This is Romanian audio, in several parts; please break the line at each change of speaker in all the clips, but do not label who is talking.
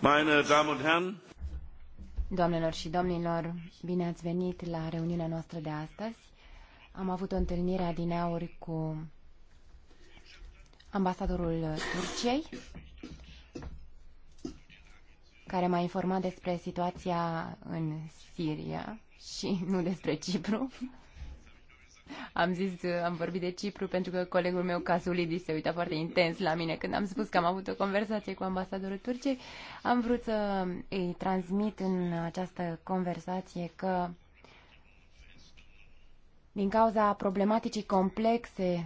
Meine Damen und Herren,
Doamnelor și domnilor, bine ați venit la reuniunea noastră de astăzi. Am avut o întâlnire adineauri cu ambasadorul Turciei, care m-a informat despre situația în Siria și nu despre Cipru. Am zis, am vorbit de Cipru pentru că colegul meu Casulidis se uita foarte intens la mine când am spus că am avut o conversație cu ambasadorul Turciei. Am vrut să îi transmit în această conversație că din cauza problematicii complexe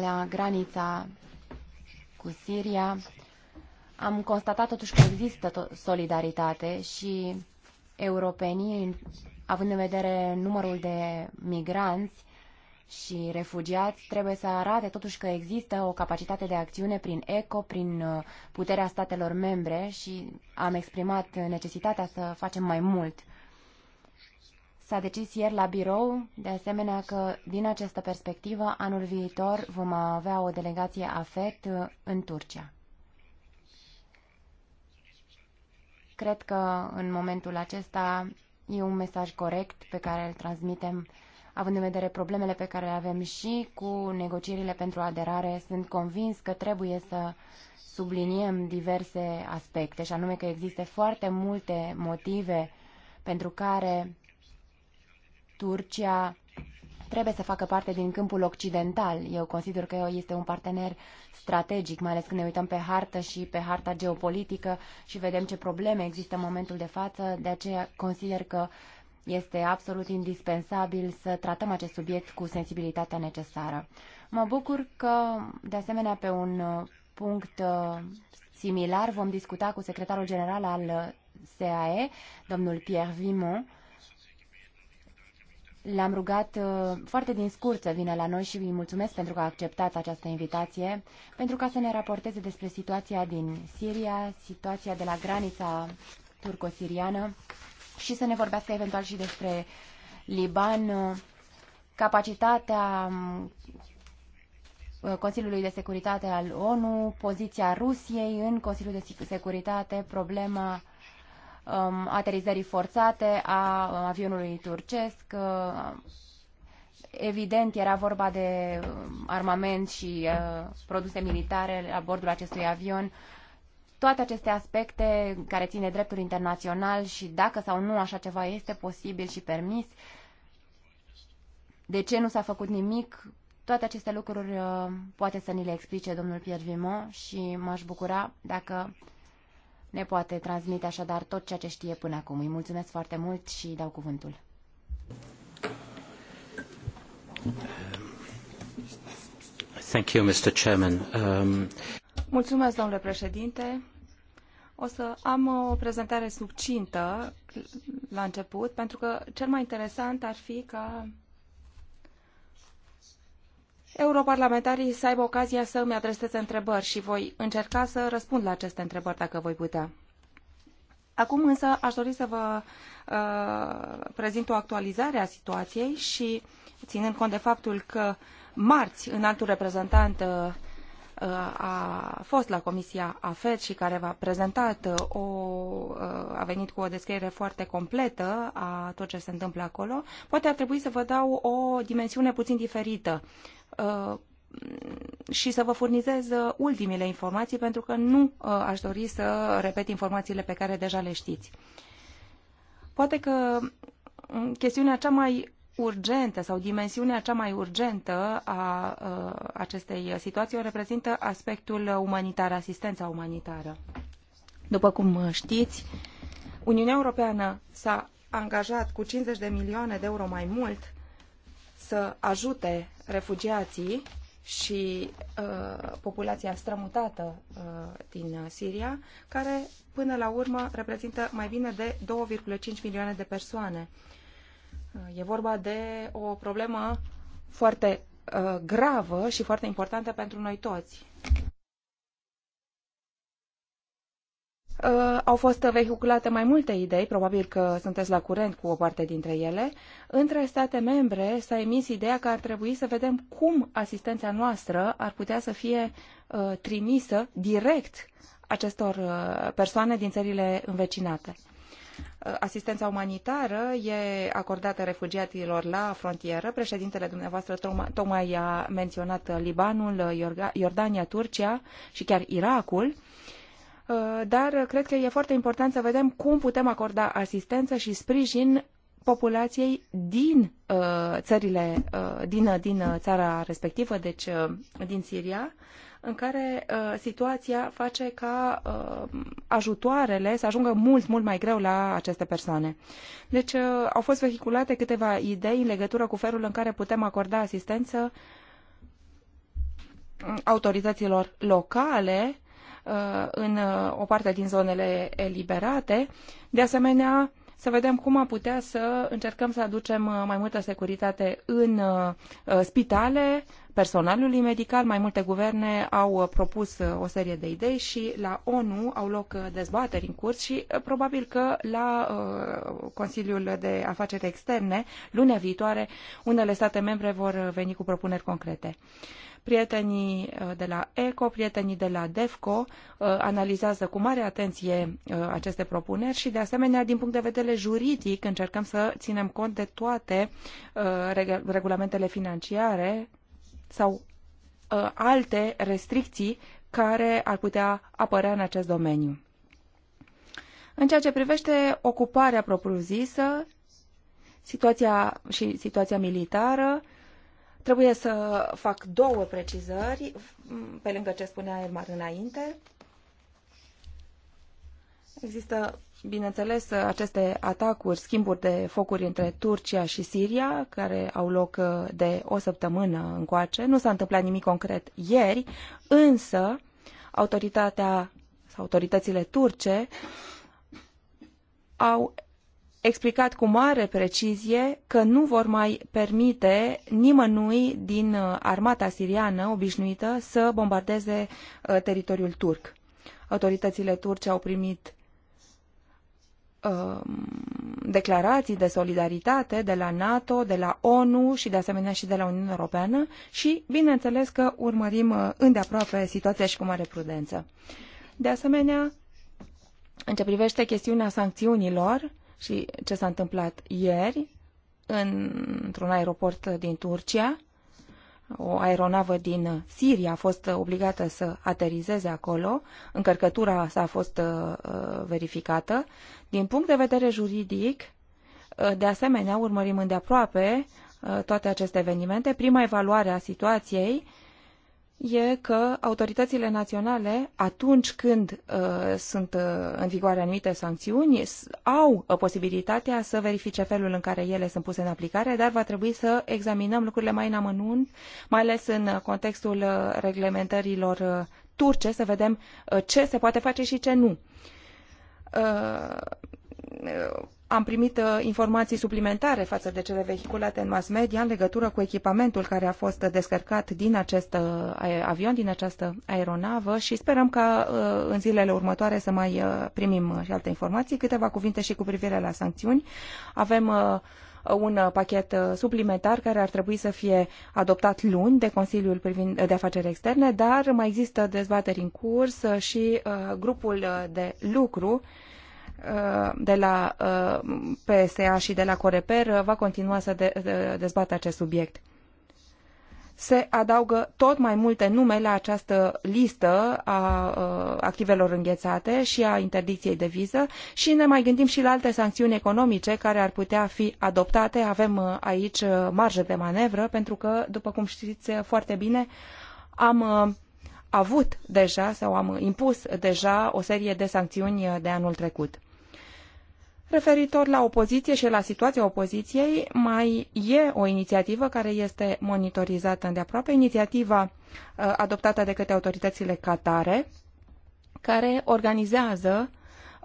la granița cu Siria, am constatat totuși că există solidaritate și europenii, având în vedere numărul de migranți și refugiați, trebuie să arate totuși că există o capacitate de acțiune prin ECO, prin uh, puterea statelor membre și am exprimat necesitatea să facem mai mult. S-a decis ieri la birou, de asemenea că din această perspectivă, anul viitor vom avea o delegație AFET uh, în Turcia. Cred că în momentul acesta e un mesaj corect pe care îl transmitem, având în vedere problemele pe care le avem și cu negocierile pentru aderare. Sunt convins că trebuie să subliniem diverse aspecte, și anume că există foarte multe motive pentru care Turcia trebuie să facă parte din câmpul occidental. Eu consider că este un partener strategic, mai ales când ne uităm pe hartă și pe harta geopolitică și vedem ce probleme există în momentul de față. De aceea consider că este absolut indispensabil să tratăm acest subiect cu sensibilitatea necesară. Mă bucur că, de asemenea, pe un uh, punct uh, similar vom discuta cu secretarul general al uh, SAE, domnul Pierre Vimont, L-am rugat uh, foarte din scurt să vină la noi și îi mulțumesc pentru că a acceptat această invitație, pentru ca să ne raporteze despre situația din Siria, situația de la granița turco-siriană și să ne vorbească eventual și despre Liban, uh, capacitatea um, Consiliului de Securitate al ONU, poziția Rusiei în Consiliul de Securitate, problema um, aterizării forțate a avionului turcesc. Uh, evident, era vorba de um, armament și uh, produse militare la bordul acestui avion. Toate aceste aspecte care de dreptul internațional și dacă sau nu așa ceva este posibil și permis, de ce nu s-a făcut nimic, toate aceste lucruri uh, poate să ni le explice domnul Pierre Vimon și m-aș bucura dacă uh, ne poate transmite așadar tot ceea ce știe până acum. Îi mulțumesc foarte mult și dau cuvântul.
Thank you, Mr. Chairman. Um... Mulțumesc, domnule președinte. O să am o prezentare succintă la început, pentru că cel mai interesant ar fi ca europarlamentarii să aibă ocazia să îmi adreseze întrebări și voi încerca să răspund la aceste întrebări dacă voi putea. Acum însă aș dori să vă uh, prezint o actualizare a situației și ținând cont de faptul că marți în altul reprezentant uh, a fost la Comisia AFET și care v-a prezentat uh, o, uh, a venit cu o descriere foarte completă a tot ce se întâmplă acolo, poate ar trebui să vă dau o dimensiune puțin diferită uh, și să vă furnizez ultimile informații, pentru că nu aș dori să repet informațiile pe care deja le știți. Poate că mm, chestiunea cea mai urgentă sau dimensiunea cea mai urgentă a acestei situații o reprezintă aspectul umanitar, asistența umanitară. După cum știți, Uniunea Europeană s-a angajat cu 50 de milioane de euro mai mult să ajute refugiații și uh, populația strămutată uh, din Siria, care până la urmă reprezintă mai bine de 2,5 milioane de persoane. Uh, E vorba de o problemă foarte uh, gravă și foarte importantă pentru noi toți. Uh, au fost vehiculate mai multe idei, probabil că sunteți la curent cu o parte dintre ele. Între state membre s-a emis ideea că ar trebui să vedem cum asistența noastră ar putea să fie uh, trimisă direct acestor uh, persoane din țările învecinate. Asistența umanitară e acordată refugiaților la frontieră. Președintele dumneavoastră tocmai a menționat Libanul, Iordania, Turcia și chiar Irakul uh, dar cred că e foarte important să vedem cum putem acorda asistență și sprijin populației din uh, țările, uh, din, din țara respectivă, deci din Siria, în care uh, situația face ca uh, ajutoarele să ajungă mult, mult mai greu la aceste persoane. Deci uh, au fost vehiculate câteva idei în legătură cu felul în care putem acorda asistență mm, autorităților locale uh, în uh, o parte din zonele eliberate. De asemenea, să vedem cum am putea să încercăm să aducem uh, mai multă securitate în uh, spitale, personalului medical. Mai multe guverne au uh, propus o serie de idei și la ONU au loc dezbateri în curs și probabil că la Consiliul de Afaceri Externe, lunea viitoare, unele state membre vor veni cu propuneri concrete. Prietenii uh, de la ECO, prietenii de la DEFCO uh, analizează cu mare atenție uh, aceste propuneri și, de asemenea, din punct de vedere juridic, încercăm să ținem cont de toate regulamentele financiare sau alte restricții care ar putea apărea în acest domeniu. În ceea ce privește ocuparea propriu-zisă, situația și situația militară, Trebuie să fac două precizări, mm, pe lângă ce spunea Elmar înainte. Există, bineînțeles, aceste atacuri, schimburi de focuri între Turcia și Siria, care au loc uh, de o săptămână încoace. Nu s-a întâmplat nimic concret ieri, însă autoritatea autoritățile turce au explicat cu mare precizie că nu vor mai permite nimănui din uh, armata siriană obișnuită să bombardeze uh, teritoriul turc. Autoritățile turce au primit um, declarații de solidaritate de la NATO, de la ONU și de asemenea și de la Uniunea Europeană și bineînțeles că urmărim uh, îndeaproape situația și cu mare prudență. De asemenea, în ce privește chestiunea sancțiunilor, și ce s-a întâmplat ieri în, într-un aeroport din Turcia. O aeronavă din Siria a fost obligată să aterizeze acolo, încărcătura s-a fost uh, uh verificată. Din punct de vedere juridic, uh, de asemenea, urmărim îndeaproape uh, toate aceste evenimente. Prima evaluare a situației uh, e că autoritățile naționale, atunci când uh, sunt uh, în vigoare anumite sancțiuni, au uh, posibilitatea să verifice felul în care ele sunt puse în aplicare, dar va trebui să examinăm lucrurile mai în amănunt, mai ales în uh, contextul uh, reglementărilor uh, turce, să vedem uh, ce se poate face și ce nu. Uh, uh am primit uh, informații suplimentare față de cele vehiculate în mass media în legătură cu echipamentul care a fost descărcat din acest uh, avion, din această aeronavă și sperăm ca uh, în zilele următoare să mai primim și alte informații. Câteva cuvinte și cu privire la sancțiuni. Avem un pachet suplimentar care ar trebui să fie adoptat luni de Consiliul de Afaceri Externe, dar mai există dezbateri în curs și grupul de lucru de la uh, PSA și de la Coreper uh, va continua să dezbată acest subiect. Se adaugă tot mai multe nume la această listă a uh, activelor înghețate și a interdicției de viză și ne mai gândim și la alte sancțiuni economice care ar putea fi adoptate. Avem aici marjă de manevră pentru că, după cum știți foarte bine, am avut deja sau am impus deja o serie de sancțiuni de anul trecut. Referitor la opoziție și la situația opoziției, mai e o inițiativă care este monitorizată îndeaproape, inițiativa uh, adoptată de către autoritățile catare, care organizează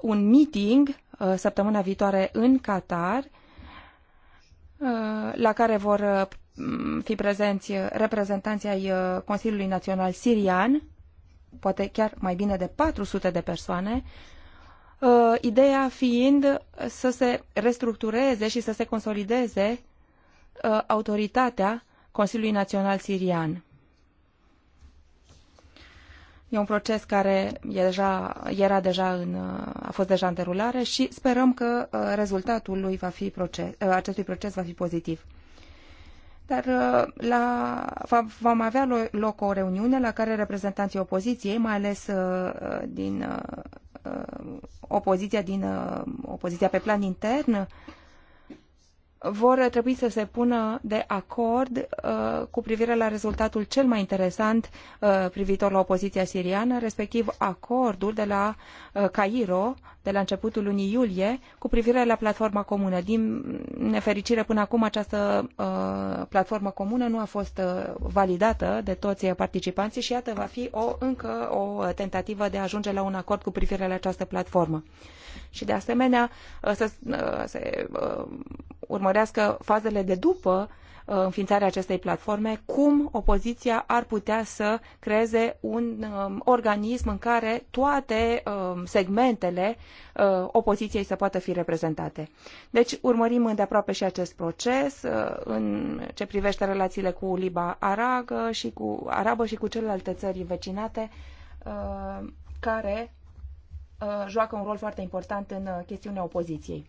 un meeting uh, săptămâna viitoare în Qatar, uh, la care vor fi prezenți reprezentanții ai Consiliului Național Sirian, poate chiar mai bine de 400 de persoane, Uh, ideea fiind să se restructureze și să se consolideze uh, autoritatea Consiliului Național Sirian. E un proces care e deja, era deja în, uh, a fost deja în derulare și sperăm că rezultatul lui va fi proces, acestui proces va fi pozitiv. Dar la, vom avea loc o reuniune la care reprezentanții opoziției, mai ales din Uh, opoziția din uh, opoziția pe plan intern vor trebui să se pună de acord uh, cu privire la rezultatul cel mai interesant uh, privitor la opoziția siriană, respectiv acordul de la uh, Cairo de la începutul lunii iulie cu privire la platforma comună. Din nefericire până acum această uh, platformă comună nu a fost uh, validată de toți participanții și iată va fi o, încă o tentativă de a ajunge la un acord cu privire la această platformă. Și de asemenea uh, să, uh, se uh, urmă urmărească fazele de după uh, înființarea acestei platforme, cum opoziția ar putea să creeze un um, organism în care toate um, segmentele uh, opoziției să poată fi reprezentate. Deci urmărim îndeaproape și acest proces uh, în ce privește relațiile cu Liba Arabă și cu, Arabă și cu celelalte țări vecinate uh, care uh, joacă un rol foarte important în uh, chestiunea opoziției.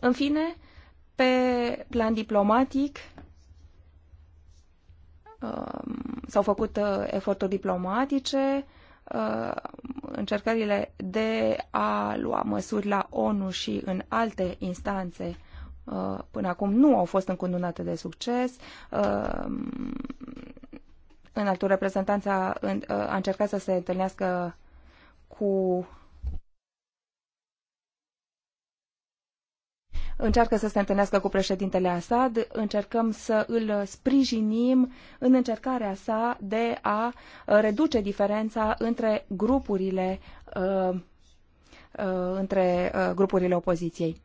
În fine, uh, pe plan diplomatic, um, s-au făcut uh, eforturi diplomatice, uh, încercările de a lua măsuri la ONU și în alte instanțe uh, până acum nu au fost încununate de succes. Um, în altul reprezentanța a încercat să se întâlnească cu încearcă să se întâlnească cu președintele Assad, încercăm să îl sprijinim în încercarea sa de a uh, reduce diferența între grupurile, uh, uh, între grupurile opoziției.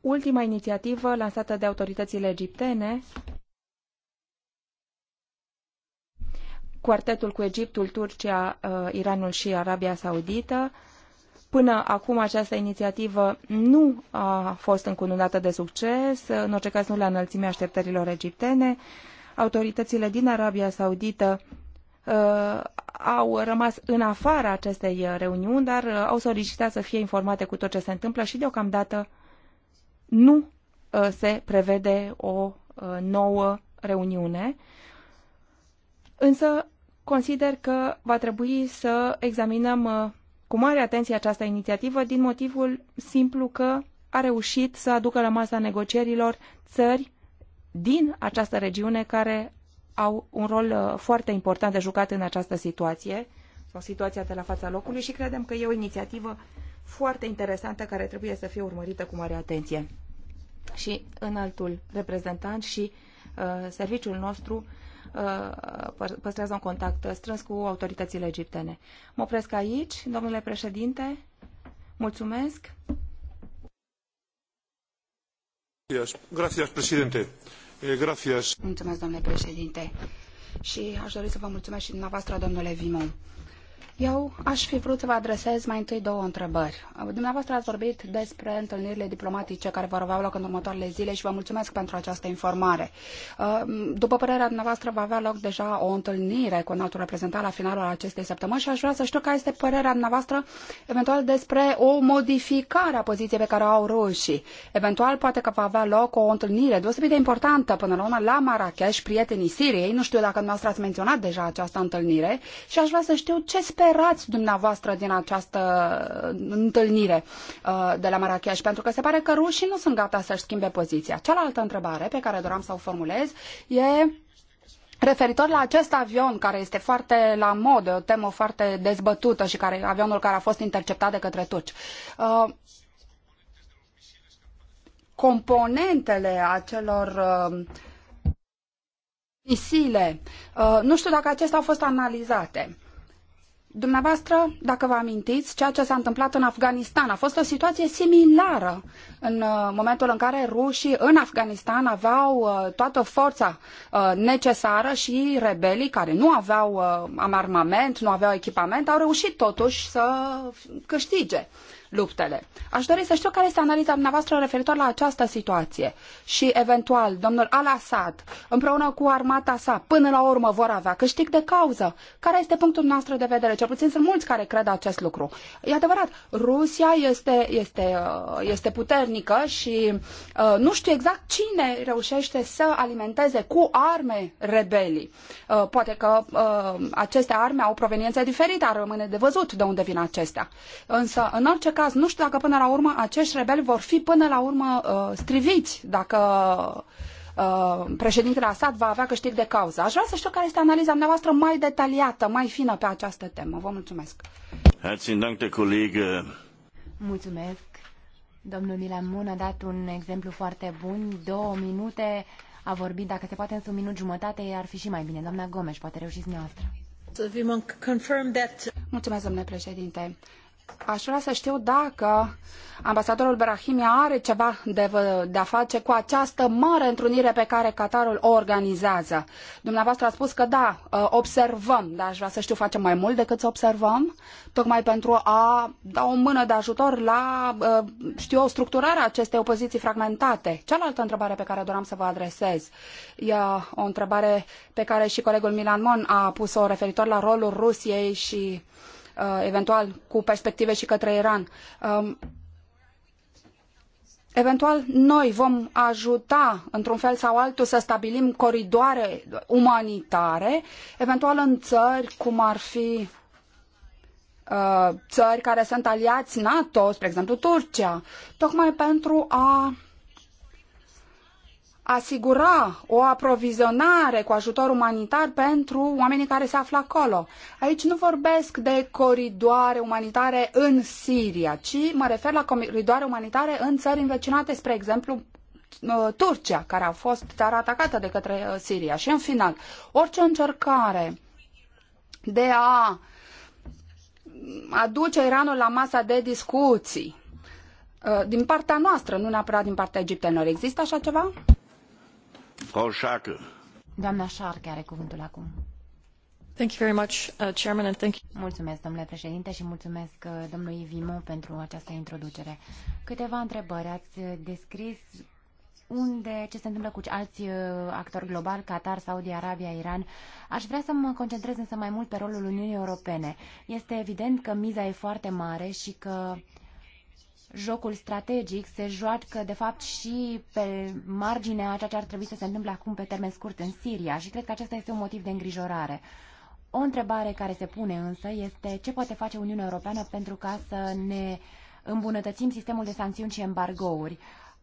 Ultima inițiativă lansată de autoritățile egiptene Quartetul cu Egiptul, Turcia, Iranul și Arabia Saudită Până acum această inițiativă nu a fost încununată de succes, în orice caz nu la înălțimea așteptărilor egiptene. Autoritățile din Arabia Saudită uh, au rămas în afara acestei uh, reuniuni, dar uh, au solicitat să fie informate cu tot ce se întâmplă și deocamdată nu uh, se prevede o uh, nouă reuniune. Însă consider că va trebui să examinăm uh, cu mare atenție această inițiativă din motivul simplu că a reușit să aducă la masa negocierilor țări din această regiune care au un rol uh, foarte important de jucat în această situație sau situația de la fața locului și credem că e o inițiativă foarte interesantă care trebuie să fie urmărită cu mare atenție. Și în altul reprezentant și uh, serviciul nostru Uh, păstrează un contact strâns cu autoritățile egiptene. Mă opresc aici, domnule președinte. Mulțumesc.
Gracias, Gracias. Eh,
mulțumesc, domnule președinte. Și aș dori să vă mulțumesc și dumneavoastră, domnule Vimon. Eu aș fi vrut să vă adresez mai întâi două întrebări. Dumneavoastră ați vorbit despre întâlnirile diplomatice care vor avea loc în următoarele zile și vă mulțumesc pentru această informare. Uh, după părerea dumneavoastră, va avea loc deja o întâlnire cu un altul reprezentant la finalul acestei săptămâni și aș vrea să știu care este părerea dumneavoastră eventual despre o modificare a poziției pe care o au rușii. Eventual, poate că va avea loc o întâlnire deosebit de importantă până la urmă la Marrakesh, prietenii Siriei. Nu știu dacă dumneavoastră ați menționat deja această întâlnire și aș vrea să știu ce sperați dumneavoastră din această uh, întâlnire uh, de la Marrakesh? Pentru că se pare că rușii nu sunt gata să-și schimbe poziția. Cealaltă întrebare pe care doream să o formulez e Referitor la acest avion care este foarte la modă, o temă foarte dezbătută și care, avionul care a fost interceptat de către turci. Uh, componentele acelor misile, nu știu dacă acestea au fost analizate. Dumneavoastră, dacă vă amintiți, ceea ce s-a întâmplat în Afganistan a fost o situație similară în uh, momentul în care rușii în Afganistan aveau uh, toată forța uh, necesară și rebelii care nu aveau armament, nu aveau echipament, au reușit totuși să câștige luptele. Aș dori să știu care este analiza dumneavoastră referitor la această situație și, eventual, domnul Al-Assad, împreună cu armata sa, până la urmă vor avea câștig de cauză. Care este punctul nostru de vedere? Cel puțin sunt mulți care cred acest lucru. E adevărat, Rusia este, este, uh, este puternică și uh, nu știu exact cine reușește să alimenteze cu arme rebelii. Uh, poate că aceste arme au proveniențe diferite, ar rămâne de văzut de unde vin acestea. Însă, în orice caz, caz. Nu știu dacă până la urmă acești rebeli vor fi până la urmă uh, striviți, dacă uh, președintele Assad va avea câștig de cauză. Aș vrea să știu care este analiza dumneavoastră mai detaliată, mai fină pe această temă. Vă mulțumesc. Mulțumesc.
Domnul Milamun a dat un exemplu foarte bun. Două minute a vorbit, dacă se poate, într-un minut jumătate, ar fi și mai bine. Doamna Gomes, poate reușiți dumneavoastră. Mulțumesc, domnule președinte aș vrea să știu dacă
ambasadorul Brahimi are ceva de, de a face cu această mare întrunire pe care Qatarul o organizează. Dumneavoastră ați spus că da, ă, observăm, dar aș vrea să știu, facem mai mult decât să observăm, tocmai pentru a da o mână de ajutor la, ă, știu eu, structurarea acestei opoziții fragmentate. Cealaltă întrebare pe care doream să vă adresez e o întrebare pe care și colegul Milan Mon a pus-o referitor la rolul Rusiei și uh, Uh, eventual cu perspective și către Iran. Um, eventual, noi vom ajuta, într-un fel sau altul, să stabilim coridoare umanitare, eventual în țări cum ar fi uh, țări care sunt aliați NATO, spre exemplu Turcia, tocmai pentru a asigura o aprovizionare cu ajutor umanitar pentru oamenii care se află acolo. Aici nu vorbesc de coridoare umanitare în Siria, ci mă refer la coridoare umanitare în țări învecinate, spre exemplu uh, Turcia, care a fost țara atacată de către uh, Siria. Și în final, orice încercare de a aduce Iranul la masa de discuții uh, din partea noastră, nu neapărat din partea egiptenilor, există așa ceva?
Doamna are cuvântul acum. Thank you very much, uh, Chairman, and thank you. Mulțumesc, domnule președinte, și mulțumesc uh, domnului Vimo pentru această introducere. Câteva întrebări. Ați uh, descris unde, ce se întâmplă cu alți uh, actori globali, Qatar, Saudi Arabia, Iran. Aș vrea să mă concentrez însă mai mult pe rolul Uniunii Europene. Este evident că miza e foarte mare și că uh, jocul strategic se joacă, de fapt, și pe marginea a ceea ce ar trebui să se întâmple acum pe termen scurt în Siria și cred că acesta este un motiv de îngrijorare. O întrebare care se pune însă este ce poate face Uniunea Europeană pentru ca să ne îmbunătățim sistemul de sancțiuni și embargouri.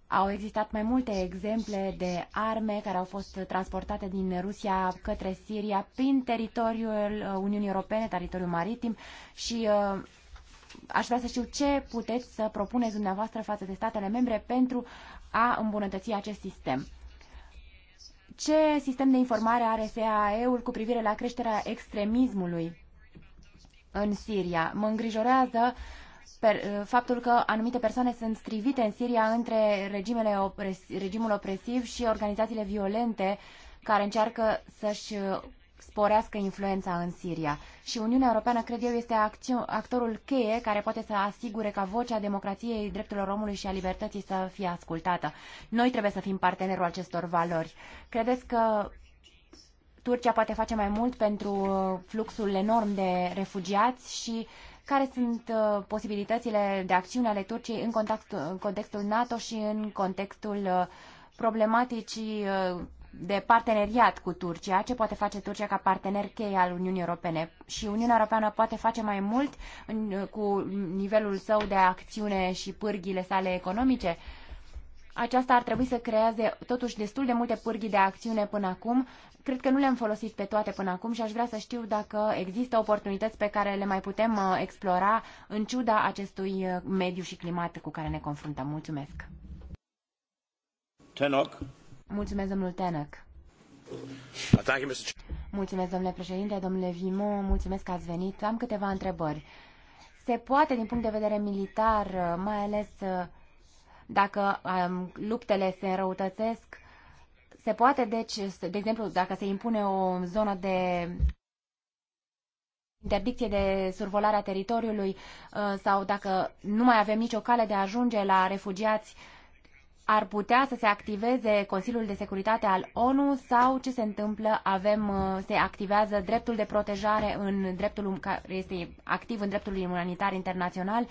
Au existat mai multe exemple de arme care au fost transportate din Rusia către Siria prin teritoriul uh, Uniunii Europene, teritoriul maritim și uh, aș vrea să știu ce puteți să propuneți dumneavoastră față de statele membre pentru a îmbunătăți acest sistem. Ce sistem de informare are SAE-ul cu privire la creșterea extremismului în Siria? Mă îngrijorează per, faptul că anumite persoane sunt strivite în Siria între regimele opres, regimul opresiv și organizațiile violente care încearcă să-și sporească influența în Siria. Și Uniunea Europeană, cred eu, este actorul cheie care poate să asigure ca vocea democrației, drepturilor omului și a libertății să fie ascultată. Noi trebuie să fim partenerul acestor valori. Credeți că Turcia poate face mai mult pentru uh, fluxul enorm de refugiați și care sunt uh, posibilitățile de acțiune ale Turciei în, contextul NATO și în contextul uh, problematicii de parteneriat cu Turcia, ce poate face Turcia ca partener cheie al Uniunii Europene. Și Uniunea Europeană poate face mai mult în, cu nivelul său de acțiune și pârghile sale economice. Aceasta ar trebui să creeze totuși destul de multe pârghii de acțiune până acum. Cred că nu le-am folosit pe toate până acum și aș vrea să știu dacă există oportunități pe care le mai putem uh, explora în ciuda acestui uh, mediu și climat cu care ne confruntăm. Mulțumesc! Tenok. Mulțumesc, domnul Mulțumesc, domnule președinte, domnule Vimo, mulțumesc că ați venit. Am câteva întrebări. Se poate, din punct de vedere militar, mai ales uh, dacă um, luptele se înrăutățesc, se poate, deci, de exemplu, dacă se impune o zonă de interdicție de survolare a teritoriului uh, sau dacă nu mai avem nicio cale de a ajunge la refugiați, ar putea să se activeze Consiliul de Securitate al ONU sau ce se întâmplă, avem, uh, se activează dreptul de protejare în dreptul care este activ în dreptul umanitar internațional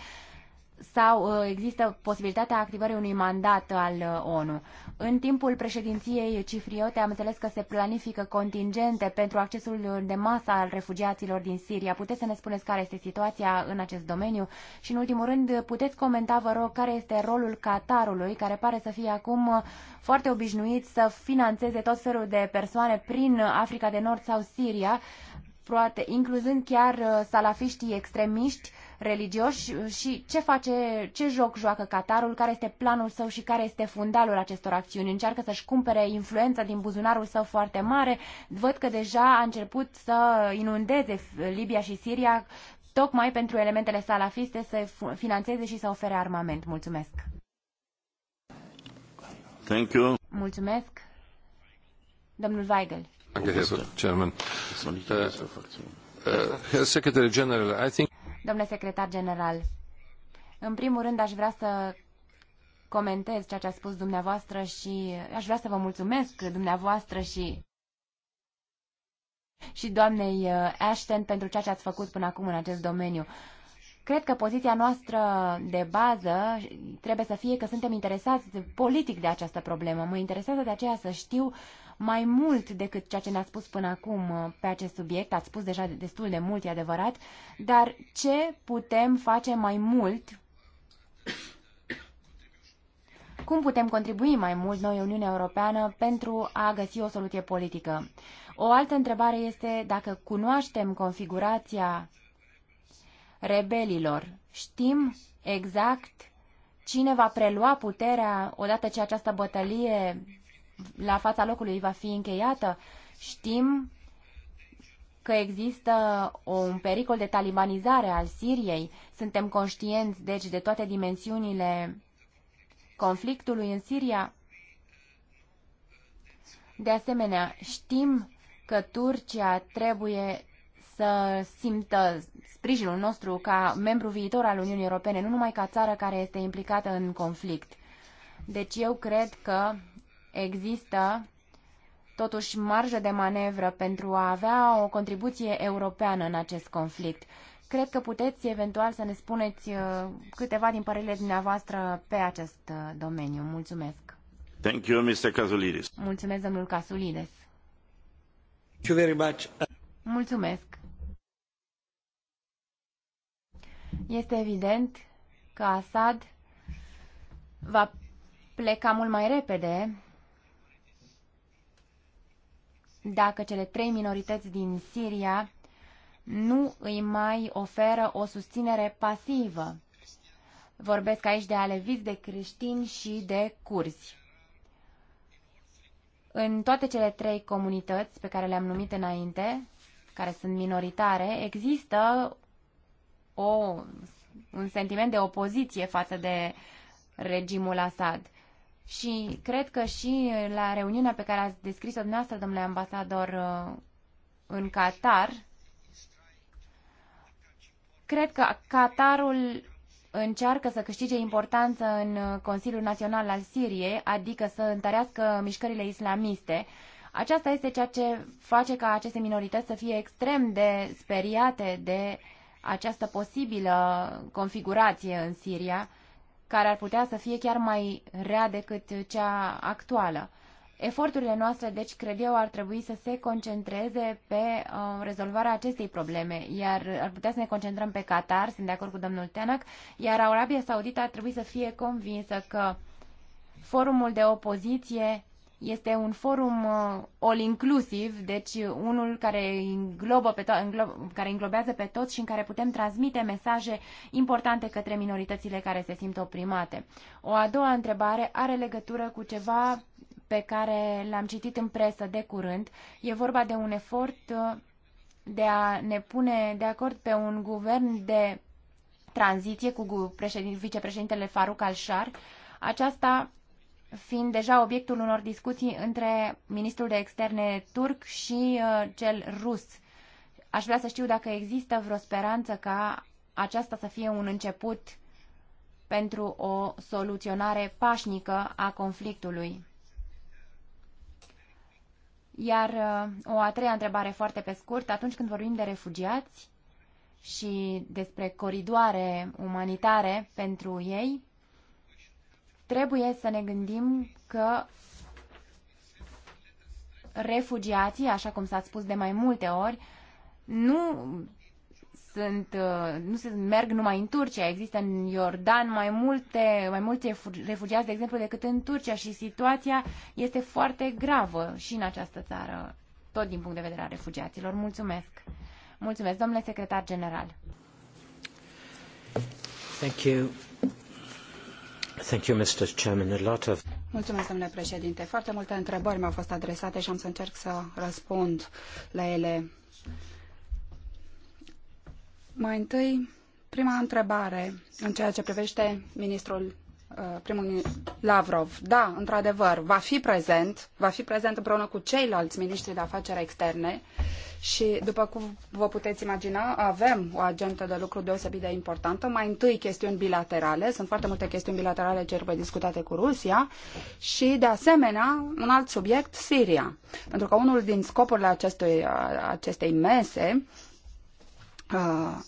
sau uh, există posibilitatea activării unui mandat al uh, ONU. În timpul președinției cipriote am înțeles că se planifică contingente pentru accesul de masă al refugiaților din Siria. Puteți să ne spuneți care este situația în acest domeniu? Și în ultimul rând, puteți comenta, vă rog, care este rolul Qatarului, care pare să fie acum uh, foarte obișnuit să financeze tot felul de persoane prin Africa de Nord sau Siria, poate incluzând chiar salafiștii extremiști, religioși și ce face, ce joc joacă Qatarul, care este planul său și care este fundalul acestor acțiuni. Încearcă să-și cumpere influență din buzunarul său foarte mare. Văd că deja a început să inundeze Libia și Siria tocmai pentru elementele salafiste să financeze și să ofere armament. Mulțumesc! Thank you. Mulțumesc! Domnul Weigel. Thank you, Uh, uh, Secretary General, I think Domnule secretar general, în primul rând aș vrea să comentez ceea ce a spus dumneavoastră și aș vrea să vă mulțumesc dumneavoastră și și doamnei uh, Ashton pentru ceea ce ați făcut până acum în acest domeniu. Cred că poziția noastră de bază trebuie să fie că suntem interesați politic de această problemă. Mă interesează de aceea să știu uh, mai mult decât ceea ce ne-a spus până acum uh, pe acest subiect. Ați spus deja destul de mult, e adevărat, dar ce putem face mai mult? Cum putem contribui mai mult noi, Uniunea Europeană, pentru a găsi o soluție politică? O altă întrebare este dacă cunoaștem configurația rebelilor, știm exact cine va prelua puterea odată ce această bătălie la fața locului va fi încheiată. Știm că există un pericol de talibanizare al Siriei. Suntem conștienți, deci, de toate dimensiunile conflictului în Siria. De asemenea, știm că Turcia trebuie să simtă sprijinul nostru ca membru viitor al Uniunii Europene, nu numai ca țară care este implicată în conflict. Deci eu cred că există totuși marjă de manevră pentru a avea o contribuție europeană în acest conflict. Cred că puteți eventual să ne spuneți uh, câteva din părerile dumneavoastră pe acest uh, domeniu. Mulțumesc.
Thank you, Mr. Casulidis.
Mulțumesc, domnul Casulides.
Thank you very much.
Mulțumesc. Este evident că Assad va pleca mult mai repede dacă cele trei minorități din Siria nu îi mai oferă o susținere pasivă. Vorbesc aici de aleviți, de creștini și de curzi. În toate cele trei comunități pe care le-am numit înainte, care sunt minoritare, există o, un sentiment de opoziție față de regimul Assad. Și cred că și la reuniunea pe care ați descris-o dumneavoastră, domnule ambasador, uh, în Qatar, cred că Qatarul încearcă să câștige importanță în Consiliul Național al Siriei, adică să întărească mișcările islamiste. Aceasta este ceea ce face ca aceste minorități să fie extrem de speriate de această posibilă configurație în Siria care ar putea să fie chiar mai rea decât cea actuală. Eforturile noastre, deci, cred eu, ar trebui să se concentreze pe uh, rezolvarea acestei probleme, iar ar putea să ne concentrăm pe Qatar, sunt de acord cu domnul Tenac, iar Arabia Saudită ar trebui să fie convinsă că forumul de opoziție este un forum uh, all-inclusiv, deci unul care, înglobă pe to- înglo- care înglobează pe toți și în care putem transmite mesaje importante către minoritățile care se simt oprimate. O a doua întrebare are legătură cu ceva pe care l-am citit în presă de curând. E vorba de un efort uh, de a ne pune de acord pe un guvern de tranziție cu vicepreședintele Farouk al-Shar. Aceasta fiind deja obiectul unor discuții între ministrul de externe turc și uh, cel rus. Aș vrea să știu dacă există vreo speranță ca aceasta să fie un început pentru o soluționare pașnică a conflictului. Iar uh, o a treia întrebare foarte pe scurt, atunci când vorbim de refugiați și despre coridoare umanitare pentru ei, Trebuie să ne gândim că refugiații, așa cum s-a spus de mai multe ori, nu sunt, uh, nu se merg numai în Turcia, există în Iordan mai multe, mai mulți refugiați, de exemplu, decât în Turcia și situația este foarte gravă și în această țară, tot din punct de vedere al refugiaților. Mulțumesc! Mulțumesc, domnule secretar general!
Thank you.
Mulțumesc, președinte. Foarte multe întrebări mi-au fost adresate și am să încerc să răspund la ele. Mai întâi, prima întrebare în ceea ce privește ministrul Uh, primul Lavrov, da, într-adevăr, va fi prezent, va fi prezent împreună cu ceilalți miniștri de afaceri externe și, după cum vă puteți imagina, avem o agentă de lucru deosebit de importantă. Mai întâi chestiuni bilaterale, sunt foarte multe chestiuni bilaterale ce trebuie discutate cu Rusia și, de asemenea, un alt subiect, Siria. Pentru că unul din scopurile acestui, uh, acestei mese uh,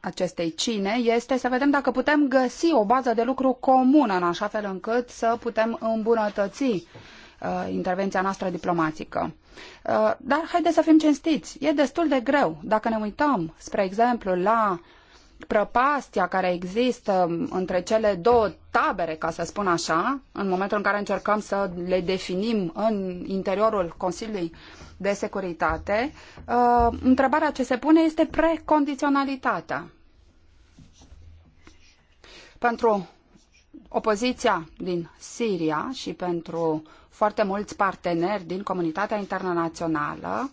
acestei cine este să vedem dacă putem găsi o bază de lucru comună în așa fel încât să putem îmbunătăți uh, intervenția noastră diplomatică. Uh, dar haideți să fim cinstiți, e destul de greu. Dacă ne uităm, spre exemplu, la prăpastia care există între cele două tabere, ca să spun așa, în momentul în care încercăm să le definim în interiorul Consiliului uh, de securitate, uh, întrebarea ce se pune este precondiționalitatea. Pentru opoziția din Siria și pentru foarte mulți parteneri din comunitatea internațională,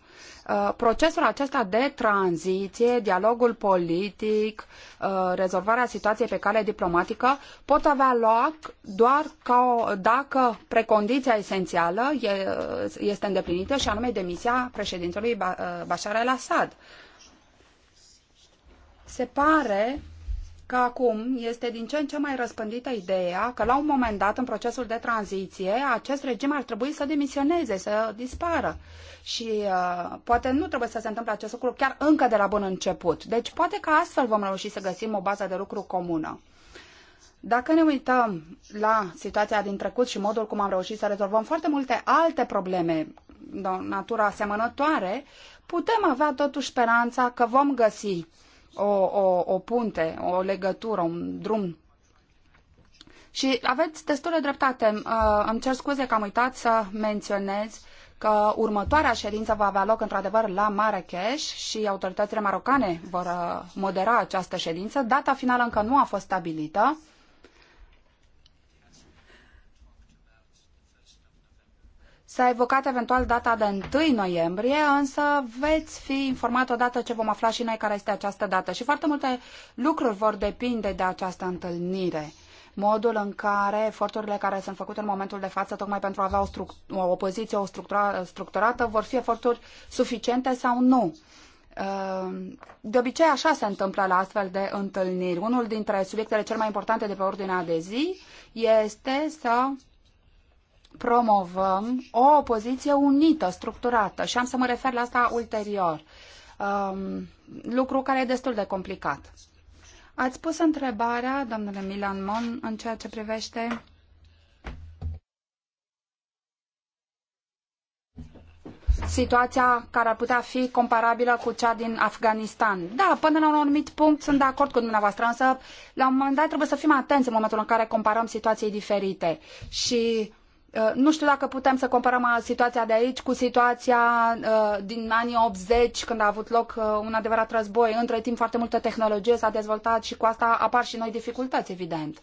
uh, procesul acesta de tranziție, dialogul politic, uh, rezolvarea situației pe cale diplomatică pot avea loc doar ca o, dacă precondiția esențială uh, este îndeplinită și anume demisia președintelui Bashar al-Assad. Se pare că acum este din ce în ce mai răspândită ideea că la un moment dat în procesul de tranziție acest regim ar trebui să demisioneze, să dispară. Și uh, poate nu trebuie să se întâmple acest lucru chiar încă de la bun început. Deci poate că astfel vom reuși să găsim o bază de lucru comună. Dacă ne uităm la situația din trecut și modul cum am reușit să rezolvăm foarte multe alte probleme de natură asemănătoare, putem avea totuși speranța că vom găsi o, o, o punte, o legătură, un drum. Și aveți destul de dreptate. Îmi cer scuze că am uitat să menționez că următoarea ședință va avea loc într-adevăr la Marrakech și autoritățile marocane vor uh, modera această ședință. Data finală încă nu a fost stabilită. S-a evocat eventual data de 1 noiembrie, însă veți fi informat odată ce vom afla și noi care este această dată. Și foarte multe lucruri vor depinde de această întâlnire. Modul în care eforturile care sunt făcute în momentul de față, tocmai pentru a avea o, o poziție o structura structurată, vor fi eforturi suficiente sau nu. Ehm, de obicei așa se întâmplă la astfel de întâlniri. Unul dintre subiectele cel mai importante de pe ordinea de zi este să promovăm o opoziție unită, structurată și am să mă refer la asta ulterior. Um, lucru care e destul de complicat. Ați pus întrebarea, domnule Milan Mon, în ceea ce privește situația care ar putea fi comparabilă cu cea din Afganistan. Da, până la un anumit punct sunt de acord cu dumneavoastră, însă la un moment dat trebuie să fim atenți în momentul în care comparăm situații diferite. Și Uh, nu știu dacă putem să comparăm uh, situația de aici cu situația uh, din anii 80, când a avut loc un adevărat război. Între timp, foarte multă tehnologie s-a dezvoltat și cu asta apar și noi dificultăți, evident.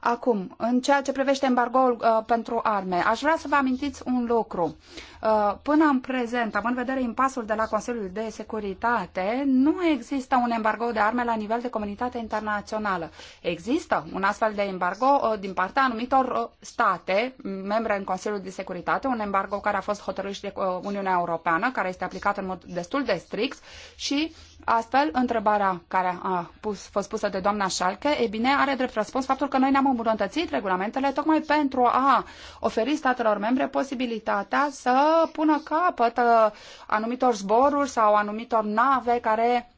Acum, în ceea ce privește embargoul uh, pentru arme, aș vrea să vă amintiți un lucru. Uh, până în prezent, având în vedere impasul de la Consiliul de Securitate, nu există un embargo de arme la nivel de comunitate internațională. Există un astfel de embargo uh, din partea anumitor uh, state, membre în Consiliul de Securitate, un embargo care a fost hotărât de uh, Uniunea Europeană, care este aplicat în mod destul de strict și Astfel, întrebarea care a pus, fost pusă de doamna Șalche, e bine, are drept răspuns faptul că noi ne-am îmbunătățit regulamentele tocmai pentru a oferi statelor membre posibilitatea să pună capăt uh, anumitor zboruri sau anumitor nave care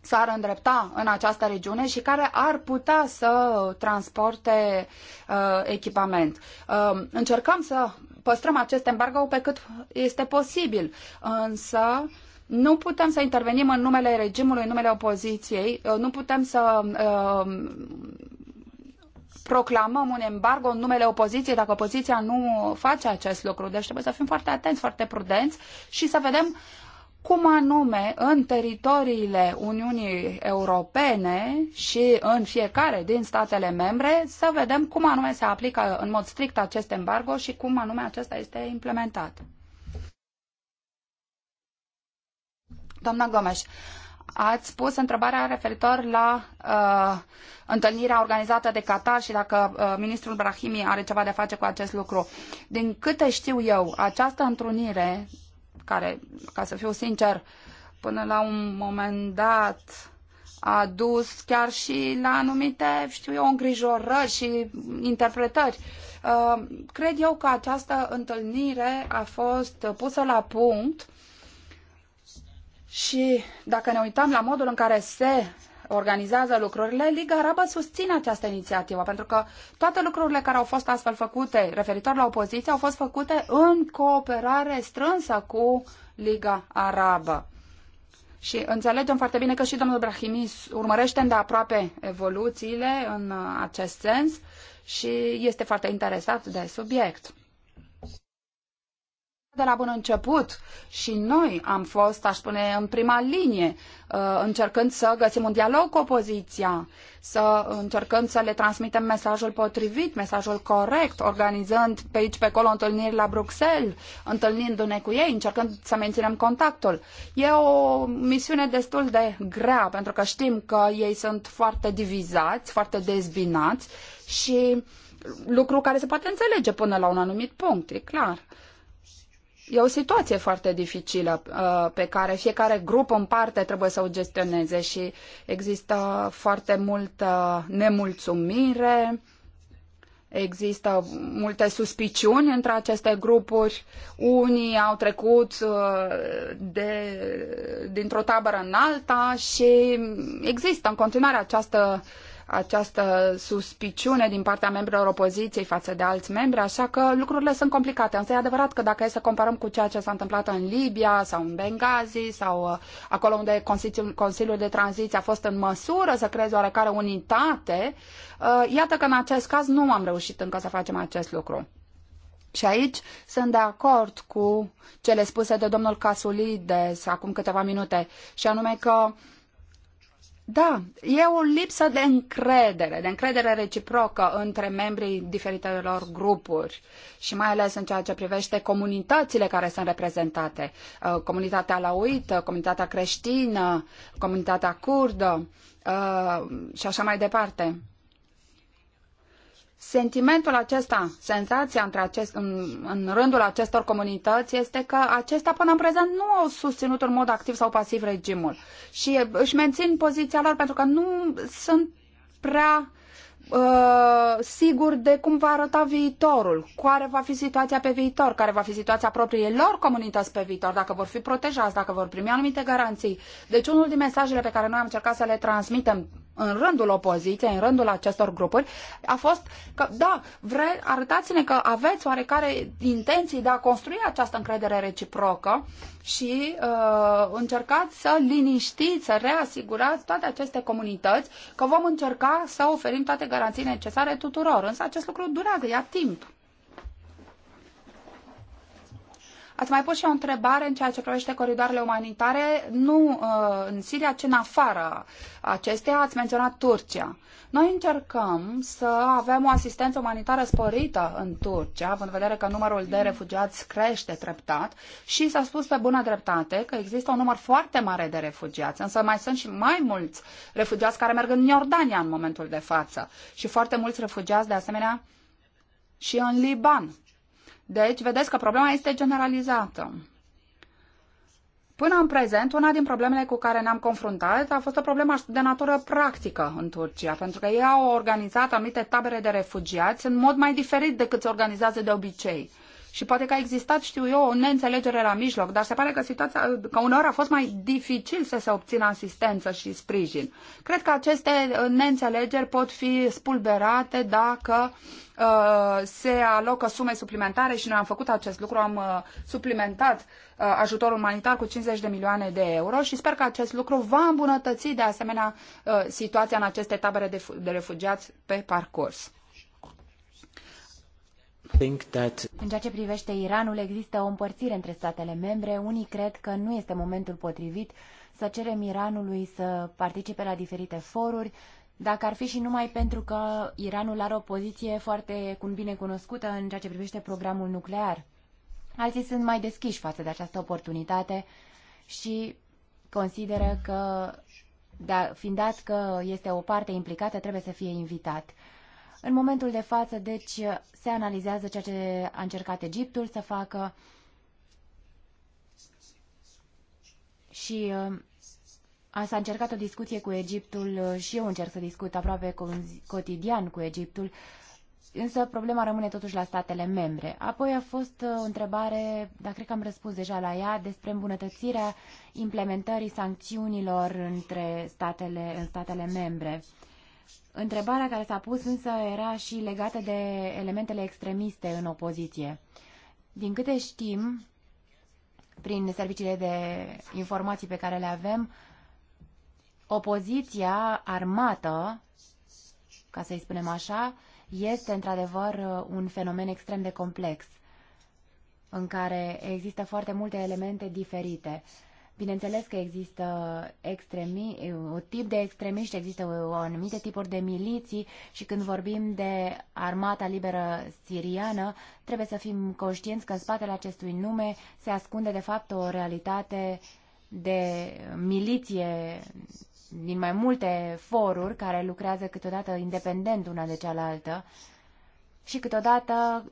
s-ar îndrepta în această regiune și care ar putea să transporte uh, echipament. Uh, încercăm să păstrăm acest embargo pe cât este posibil, însă uh, nu putem să intervenim în numele regimului, în numele opoziției, uh, nu putem să uh, proclamăm un embargo în numele opoziției dacă opoziția nu face acest lucru. Deci trebuie să fim foarte atenți, foarte prudenți și să vedem cum anume în teritoriile Uniunii Europene și în fiecare din statele membre să vedem cum anume se aplică în mod strict acest embargo și cum anume acesta este implementat. Doamna Gomes, ați pus întrebarea referitor la uh, întâlnirea organizată de Qatar și dacă uh, ministrul Brahimi are ceva de face cu acest lucru. Din câte știu eu, această întrunire, care, ca să fiu sincer, până la un moment dat a dus chiar și la anumite, știu eu, îngrijorări și interpretări. Uh, cred eu că această întâlnire a fost pusă la punct uh, și dacă ne uităm la modul în care se organizează lucrurile, Liga Arabă susține această inițiativă, pentru că toate lucrurile care au fost astfel făcute referitor la opoziție au fost făcute în cooperare strânsă cu Liga Arabă. Și înțelegem foarte bine că și domnul Brahimi urmărește de aproape evoluțiile în acest sens și este foarte interesat de subiect de la bun început și noi am fost, aș spune, în prima linie, uh, încercând să găsim un dialog cu opoziția, să încercând să le transmitem mesajul potrivit, mesajul corect, organizând pe aici, pe acolo întâlniri la Bruxelles, întâlnindu-ne cu ei, încercând să menținem contactul. E o misiune destul de grea, pentru că știm că ei sunt foarte divizați, foarte dezbinați și lucru care se poate înțelege până la un anumit punct, e clar e o situație foarte dificilă uh, pe care fiecare grup în parte trebuie să o gestioneze și există foarte multă nemulțumire, există multe suspiciuni între aceste grupuri. Unii au trecut uh, de, dintr-o tabără în alta și există în continuare această uh, această suspiciune din partea membrilor opoziției față de alți membri, așa că lucrurile sunt complicate. Însă e adevărat că dacă e să comparăm cu ceea ce s-a întâmplat în Libia sau în Benghazi sau uh, acolo unde Consiliul, de Tranziție a fost în măsură să creeze oarecare unitate, uh, iată că în acest caz nu am reușit încă să facem acest lucru. Și aici sunt de acord cu cele spuse de domnul Casulides acum câteva minute, și anume că uh, da, e o lipsă de încredere, de încredere reciprocă între membrii diferitelor grupuri și mai ales în ceea ce privește comunitățile care sunt reprezentate. Uh, comunitatea lauită, comunitatea creștină, comunitatea curdă uh, și așa mai departe. Sentimentul acesta, senzația între acest, în, în rândul acestor comunități este că acestea până în prezent nu au susținut în mod activ sau pasiv regimul și își mențin poziția lor pentru că nu sunt prea uh, sigur de cum va arăta viitorul, care va fi situația pe viitor, care va fi situația propriei lor comunități pe viitor, dacă vor fi protejați, dacă vor primi anumite garanții. Deci unul din mesajele pe care noi am încercat să le transmitem în rândul opoziției, în rândul acestor grupuri, a fost că, da, vre, arătați-ne că aveți oarecare intenții de a construi această încredere reciprocă și uh, încercați să liniștiți, să reasigurați toate aceste comunități că vom încerca să oferim toate garanții necesare tuturor. Însă acest lucru durează, ia timp. Ați mai pus și o întrebare în ceea ce privește coridoarele umanitare, nu uh, în Siria, ci în afara acesteia. Ați menționat Turcia. Noi încercăm să avem o asistență umanitară sporită în Turcia, având în vedere că numărul de refugiați crește treptat și s-a spus pe bună dreptate că există un număr foarte mare de refugiați, însă mai sunt și mai mulți refugiați care merg în Iordania în momentul de față și foarte mulți refugiați de asemenea și în Liban. Deci, vedeți că problema este generalizată. Până în prezent, una din problemele cu care ne-am confruntat a fost o problemă de natură practică în Turcia, pentru că ei au organizat anumite tabere de refugiați în mod mai diferit decât se organizează de obicei și poate că a existat, știu eu, o neînțelegere la mijloc, dar se pare că situația, că uneori a fost mai dificil să se obțină asistență și sprijin. Cred că aceste uh, neînțelegeri pot fi spulberate dacă uh, se alocă sume suplimentare și noi am făcut acest lucru, am uh, suplimentat uh, ajutorul umanitar cu 50 de milioane de euro și sper că acest lucru va îmbunătăți de asemenea uh, situația în aceste tabere de, de refugiați pe parcurs.
În ceea ce privește Iranul, există o împărțire între statele membre. Unii cred că nu este momentul potrivit să cerem Iranului să participe la diferite foruri, dacă ar fi și numai pentru că Iranul are o poziție foarte bine cunoscută în ceea ce privește programul nuclear. Alții sunt mai deschiși față de această oportunitate și consideră că, da, fiind dat că este o parte implicată, trebuie să fie invitat. În momentul de față, deci, se analizează ceea ce a încercat Egiptul să facă și uh, s-a încercat o discuție cu Egiptul uh, și eu încerc să discut aproape cotidian cu Egiptul, însă problema rămâne totuși la statele membre. Apoi a fost uh, o întrebare, dar cred că am răspuns deja la ea, despre îmbunătățirea implementării sancțiunilor între statele, în statele membre. Întrebarea care s-a pus însă era și legată de elementele extremiste în opoziție. Din câte știm, prin serviciile de informații pe care le avem, opoziția armată, ca să-i spunem așa, este într-adevăr uh, un fenomen extrem de complex, în care există foarte multe elemente diferite. Bineînțeles că există extremi, un tip de extremiști, există o anumite tipuri de miliții și când vorbim de armata liberă siriană, trebuie să fim conștienți că în spatele acestui nume se ascunde de fapt o realitate de miliție din mai multe foruri care lucrează câteodată independent una de cealaltă și câteodată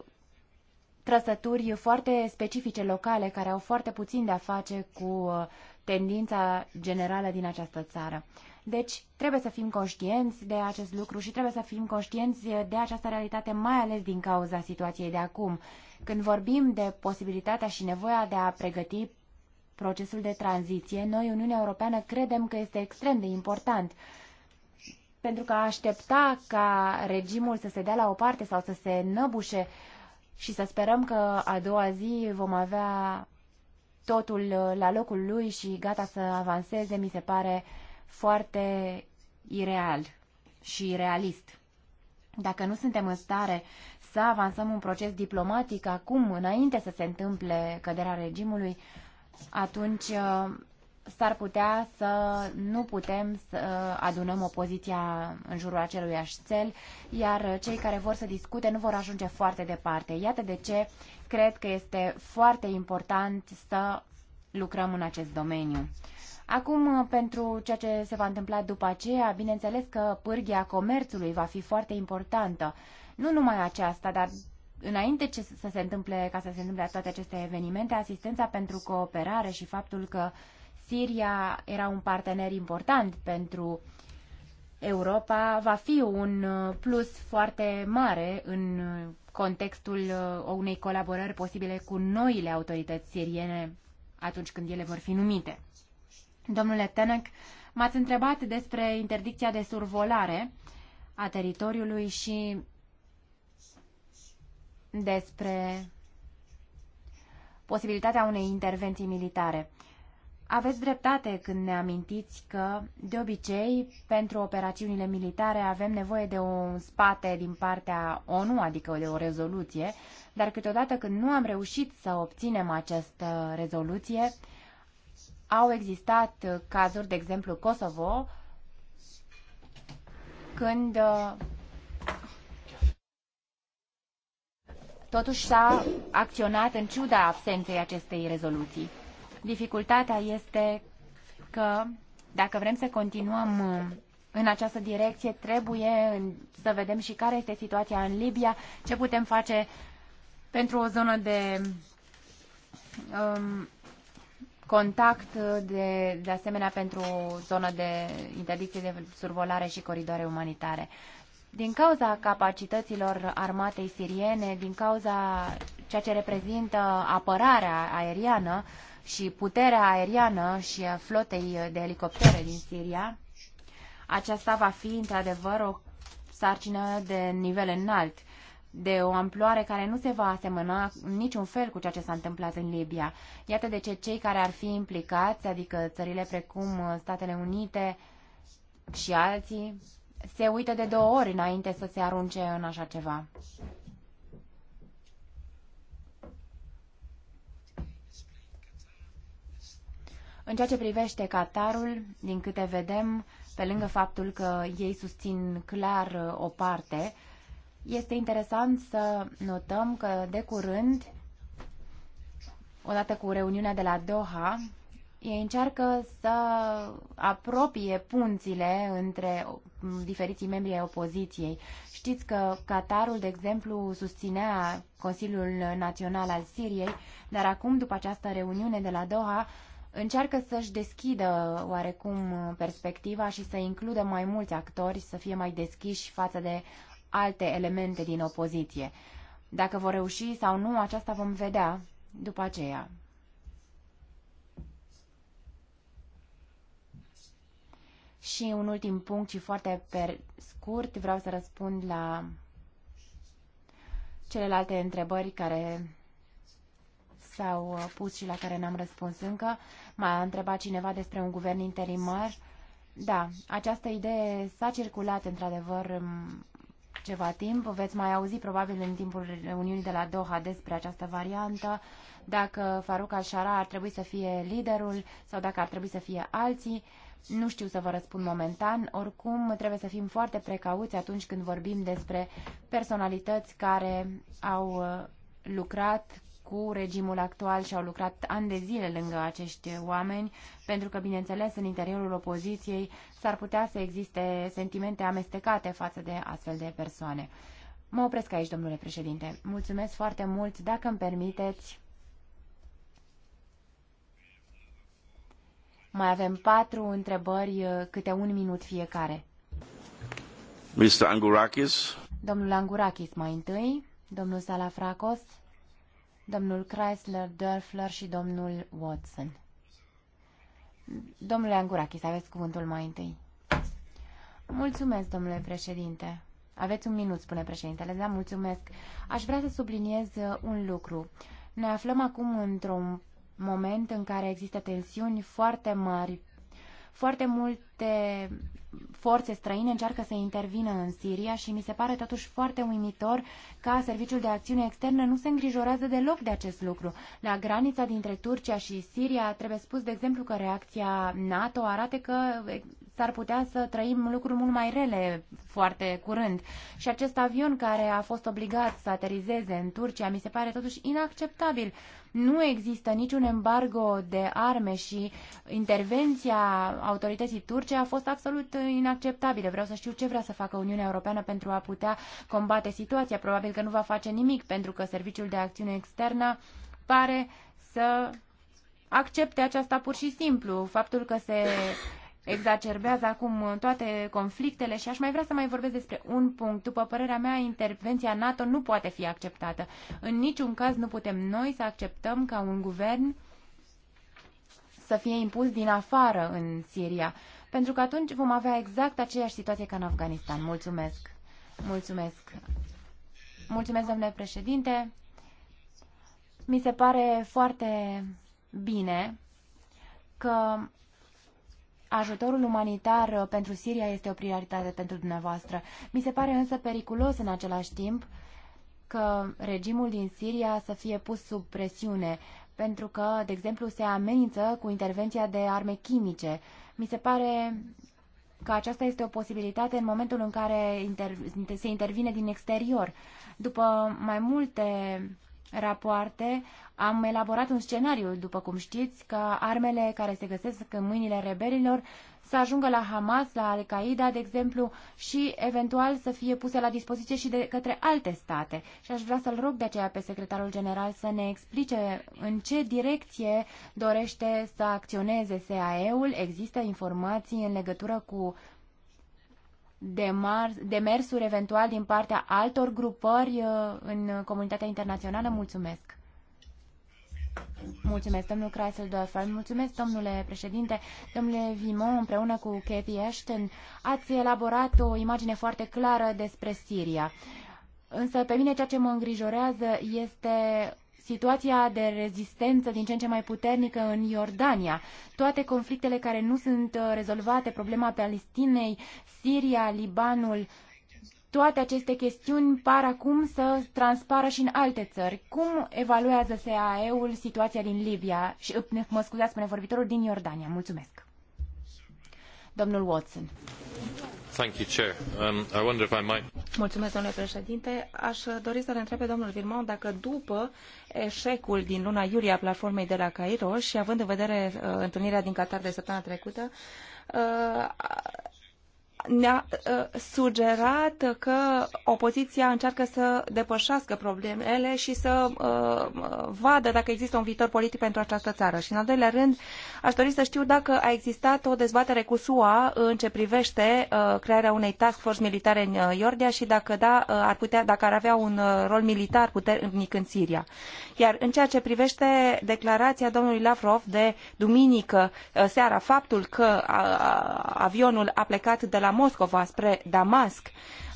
trăsături foarte specifice locale care au foarte puțin de a face cu uh, tendința generală din această țară. Deci trebuie să fim conștienți de acest lucru și trebuie să fim conștienți de această realitate, mai ales din cauza situației de acum. Când vorbim de posibilitatea și nevoia de a pregăti procesul de tranziție, noi, Uniunea Europeană, credem că este extrem de important pentru că a aștepta ca regimul să se dea la o parte sau să se năbușe și să sperăm că a doua zi vom avea totul uh, la locul lui și gata să avanseze, mi se pare foarte ireal și realist. Dacă nu suntem în stare să avansăm un proces diplomatic acum, înainte să se întâmple căderea regimului, atunci uh, s-ar putea să nu putem să adunăm opoziția în jurul acelui cel, iar cei care vor să discute nu vor ajunge foarte departe. Iată de ce cred că este foarte important să lucrăm în acest domeniu. Acum, pentru ceea ce se va întâmpla după aceea, bineînțeles că pârghia comerțului va fi foarte importantă. Nu numai aceasta, dar înainte ce să se întâmple, ca să se întâmple toate aceste evenimente, asistența pentru cooperare și faptul că uh, Siria era un partener important pentru Europa, va fi un uh, plus foarte mare în uh, contextul uh, unei colaborări posibile cu noile autorități siriene atunci când ele vor fi numite. Domnule Tenec, m-ați întrebat despre interdicția de survolare a teritoriului și despre posibilitatea unei intervenții militare. Aveți dreptate când ne amintiți că, de obicei, pentru operațiunile militare avem nevoie de un spate din partea ONU, adică de o rezoluție, dar câteodată când nu am reușit să obținem această rezoluție, au existat cazuri, de exemplu Kosovo, când totuși s-a acționat în ciuda absenței acestei rezoluții. Dificultatea este că dacă vrem să continuăm uh, în această direcție, trebuie să vedem și care este situația în Libia, ce putem face pentru o zonă de um, contact, uh, de, de asemenea pentru o zonă de interdicție de survolare și coridoare umanitare. Din cauza capacităților armatei siriene, din cauza ceea ce reprezintă apărarea aeriană, și puterea aeriană și a flotei de elicoptere din Siria, aceasta va fi într-adevăr o sarcină de nivel înalt, de o amploare care nu se va asemăna în niciun fel cu ceea ce s-a întâmplat în Libia. Iată de ce cei care ar fi implicați, adică țările precum Statele Unite și alții, se uită de două ori înainte să se arunce în așa ceva. În ceea ce privește Qatarul, din câte vedem, pe lângă faptul că ei susțin clar uh, o parte, este interesant să notăm că de curând, odată cu reuniunea de la Doha, ei încearcă să apropie punțile între um, diferiții membri ai opoziției. Știți că Qatarul, de exemplu, susținea Consiliul Național al Siriei, dar acum, după această reuniune de la Doha, încearcă să-și deschidă oarecum uh, perspectiva și să includă mai mulți actori, să fie mai deschiși față de alte elemente din opoziție. Dacă vor reuși sau nu, aceasta vom vedea după aceea. Și un ultim punct și foarte per scurt, vreau să răspund la celelalte întrebări care s-au uh, pus și la care n-am răspuns încă. M-a întrebat cineva despre un guvern interimar. Da, această idee s-a circulat într-adevăr ceva timp. Veți mai auzi probabil în timpul reuniunii de la Doha despre această variantă, dacă Farouk al-Shara ar trebui să fie liderul sau dacă ar trebui să fie alții. Nu știu să vă răspund momentan, oricum trebuie să fim foarte precauți atunci când vorbim despre personalități care au uh, lucrat cu regimul actual și au lucrat ani de zile lângă acești oameni, pentru că, bineînțeles, în interiorul opoziției s-ar putea să existe sentimente amestecate față de astfel de persoane. Mă opresc aici, domnule președinte. Mulțumesc foarte mult. Dacă îmi permiteți, mai avem patru întrebări, câte un minut fiecare.
Mr. Angurakis.
Domnul Angurakis mai întâi, domnul Salafracos, domnul Chrysler, Dörfler și domnul Watson. Domnule Angurachis, aveți cuvântul mai întâi. Mulțumesc, domnule președinte. Aveți un minut, spune președintele, da, mulțumesc. Aș vrea să subliniez uh, un lucru. Ne aflăm acum într-un moment în care există tensiuni foarte mari, foarte multe forțe străine încearcă să intervină în Siria și mi se pare totuși foarte uimitor ca Serviciul de Acțiune Externă nu se îngrijorează deloc de acest lucru. La granița dintre Turcia și Siria trebuie spus, de exemplu, că reacția NATO arate că s-ar putea să trăim lucruri mult mai rele foarte curând. Și acest avion care a fost obligat să aterizeze în Turcia mi se pare totuși inacceptabil. Nu există niciun embargo de arme și intervenția autorității turce a fost absolut inacceptabilă. Vreau să știu ce vrea să facă Uniunea Europeană pentru a putea combate situația. Probabil că nu va face nimic pentru că Serviciul de Acțiune Externă pare să accepte aceasta pur și simplu. Faptul că se exacerbează acum toate conflictele și aș mai vrea să mai vorbesc despre un punct. După părerea mea, intervenția NATO nu poate fi acceptată. În niciun caz nu putem noi să acceptăm ca un guvern să fie impus din afară în Siria, pentru că atunci vom avea exact aceeași situație ca în Afganistan. Mulțumesc! Mulțumesc! Mulțumesc, domnule președinte! Mi se pare foarte bine că ajutorul umanitar uh, pentru Siria este o prioritate pentru dumneavoastră. Mi se pare însă periculos în același timp că regimul din Siria să fie pus sub presiune, pentru că, de exemplu, se amenință cu intervenția de arme chimice. Mi se pare că aceasta este o posibilitate în momentul în care inter se intervine din exterior. După mai multe rapoarte am elaborat un scenariu, după cum știți, ca armele care se găsesc în mâinile rebelilor să ajungă la Hamas, la Al-Qaeda, de exemplu, și eventual să fie puse la dispoziție și de către alte state. Și aș vrea să-l rog de aceea pe secretarul general să ne explice în ce direcție dorește să acționeze SAE-ul. Există informații în legătură cu demersuri eventual din partea altor grupări uh, în comunitatea internațională? Mulțumesc! Mulțumesc, domnul Chrysler Mulțumesc, domnule președinte. Domnule Vimon, împreună cu Cathy Ashton, ați elaborat o imagine foarte clară despre Siria. Însă pe mine ceea ce mă îngrijorează este situația de rezistență din ce în ce mai puternică în Iordania, toate conflictele care nu sunt uh, rezolvate, problema Palestinei, Siria, Libanul, toate aceste chestiuni par acum să transpară și în alte țări. Cum evaluează SAE-ul situația din Libia? Și, uh, mă scuzați, spune vorbitorul din Iordania. Mulțumesc. Domnul Watson.
Um,
Mulțumesc, domnule președinte.
Aș dori să-l întreb pe domnul Vilmon dacă după eșecul din luna iulie a platformei de la Cairo și având în vedere uh, întâlnirea din Qatar de săptămâna trecută, uh, ne-a ă, sugerat că opoziția încearcă să depășească problemele și să ă, vadă dacă există un viitor politic pentru această țară. Și în al doilea rând, aș dori să știu dacă a existat o dezbatere cu SUA în ce privește ă, crearea unei task force militare în Iordia și dacă da, ar putea, dacă ar avea un rol militar puternic în Siria. Iar în ceea ce privește declarația domnului Lavrov de duminică seara, faptul că avionul a plecat de la la Moscova spre Damasc,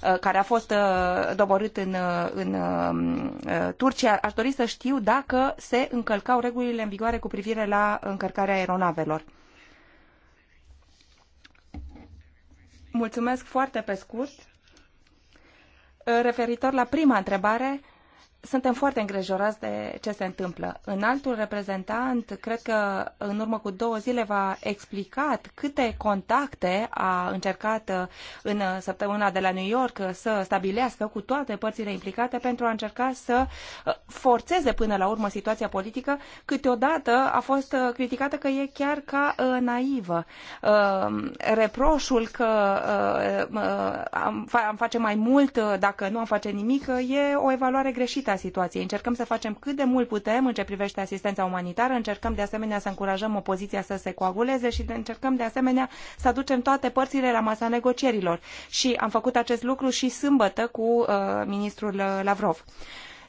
uh, care a fost uh, doborât în, uh, în Turcia, aș dori să știu dacă se încălcau regulile în vigoare cu privire la încărcarea aeronavelor. Mulțumesc foarte pe scurt. Referitor la prima întrebare, suntem foarte îngrijorați de ce se întâmplă. În altul reprezentant, cred că în urmă cu două zile v-a explicat câte contacte a încercat uh, în săptămâna de la New York uh, să stabilească cu toate părțile implicate pentru a încerca să uh, forțeze până la urmă situația politică. Câteodată a fost criticată că e chiar ca naivă. Reproșul că am face mai mult dacă nu am face nimic e o evaluare greșită gravitatea situației. Încercăm să facem cât de mult putem în ce privește asistența umanitară, încercăm de asemenea să încurajăm opoziția să se coaguleze și încercăm de asemenea să aducem toate părțile la masa negocierilor. Și am făcut acest lucru și sâmbătă cu uh, ministrul uh, Lavrov.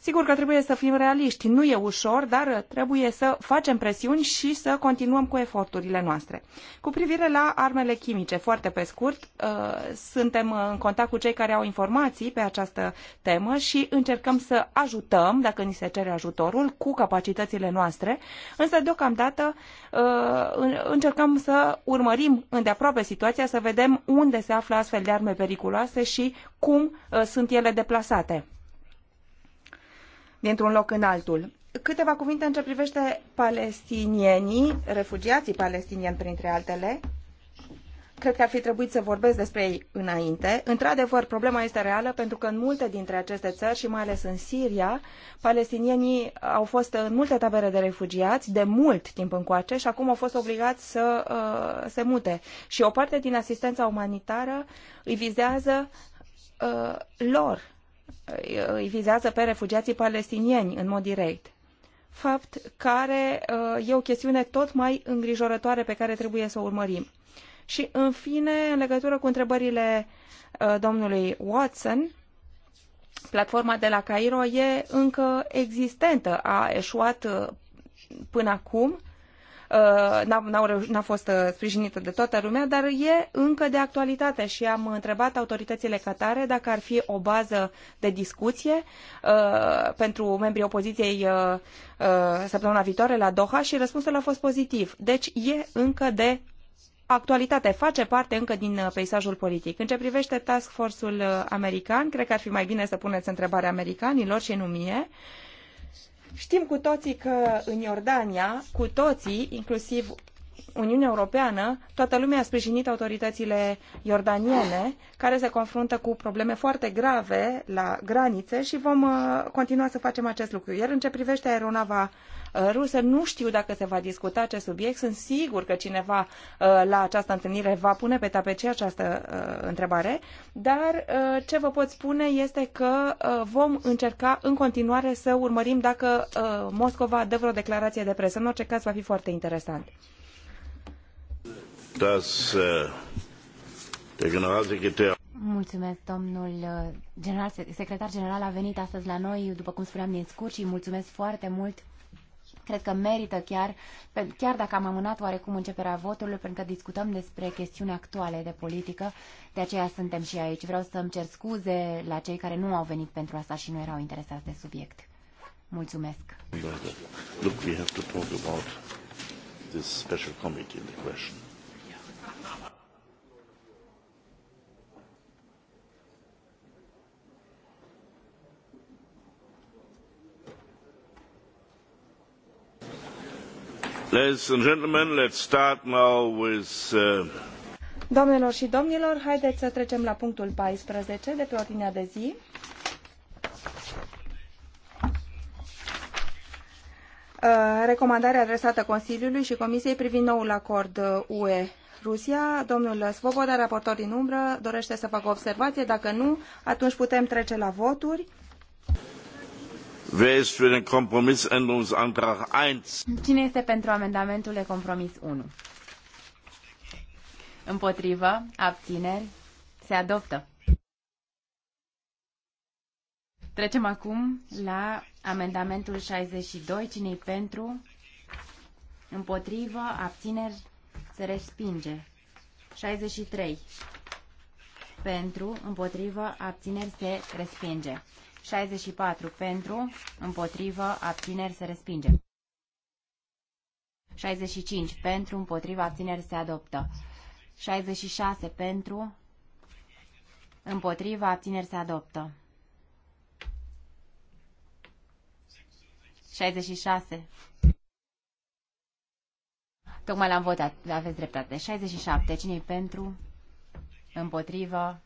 Sigur că trebuie să fim realiști. Nu e ușor, dar trebuie să facem presiuni și să continuăm cu eforturile noastre. Cu privire la armele chimice, foarte pe scurt, uh, suntem în contact cu cei care au informații pe această temă și încercăm să ajutăm, dacă ni se cere ajutorul, cu capacitățile noastre, însă deocamdată uh, încercăm să urmărim îndeaproape situația, să vedem unde se află astfel de arme periculoase și cum uh, sunt ele deplasate dintr-un loc în altul. Câteva cuvinte în ce privește palestinienii, refugiații palestinieni printre altele. Cred că ar fi trebuit să vorbesc despre ei înainte. Într-adevăr, problema este reală pentru că în multe dintre aceste țări și mai ales în Siria, palestinienii au fost în multe tabere de refugiați de mult timp încoace și acum au fost obligați să uh, se mute. Și o parte din asistența umanitară îi vizează uh, lor, îi vizează pe refugiații palestinieni în mod direct. Fapt care uh, e o chestiune tot mai îngrijorătoare pe care trebuie să o urmărim. Și, în fine, în legătură cu întrebările uh, domnului Watson, platforma de la Cairo e încă existentă, a eșuat uh, până acum Uh, n-a fost uh, sprijinită de toată lumea, dar e încă de actualitate și am întrebat autoritățile catare dacă ar fi o bază de discuție uh, pentru membrii opoziției săptămâna viitoare la Doha și răspunsul a fost pozitiv. Deci e încă de actualitate, face parte încă din peisajul politic. În ce privește task force-ul american, cred că ar fi mai bine să puneți întrebarea americanilor și nu mie. Uh, Știm cu toții că în Iordania, cu toții, inclusiv Uniunea Europeană, toată lumea a sprijinit autoritățile iordaniene care se confruntă cu probleme foarte grave la granițe și vom uh, continua să facem acest lucru. Iar în ce privește aeronava ruse. Nu știu dacă se va discuta acest subiect. Sunt sigur că cineva uh, la această întâlnire va pune pe tapece această uh, întrebare, dar uh, ce vă pot spune este că vom încerca în continuare să urmărim dacă Moscova dă vreo declarație de presă. În orice caz
va fi foarte interesant. Das, Mulțumesc, domnul general, secretar general a venit astăzi la noi, după cum spuneam, din scurt și mulțumesc foarte mult Cred că merită chiar, chiar dacă am amânat oarecum începerea votului, pentru că discutăm despre chestiuni actuale de politică, de aceea suntem și aici. Vreau să-mi cer scuze la cei care nu au venit pentru asta și nu erau interesați de subiect. Mulțumesc.
Look, we have to talk about this special committee in the question. Ladies and gentlemen, let's start now with uh...
Doamnelor și domnilor, haideți să trecem la punctul 14 de pe ordinea de zi. Uh, Recomandarea adresată Consiliului și Comisiei privind noul acord UE uh, Rusia. Domnul Svoboda, raportor din umbră, dorește să facă observație. Dacă nu, atunci putem trece la voturi.
Wer ist für den Kompromissänderungsantrag 1?
Cine este pentru amendamentul de compromis 1? Împotrivă, abțineri, se adoptă. Trecem acum la amendamentul 62. Cine-i pentru? Împotrivă, abțineri, se respinge. 63. Pentru, împotrivă, abțineri, se respinge. 64 pentru, împotrivă, abțineri se respinge. 65 pentru, împotrivă, abțineri se adoptă. 66 pentru, împotrivă, abțineri se adoptă. 66. Tocmai l-am votat, aveți dreptate. 67. Cine-i pentru? Împotrivă?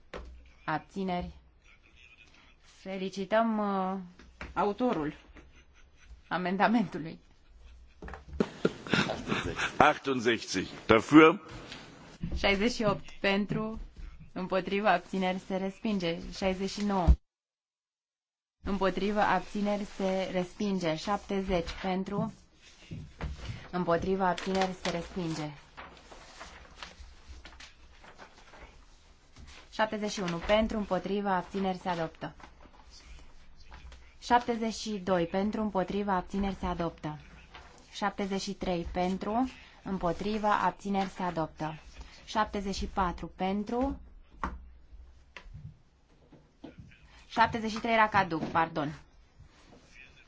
Abțineri? Felicităm uh, autorul amendamentului.
68. Dafür?
68 pentru, împotriva abțineri se respinge. 69. Împotriva abțineri se respinge. 70 pentru, împotriva abțineri se respinge. 71 pentru, împotriva abțineri se adoptă. 72 pentru, împotriva, abțineri se adoptă. 73 pentru, împotriva, abțineri se adoptă. 74 pentru, 73 era caduc, pardon.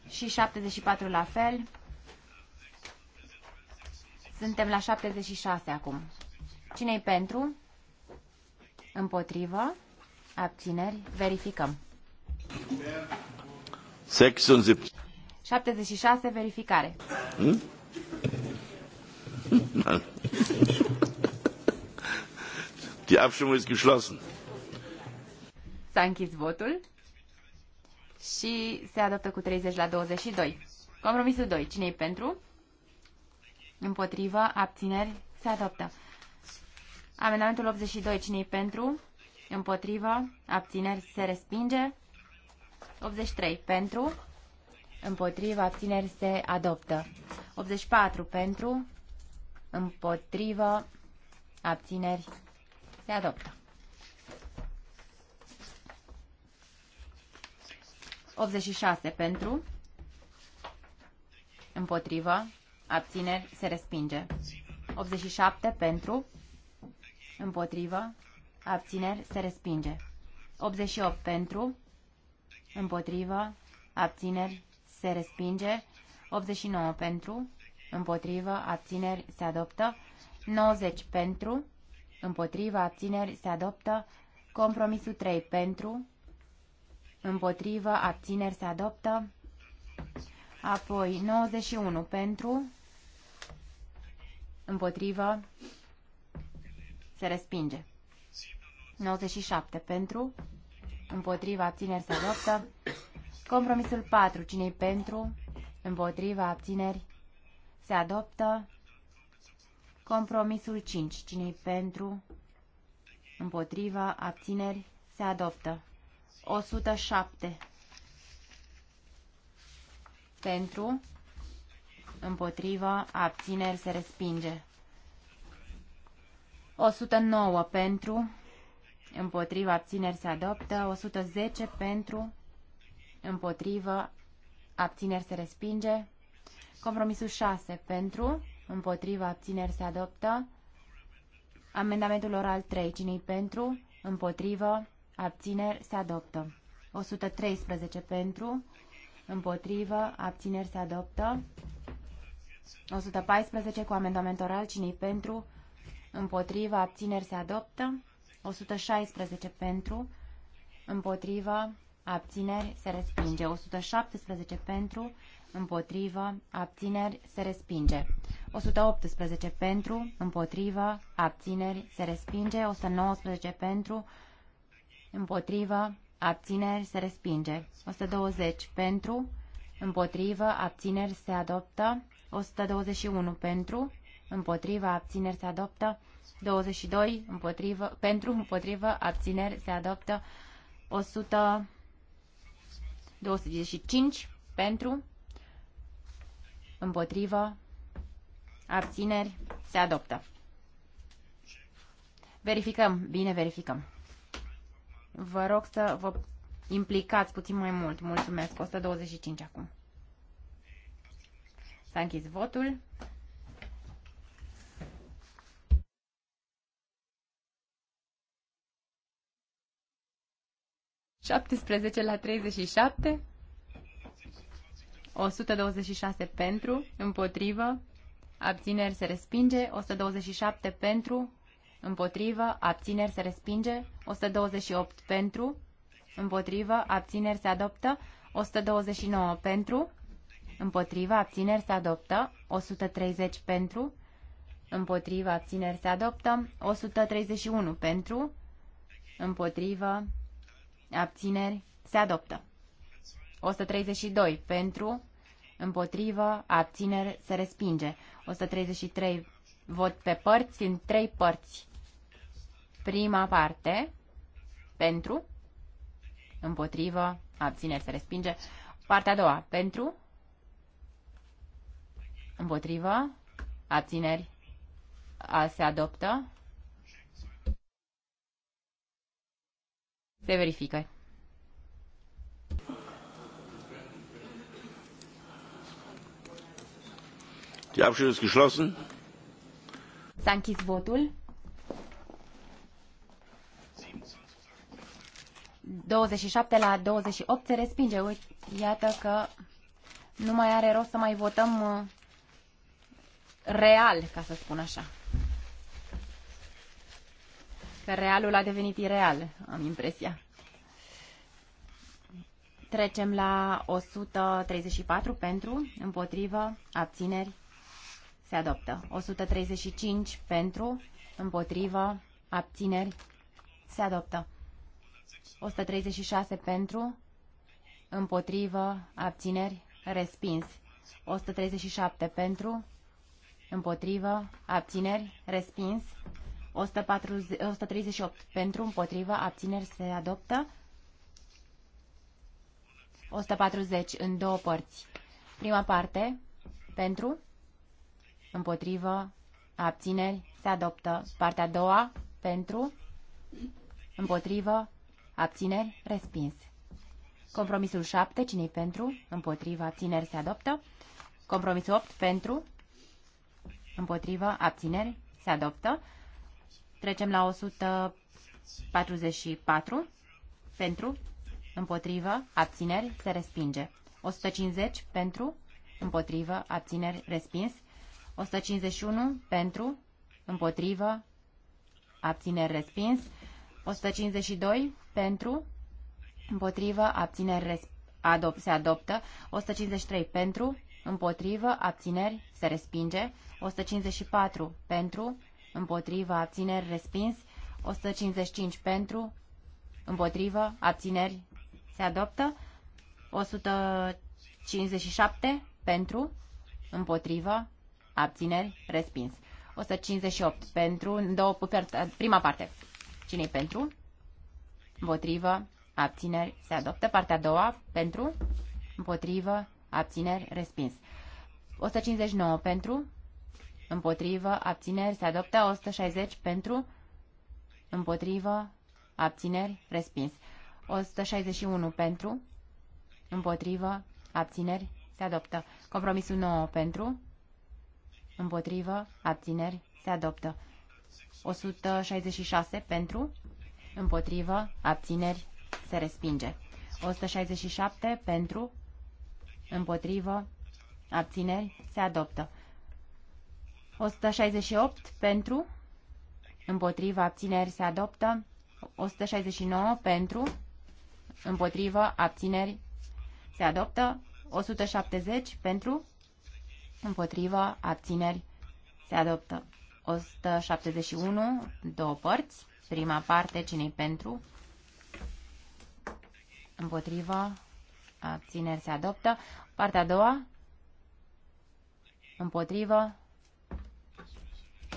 Și 74 la fel. Suntem la 76 acum. Cine-i pentru? Împotrivă? Abțineri? Verificăm. Yeah.
76.
76, verificare.
Hmm? Die Abstimmung ist geschlossen.
S-a închis votul și se adoptă cu 30 la 22. Compromisul 2. cine e pentru? Împotrivă, abțineri, se adoptă. Amendamentul 82. cine e pentru? Împotrivă, abțineri, se respinge. 83 pentru, împotriva, abțineri se adoptă. 84 pentru, împotriva, abțineri se adoptă. 86 pentru, împotriva, abțineri se respinge. 87 pentru, împotrivă, abțineri, se respinge. 88 pentru, împotrivă, abțineri, se respinge, 89 pentru, împotrivă, abțineri, se adoptă, 90 pentru, împotrivă, abțineri, se adoptă, compromisul 3 pentru, împotrivă, abțineri, se adoptă, apoi 91 pentru, împotrivă, se respinge, 97 pentru, împotriva, abțineri se adoptă. Compromisul 4, cine pentru, împotriva, abțineri se adoptă. Compromisul 5, cine pentru, împotriva, abțineri se adoptă. 107 pentru, împotriva, abțineri se respinge. 109 pentru, împotriva abțineri se adoptă, 110 pentru, Împotrivă. abțineri se respinge, compromisul 6 pentru, împotriva abțineri se adoptă, amendamentul oral 3, cine pentru, împotrivă, abțineri se adoptă, 113 pentru, împotrivă, abțineri se adoptă, 114 cu amendament oral, cine pentru, împotriva abțineri se adoptă, 116 pentru, împotrivă, abțineri, se respinge. 117 pentru, împotrivă, abțineri, se respinge. 118 pentru, împotrivă, abțineri, se respinge. 119 pentru, împotrivă, abțineri, se respinge. 120 pentru, împotrivă, abțineri, se adoptă. 121 pentru, împotrivă, abțineri, se adoptă. 22 împotrivă, pentru, împotrivă, abțineri, se adoptă 125 pentru, împotrivă, abțineri, se adoptă. Verificăm, bine verificăm. Vă rog să vă implicați puțin mai mult. Mulțumesc, 125 acum. S-a închis votul. 17 la 37. 126 pentru, împotrivă, abțineri se respinge, 127 pentru, împotrivă, abțineri se respinge, 128 pentru, împotrivă, abțineri se adoptă, 129 pentru, împotrivă, abțineri se adoptă, 130 pentru, împotrivă, abțineri se adoptă, 131 pentru, împotrivă, abțineri, se adoptă. 132 pentru, împotrivă, abțineri, se respinge. 133 vot pe părți, în trei părți. Prima parte, pentru, împotrivă, abțineri, se respinge. Partea a doua, pentru, împotrivă, abțineri, se adoptă. Se verifică.
Die Abstimmung ist geschlossen.
Sankis votul. 27 la 28 se respinge. Uite, iată că nu mai are rost să mai votăm uh, real, ca să spun așa că realul a devenit ireal, am impresia. Trecem la 134 pentru, împotrivă, abțineri, se adoptă. 135 pentru, împotrivă, abțineri, se adoptă. 136 pentru, împotrivă, abțineri, respins. 137 pentru, împotrivă, abțineri, respins. 138 pentru, împotrivă, abțineri se adoptă. 140 în două părți. Prima parte, pentru, împotrivă, abțineri, se adoptă. Partea a doua, pentru, împotrivă, abțineri, respins. Compromisul 7, cine pentru, împotrivă, abțineri, se adoptă. Compromisul 8, pentru, împotrivă, abțineri, se adoptă. Trecem la 144. Pentru, împotrivă, abțineri, se respinge. 150 pentru, împotrivă, abțineri, respins. 151 pentru, împotrivă, abțineri, respins. 152 pentru, împotrivă, abțineri, Adop, se adoptă 153 pentru, împotrivă, abțineri, se respinge 154 pentru, împotriva, abțineri, respins. 155 pentru, împotrivă, abțineri, se adoptă. 157 pentru, împotrivă, abțineri, respins. 158 pentru, în două, prima parte. cine pentru? Împotrivă, abțineri, se adoptă. Partea a doua, pentru, împotrivă, abțineri, respins. 159 pentru, împotrivă, abțineri, se adoptă 160 pentru, împotrivă, abțineri, respins. 161 pentru, împotrivă, abțineri, se adoptă. Compromisul 9 pentru, împotrivă, abțineri, se adoptă. 166 pentru, împotrivă, abțineri, se respinge. 167 pentru, împotrivă, abțineri, se adoptă. 168 pentru, împotriva abțineri se adoptă. 169 pentru, împotriva abțineri se adoptă. 170 pentru, împotriva abțineri se adoptă. 171, două părți. Prima parte, cine pentru? Împotriva. Abțineri se adoptă. Partea a doua. Împotrivă.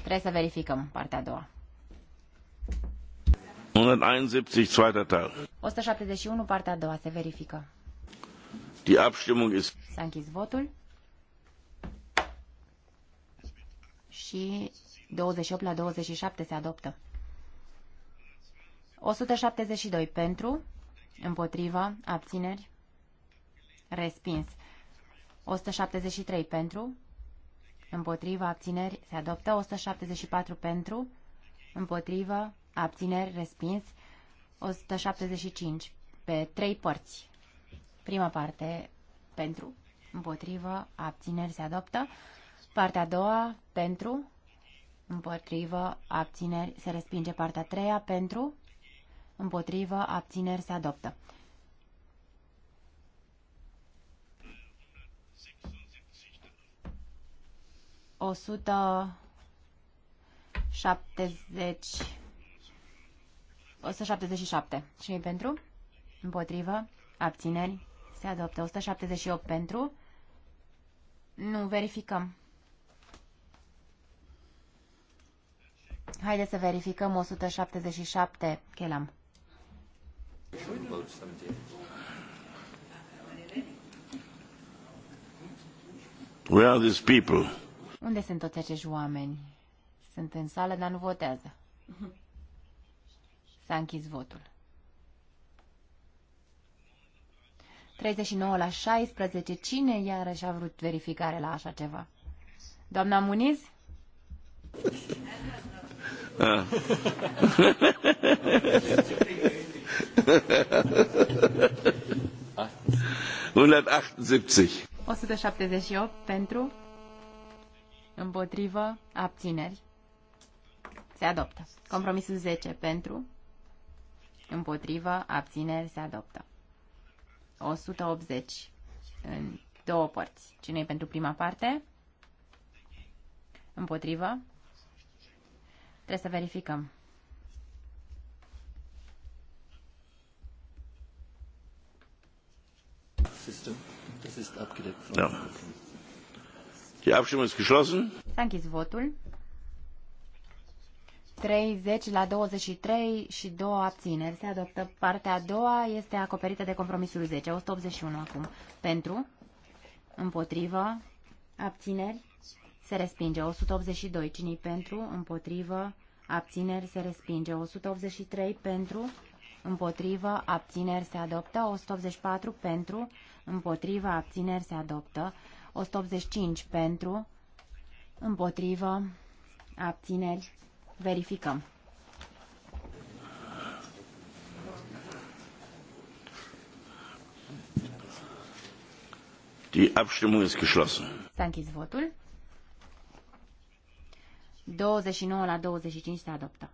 Trebuie să verificăm partea a doua.
171,
partea a doua, se verifică.
Die Abstimmung ist...
S-a închis votul. Și 28 la 27 se adoptă. 172 pentru, împotriva, abțineri, respins. 173 pentru, împotriva, abțineri, se adoptă. 174 pentru, împotriva, abțineri, respins. 175 pe trei părți. Prima parte pentru, împotrivă, abțineri se adoptă. Partea a doua pentru, împotrivă, abțineri se respinge. Partea a treia pentru, împotrivă, abțineri se adoptă. 170 177. Cine pentru? Împotrivă. Abțineri. Se adoptă. 178 pentru. Nu, verificăm. Haideți să verificăm 177 chelam.
Where are these people?
Unde sunt toți acești oameni? Sunt în sală, dar nu votează. S-a închis votul. 39 la 16. Cine iarăși a vrut verificare la așa ceva? Doamna Muniz?
Ah. 178.
178 pentru Împotrivă. Abțineri. Se adoptă. Compromisul 10 pentru. Împotrivă. Abțineri. Se adoptă. 180 în două părți. Cine e pentru prima parte? Împotrivă. Trebuie să verificăm.
System. Das ist abgedeckt.
Ja. Die Abstimmung ist geschlossen.
Danke, a votul. 30 la 23 și 2 abțineri. Se adoptă partea a doua, este acoperită de compromisul 10, 181 acum. Pentru, împotrivă, abțineri, se respinge. 182, cine pentru, împotrivă, abțineri, se respinge. 183 pentru, împotrivă, abțineri, se adoptă. 184 pentru, împotrivă, abțineri, se adoptă. 185 pentru, împotrivă, abțineri, verificăm.
Die Abstimmung ist geschlossen.
S-a închis votul. 29 la 25 se adoptă.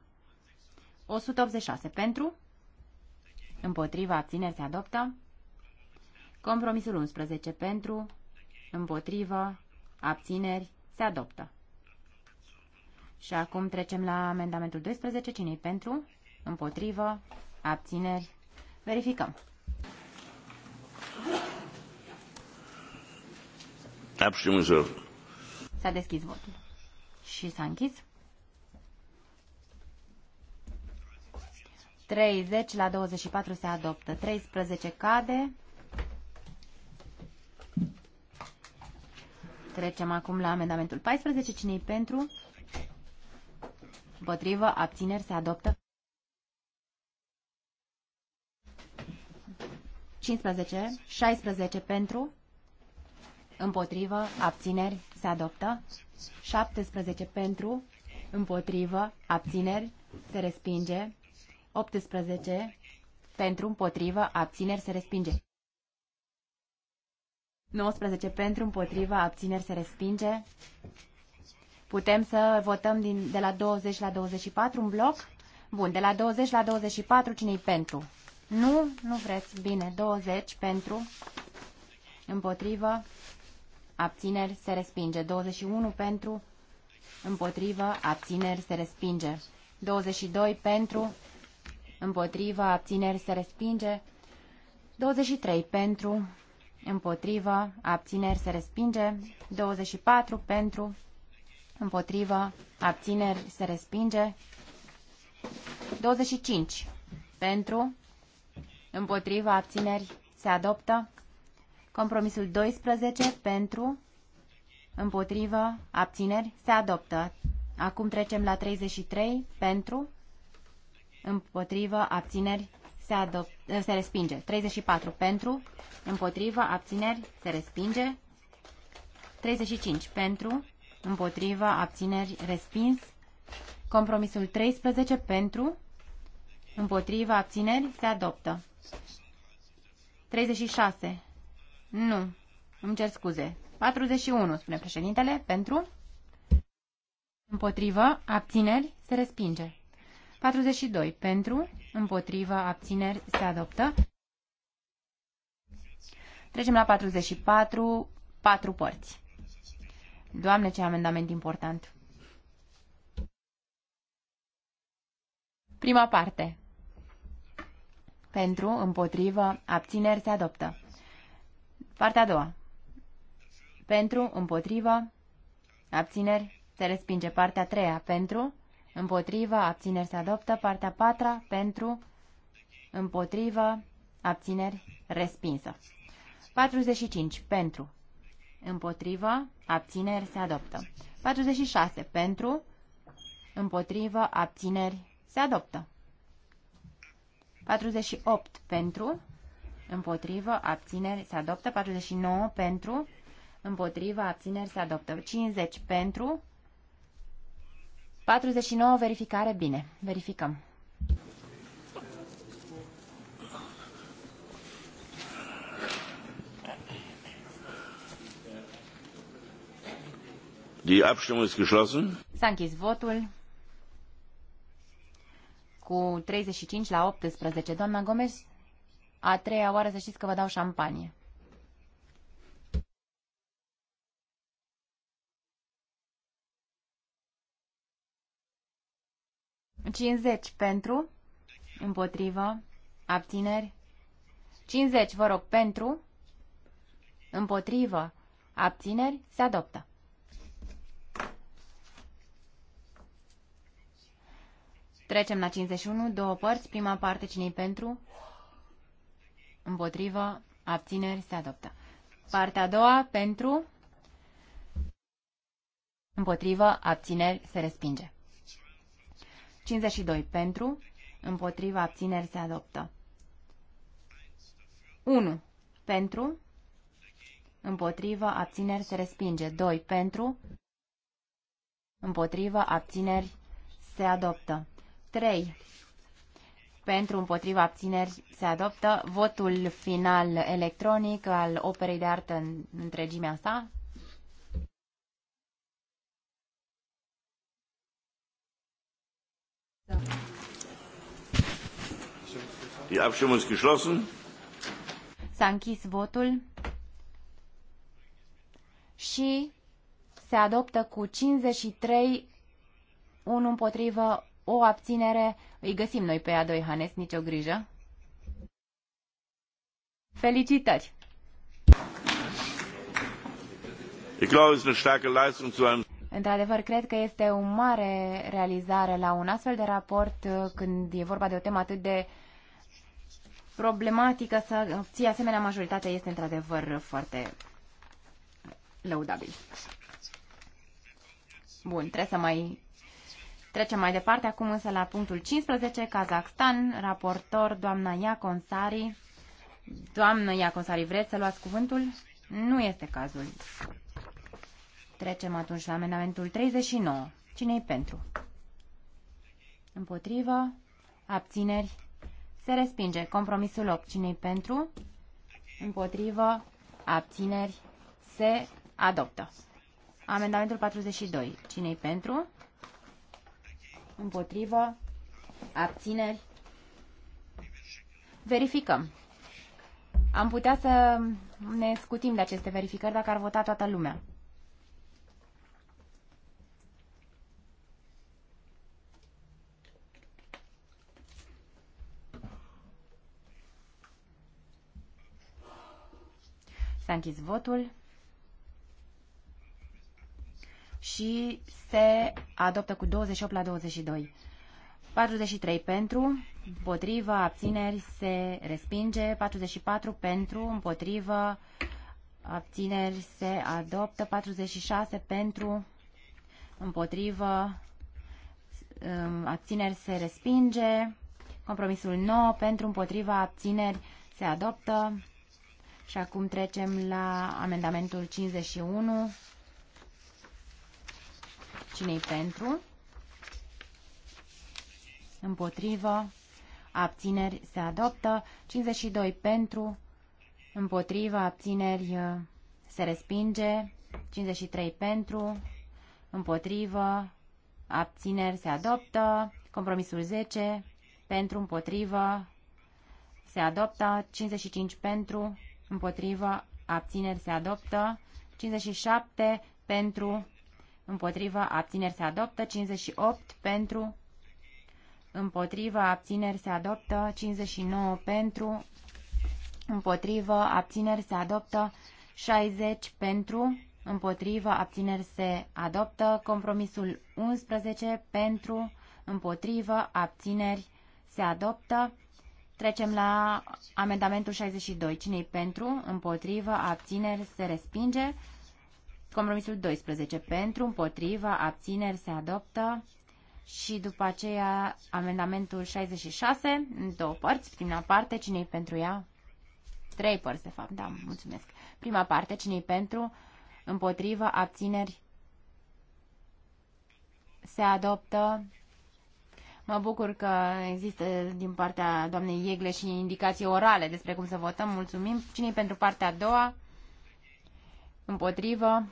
186 pentru, împotriva abțineri se adoptă. Compromisul 11 pentru, împotrivă, abțineri, se adoptă. Și acum trecem la amendamentul 12. cine pentru? Împotrivă, abțineri, verificăm. Abstimmung S-a deschis votul. Și s-a închis. 30 la 24 se adoptă. 13 cade. Trecem acum la amendamentul 14. cine pentru? Împotrivă, abțineri, se adoptă. 15, 16 pentru, împotrivă, abțineri, se adoptă. 17 pentru, împotrivă, abțineri, se respinge. 18 pentru, împotrivă, abțineri, se respinge. 19 pentru, împotriva, abțineri se respinge. Putem să votăm din, de la 20 la 24 un bloc? Bun, de la 20 la 24 cine pentru? Nu, nu vreți. Bine, 20 pentru, împotrivă, abțineri se respinge. 21 pentru, împotrivă, abțineri se respinge. 22 pentru, împotrivă, abțineri se respinge. 23 pentru, împotrivă, abțineri se respinge, 24 pentru, împotrivă, abțineri se respinge, 25 pentru, împotrivă, abțineri se adoptă, compromisul 12 pentru, împotrivă, abțineri se adoptă. Acum trecem la 33 pentru, împotrivă, abțineri se, adop- se respinge. 34 pentru, împotrivă, abțineri, se respinge. 35 pentru, împotrivă, abțineri, respins. Compromisul 13 pentru, împotrivă, abțineri, se adoptă. 36. Nu. Îmi cer scuze. 41, spune președintele, pentru. Împotrivă, abțineri, se respinge. 42, pentru împotrivă, abțineri, se adoptă. Trecem la 44, patru părți. Doamne, ce amendament important! Prima parte. Pentru, împotrivă, abțineri se adoptă. Partea a doua. Pentru, împotrivă, abțineri se respinge. Partea a treia. Pentru, împotriva, abțineri se adoptă. Partea patra, pentru, împotriva, abțineri, respinsă. 45, pentru, împotriva, abțineri se adoptă. 46, pentru, împotriva, abțineri se adoptă. 48, pentru, împotrivă, abțineri, se adoptă, 49 pentru, împotrivă, abțineri, se adoptă, 50 pentru, 49, verificare, bine. Verificăm.
Die Abstimmung ist geschlossen.
S-a închis votul cu 35 la 18. Doamna Gomes, a treia oară să știți că vă dau șampanie. 50 pentru, împotrivă, abțineri. 50, vă rog, pentru, împotrivă, abțineri, se adoptă. Trecem la 51, două părți, prima parte cine pentru, împotrivă, abțineri, se adoptă. Partea a doua, pentru, împotrivă, abțineri, se respinge. 52 pentru, împotriva abțineri se adoptă. 1 pentru, împotriva abțineri se respinge. 2 pentru, împotriva abțineri se adoptă. 3 pentru, împotriva abțineri se adoptă. Votul final electronic al operei de artă în întregimea sa
Da. Die Abstimmung ist geschlossen.
S-a închis votul și se adoptă cu 53, 1 împotrivă, o abținere. Îi găsim noi pe a doi, Hanes, nicio grijă. Felicitări!
Ich glaube, es ist eine starke Leistung zu einem
Într-adevăr, cred că este o mare realizare la un astfel de raport uh, când e vorba de o temă atât de problematică să obții asemenea majoritate este într-adevăr foarte lăudabil. Bun, trebuie să mai trecem mai departe. Acum însă la punctul 15, Kazakhstan, raportor doamna Iaconsari. Doamnă Iaconsari, vreți să luați cuvântul? Nu este cazul. Trecem atunci la amendamentul 39. cine e pentru? Împotrivă. Abțineri. Se respinge. Compromisul 8. cine e pentru? Împotrivă. Abțineri. Se adoptă. Amendamentul 42. cine e pentru? Împotrivă. Abțineri. Verificăm. Am putea să ne scutim de aceste verificări dacă ar vota toată lumea. S-a închis votul. Și se adoptă cu 28 la 22. 43 pentru, împotrivă, abțineri, se respinge. 44 pentru, împotrivă, abțineri, se adoptă. 46 um, pentru, împotrivă, abțineri, se respinge. Compromisul 9 pentru, împotriva, abțineri, se adoptă. Și acum trecem la amendamentul 51. Cine-i pentru? Împotrivă. Abțineri se adoptă. 52 pentru. Împotrivă. Abțineri se respinge. 53 pentru. Împotrivă. Abțineri se adoptă. Compromisul 10. Pentru. Împotrivă. Se adoptă. 55 pentru împotrivă, abțineri se adoptă, 57 pentru, împotrivă, abțineri se adoptă, 58 pentru, împotrivă, abțineri se adoptă, 59 pentru, împotrivă, abțineri se adoptă, 60 pentru, împotrivă, abțineri se adoptă, compromisul 11 pentru, împotrivă, abțineri se adoptă, Trecem la amendamentul 62. Cine-i pentru? Împotrivă? Abțineri? Se respinge? Compromisul 12. Pentru? Împotrivă? Abțineri? Se adoptă? Și după aceea amendamentul 66, în două părți. Prima parte, cine-i pentru ea? Trei părți, de fapt, da, mulțumesc. Prima parte, cine-i pentru? Împotrivă? Abțineri? Se adoptă? Mă bucur că există din partea doamnei Iegle și indicații orale despre cum să votăm. Mulțumim. cine pentru partea a doua? Împotrivă?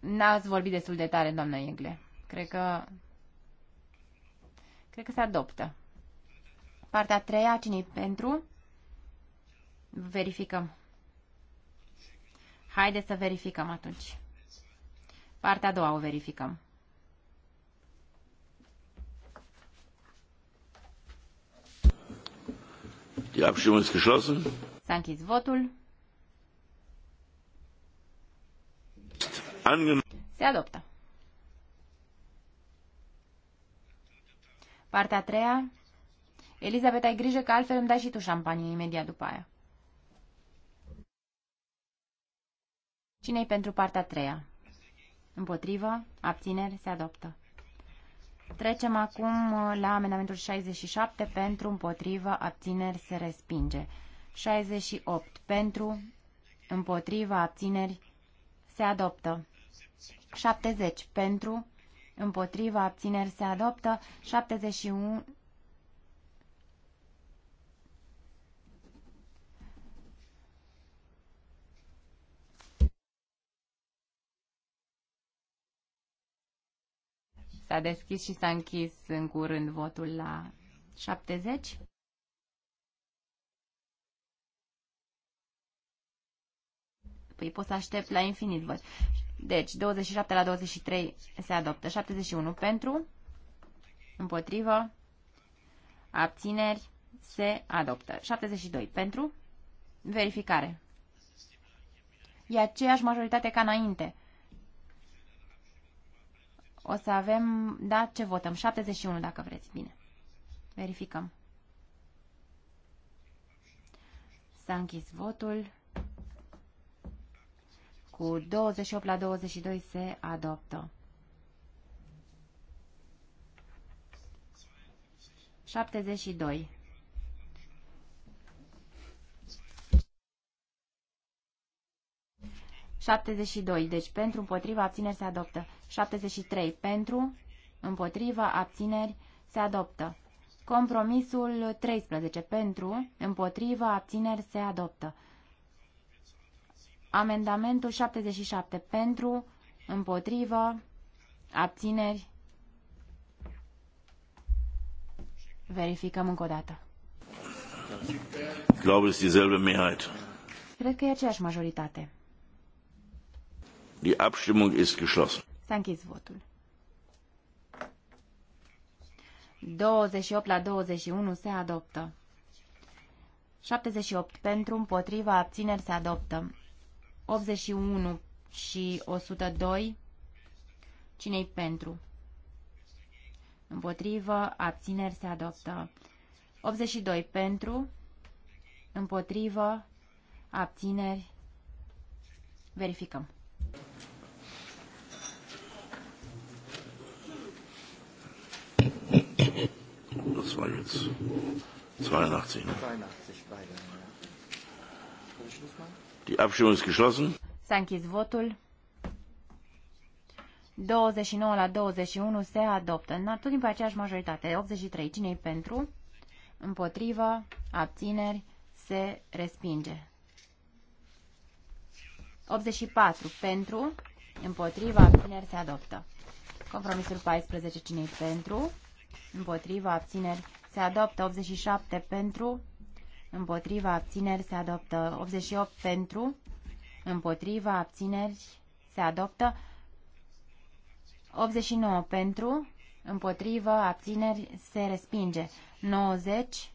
N-ați vorbit destul de tare, doamna Iegle. Cred că... Cred că se adoptă. Partea a treia, cine pentru? Verificăm. Haideți să verificăm atunci. Partea a doua o verificăm.
Die Abstimmung ist geschlossen.
S-a închis votul. Se adoptă. Partea a treia. Elizabeth, ai grijă că altfel îmi dai și tu șampanie imediat după aia. Cine-i pentru partea a treia? Împotrivă, abțineri, se adoptă. Trecem acum uh, la amendamentul 67 pentru, împotrivă, abțineri se respinge. 68 pentru, împotrivă, abțineri se adoptă. 70 pentru, împotrivă, abțineri se adoptă. 71 S-a deschis și s-a închis în curând votul la 70. Păi pot să aștept la infinit văd. Deci, 27 la 23 se adoptă. 71 pentru, împotrivă, abțineri, se adoptă. 72 pentru, verificare. E aceeași majoritate ca înainte. O să avem, da, ce votăm? 71 dacă vreți, bine. Verificăm. S-a închis votul. Cu 28 la 22 se adoptă. 72. Șaptezeci și doi. Deci pentru împotriva abțineri se adoptă. 73 pentru, împotriva abțineri, se adoptă. Compromisul 13 pentru, împotriva abțineri, se adoptă. Amendamentul 77 pentru, împotriva abțineri. Verificăm încă o dată. Cred că e aceeași majoritate.
Die Abstimmung ist geschlossen.
S-a închis votul. 28 la 21 se adoptă. 78 pentru, împotriva, abțineri se adoptă. 81 și 102. Cine-i pentru? Împotrivă, abțineri se adoptă. 82 pentru, împotrivă, abțineri. Verificăm.
das war jetzt 82. Ne? Die Abstimmung ist geschlossen.
S-a închis votul. 29 la 21 se adoptă. Tot timpul aceeași majoritate. 83. Cine-i pentru? Împotrivă. Abțineri. Se respinge. 84. Pentru. Împotrivă. Abțineri. Se adoptă. Compromisul 14. Cine-i pentru? împotriva abțineri se adoptă 87 pentru, împotriva abțineri se adoptă 88 pentru, împotriva abțineri se adoptă 89 pentru, împotriva abțineri se respinge 90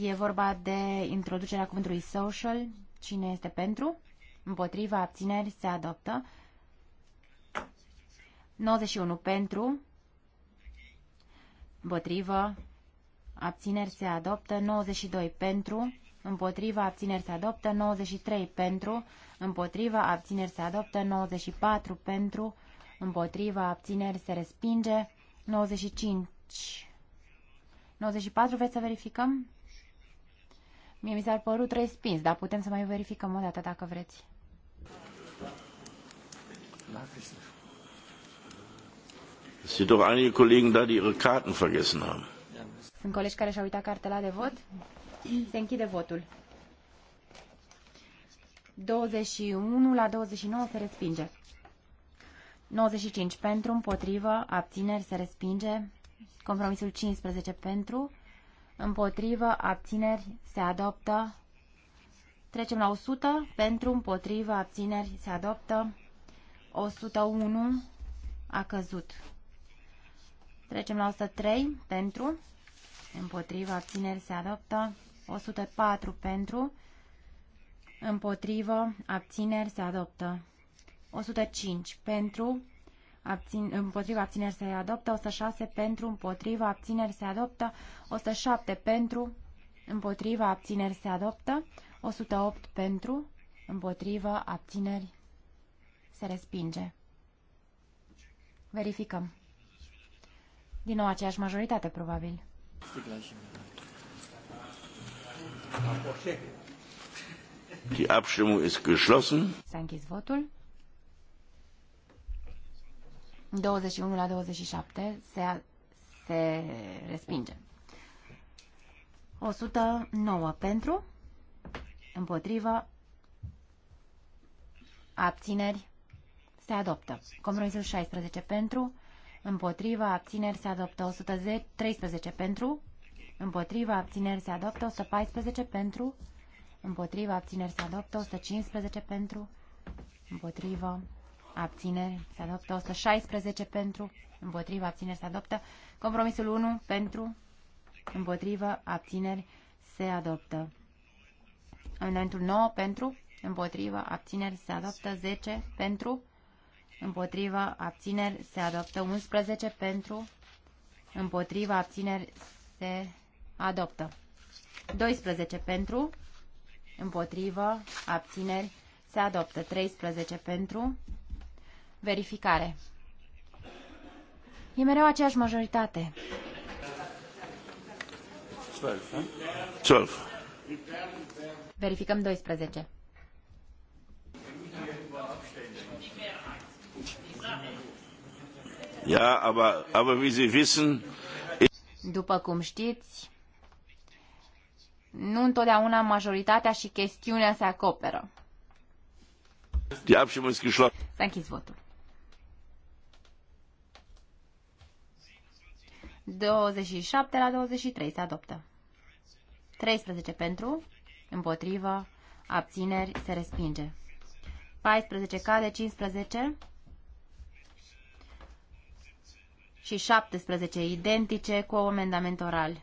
E vorba de introducerea cuvântului social. Cine este pentru? Împotriva abțineri se adoptă. 91 pentru, împotrivă, abțineri se adoptă, 92 pentru, împotriva abțineri se adoptă, 93 pentru, împotriva abțineri se adoptă, 94 pentru, împotriva abțineri se respinge, 95. 94 vreți să verificăm? Mie mi s-ar părut respins, dar putem să mai verificăm o dată dacă vreți.
La Es sind doch einige Kollegen da, die ihre Karten vergessen haben.
Sunt colegi care și-au uitat cartela de vot. Se închide votul. 21 la 29 se respinge. 95 pentru, împotrivă, abțineri se respinge. Compromisul 15 pentru, împotrivă, abțineri se adoptă. Trecem la 100, pentru, împotrivă, abțineri se adoptă. 101 a căzut. Trecem la 103 pentru, împotriva abțineri se adoptă. 104 pentru, împotrivă, abțineri se adoptă. 105 pentru, abțin, împotriva abțineri se adoptă, 106 pentru, împotriva abțineri se adoptă, 107 pentru, împotriva abțineri se adoptă, 108 pentru, împotriva abțineri se respinge. Verificăm. Din nou aceeași majoritate, probabil.
Die Abstimmung ist geschlossen.
S-a închis votul. 21 la 27 se, se respinge. 109 pentru, împotrivă, abțineri, se adoptă. Compromisul 16 pentru, împotriva, abțineri se adoptă 113 pentru, împotriva, abțineri se adoptă 114 pentru, împotriva, abțineri se adoptă 115 pentru, împotriva, abțineri se adoptă 116 pentru, împotriva, abțineri se adoptă, compromisul 1 pentru, împotriva, abțineri se adoptă. Amendamentul 9 pentru, împotriva, abțineri se adoptă 10 pentru, împotriva abțineri se adoptă 11 pentru, împotriva abțineri se adoptă 12 pentru, împotriva abțineri se adoptă 13 pentru, verificare. E mereu aceeași majoritate.
12, 12.
Verificăm 12.
Ja, aber, aber wie Sie wissen,
După cum știți, nu întotdeauna majoritatea și chestiunea se acoperă.
Die Abstimmung ist geschlossen.
S-a închis votul. 27 la 23 se adoptă. 13 pentru, împotrivă, abțineri, se respinge. 14 cade, 15 și 17 identice cu o amendament oral.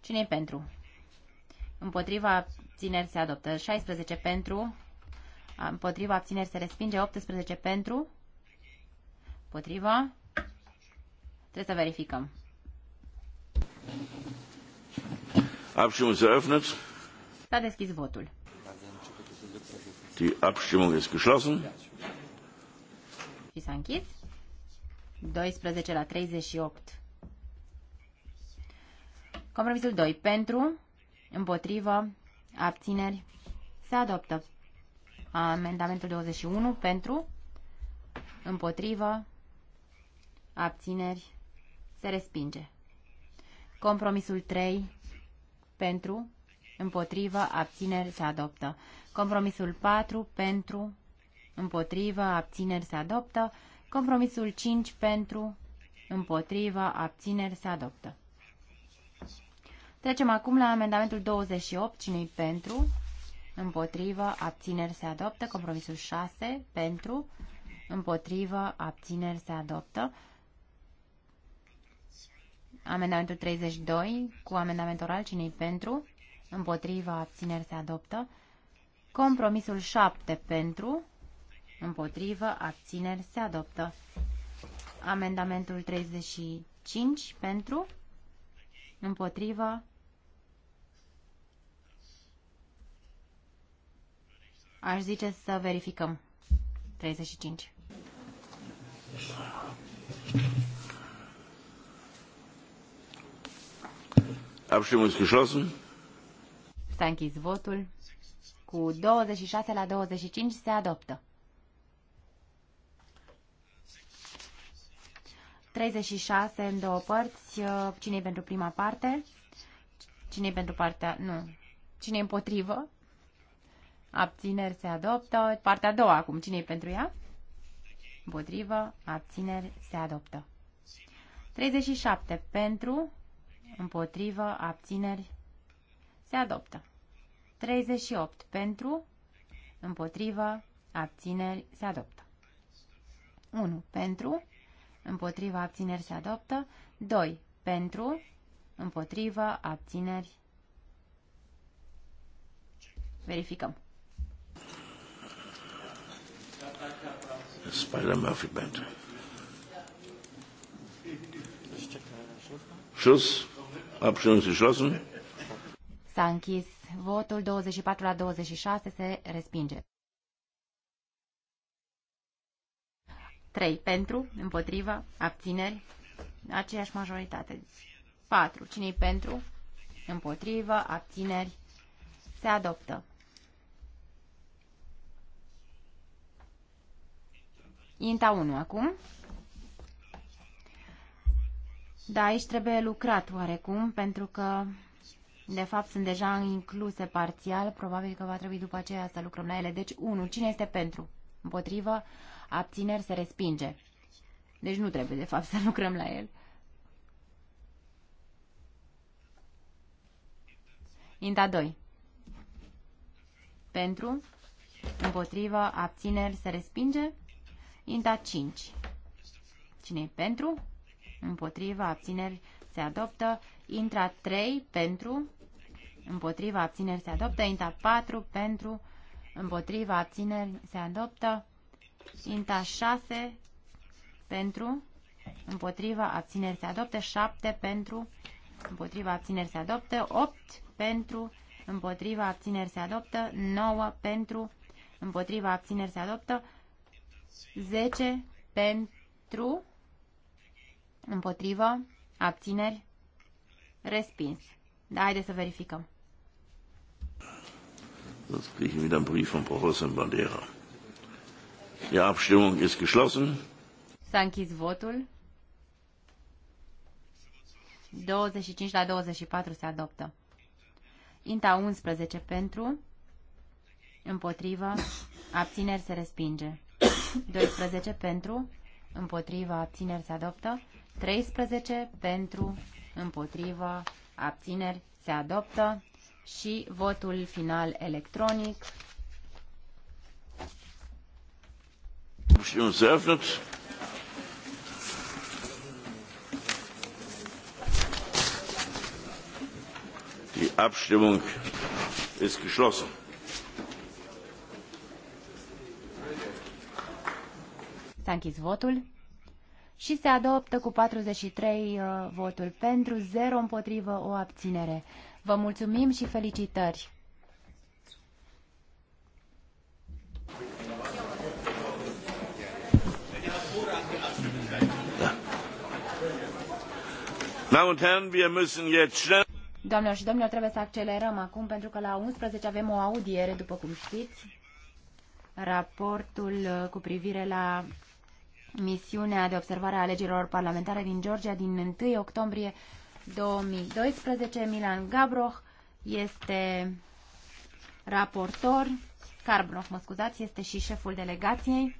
cine pentru? Împotriva abțineri se adoptă 16 pentru, împotriva abțineri se respinge 18 pentru, împotriva, trebuie să verificăm.
Abstimmung ist eröffnet.
S-a deschis votul.
Die Abstimmung ist geschlossen
și s-a închis. 12 la 38. Compromisul 2. Pentru, împotrivă, abțineri, se adoptă. Amendamentul 21. Pentru, împotrivă, abțineri, se respinge. Compromisul 3. Pentru, împotrivă, abțineri, se adoptă. Compromisul 4. Pentru, împotrivă, abțineri se adoptă. Compromisul 5 pentru, împotrivă, abțineri se adoptă. Trecem acum la amendamentul 28, cine pentru, împotrivă, abțineri se adoptă. Compromisul 6 pentru, împotrivă, abțineri se adoptă. Amendamentul 32 cu amendament oral, cine pentru, împotrivă, abțineri se adoptă. Compromisul 7 pentru, Împotrivă, abțineri, se adoptă. Amendamentul 35 pentru, împotrivă, aș zice să verificăm. 35.
Abstimmung ist geschlossen.
S-a votul. Cu 26 la 25 se adoptă. 36 în două părți. Uh, cine e pentru prima parte? cine e pentru partea... Nu. cine e împotrivă? Abțineri se adoptă. Partea a doua acum. cine e pentru ea? Împotrivă. Abțineri se adoptă. 37. Pentru. Împotrivă. Abțineri se adoptă. 38. Pentru. Împotrivă. Abțineri se adoptă. 1. Pentru împotriva, abțineri se adoptă. 2. Pentru, împotriva, abțineri. Verificăm.
Spider Murphy pentru. Schuss. Abstimmung geschlossen.
S-a închis votul 24 la 26 se respinge. 3 pentru, împotriva, abțineri, aceeași majoritate. 4. cine pentru, împotriva, abțineri, se adoptă. Inta 1 acum. Da, aici trebuie lucrat oarecum, pentru că de fapt sunt deja incluse parțial, probabil că va trebui după aceea să lucrăm la ele. Deci 1. Cine este pentru? Împotrivă? abțineri, se respinge. Deci nu trebuie, de fapt, să lucrăm la el. Inta 2. Pentru, împotrivă, abțineri, se respinge. Inta 5. cine e pentru? Împotrivă, abțineri, se adoptă. Intra 3, pentru, împotriva abțineri se adoptă, INTA 4 pentru, împotriva abțineri se adoptă, Inta 6 pentru, împotriva, abțineri se adopte, 7 pentru, împotriva, abțineri se adopte, 8 pentru, împotriva, abțineri se adoptă, 9 pentru, împotriva, abțineri se adoptă, 10 pentru, împotriva, abțineri, respins. Da, haideți să verificăm.
Să scriem ich wieder einen Brief von Professor Bandera. Die Abstimmung ist geschlossen.
S-a închis votul. 25 la 24 se adoptă. Inta 11 pentru, împotrivă, abțineri se respinge. 12 pentru, împotrivă, abțineri se adoptă. 13 pentru, împotrivă, abțineri se adoptă. Și votul final electronic.
Abstimmung ist eröffnet. Die Abstimmung ist geschlossen.
S-a închis votul și se adoptă cu 43 uh, voturi pentru, 0 împotrivă, o abținere. Vă mulțumim și felicitări! Doamnelor și domnilor, trebuie să accelerăm acum, pentru că la 11 avem o audiere, după cum știți, raportul uh, cu privire la misiunea de observare a alegerilor parlamentare din Georgia din 1 octombrie 2012. Milan Gabroch este raportor, Carbroch, mă scuzați, este și șeful delegației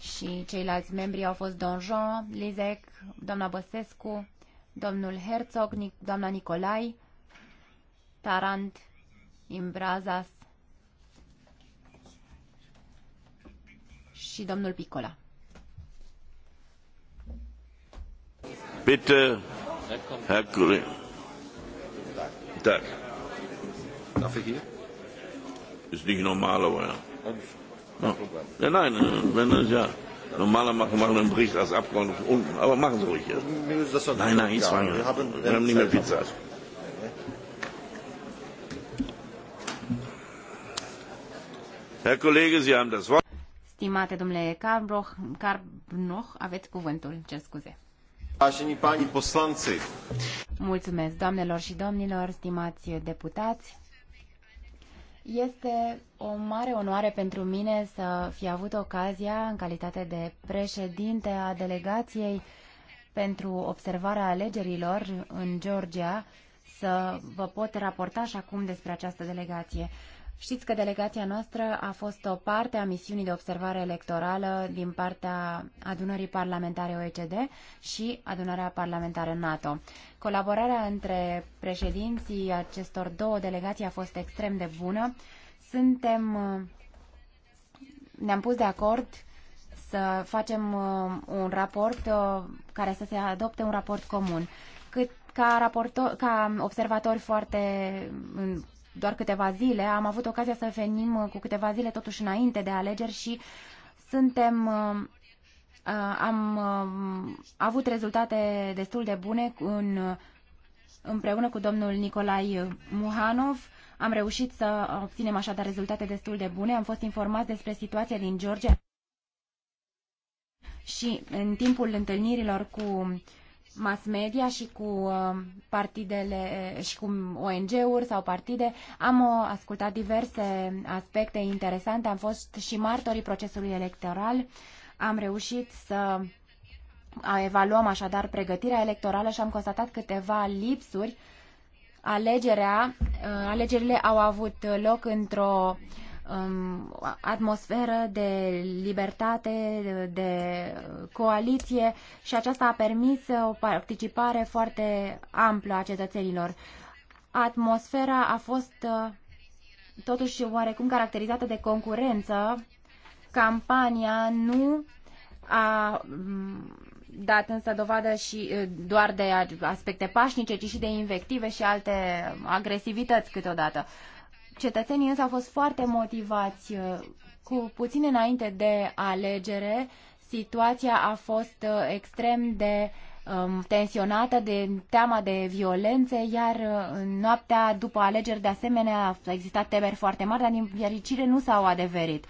și ceilalți membri au fost Donjon, Lizec, doamna Băsescu, domnul Herzog, doamna Nicolai, Tarant, Imbrazas și domnul Picola.
Bitte, Herr Kollege. Tag. Darf ich hier? Ist nicht normal, aber ja. No. Ja, nein, wenn das ja. Normalerweise machen, wir einen Bericht als Abgeordneter von unten, aber machen Sie ruhig jetzt. Nein, nein, ich fange. Wir haben, haben nicht mehr Pizza. Herr Kollege, Sie haben das
Wort. Stimate domnule Carbroch, Carbnoch, aveți cuvântul, cer scuze. Mulțumesc, doamnelor și domnilor, stimați deputați. Este o mare onoare pentru mine să fi avut ocazia, în calitate de președinte a delegației pentru observarea alegerilor în Georgia, să vă pot raporta și acum despre această delegație. Știți că delegația noastră a fost o parte a misiunii de observare electorală din partea adunării parlamentare OECD și adunarea parlamentară NATO. Colaborarea între președinții acestor două delegații a fost extrem de bună. Suntem, ne-am pus de acord să facem uh, un raport uh, care să se adopte un raport comun. Cât ca, raporto- ca observatori foarte doar câteva zile. Am avut ocazia să venim uh, cu câteva zile totuși înainte de alegeri și suntem uh, uh, am avut rezultate destul de bune în, împreună cu domnul Nicolai Muhanov. Am reușit să obținem așadar rezultate destul de bune. Am fost informați despre situația din Georgia și în timpul întâlnirilor cu mass media și cu uh, partidele și cu ONG-uri sau partide. Am uh, ascultat diverse aspecte interesante, am fost și martorii procesului electoral. Am reușit să evaluăm așadar pregătirea electorală și am constatat câteva lipsuri. Alegerea, uh, alegerile au avut loc într-o uh, um, atmosferă de libertate, de coaliție și aceasta a permis o participare foarte amplă a cetățenilor. Atmosfera a fost uh, totuși oarecum caracterizată de concurență. Campania nu a mm, dat însă dovadă și uh, doar de aspecte pașnice, ci și de invective și alte agresivități câteodată. Cetățenii însă au fost foarte motivați. Uh, cu puțin înainte de alegere, situația a fost uh, extrem de um, tensionată de teama de violențe, iar uh, în noaptea după alegeri, de asemenea, a existat temeri foarte mari, dar din fericire nu s-au adeverit.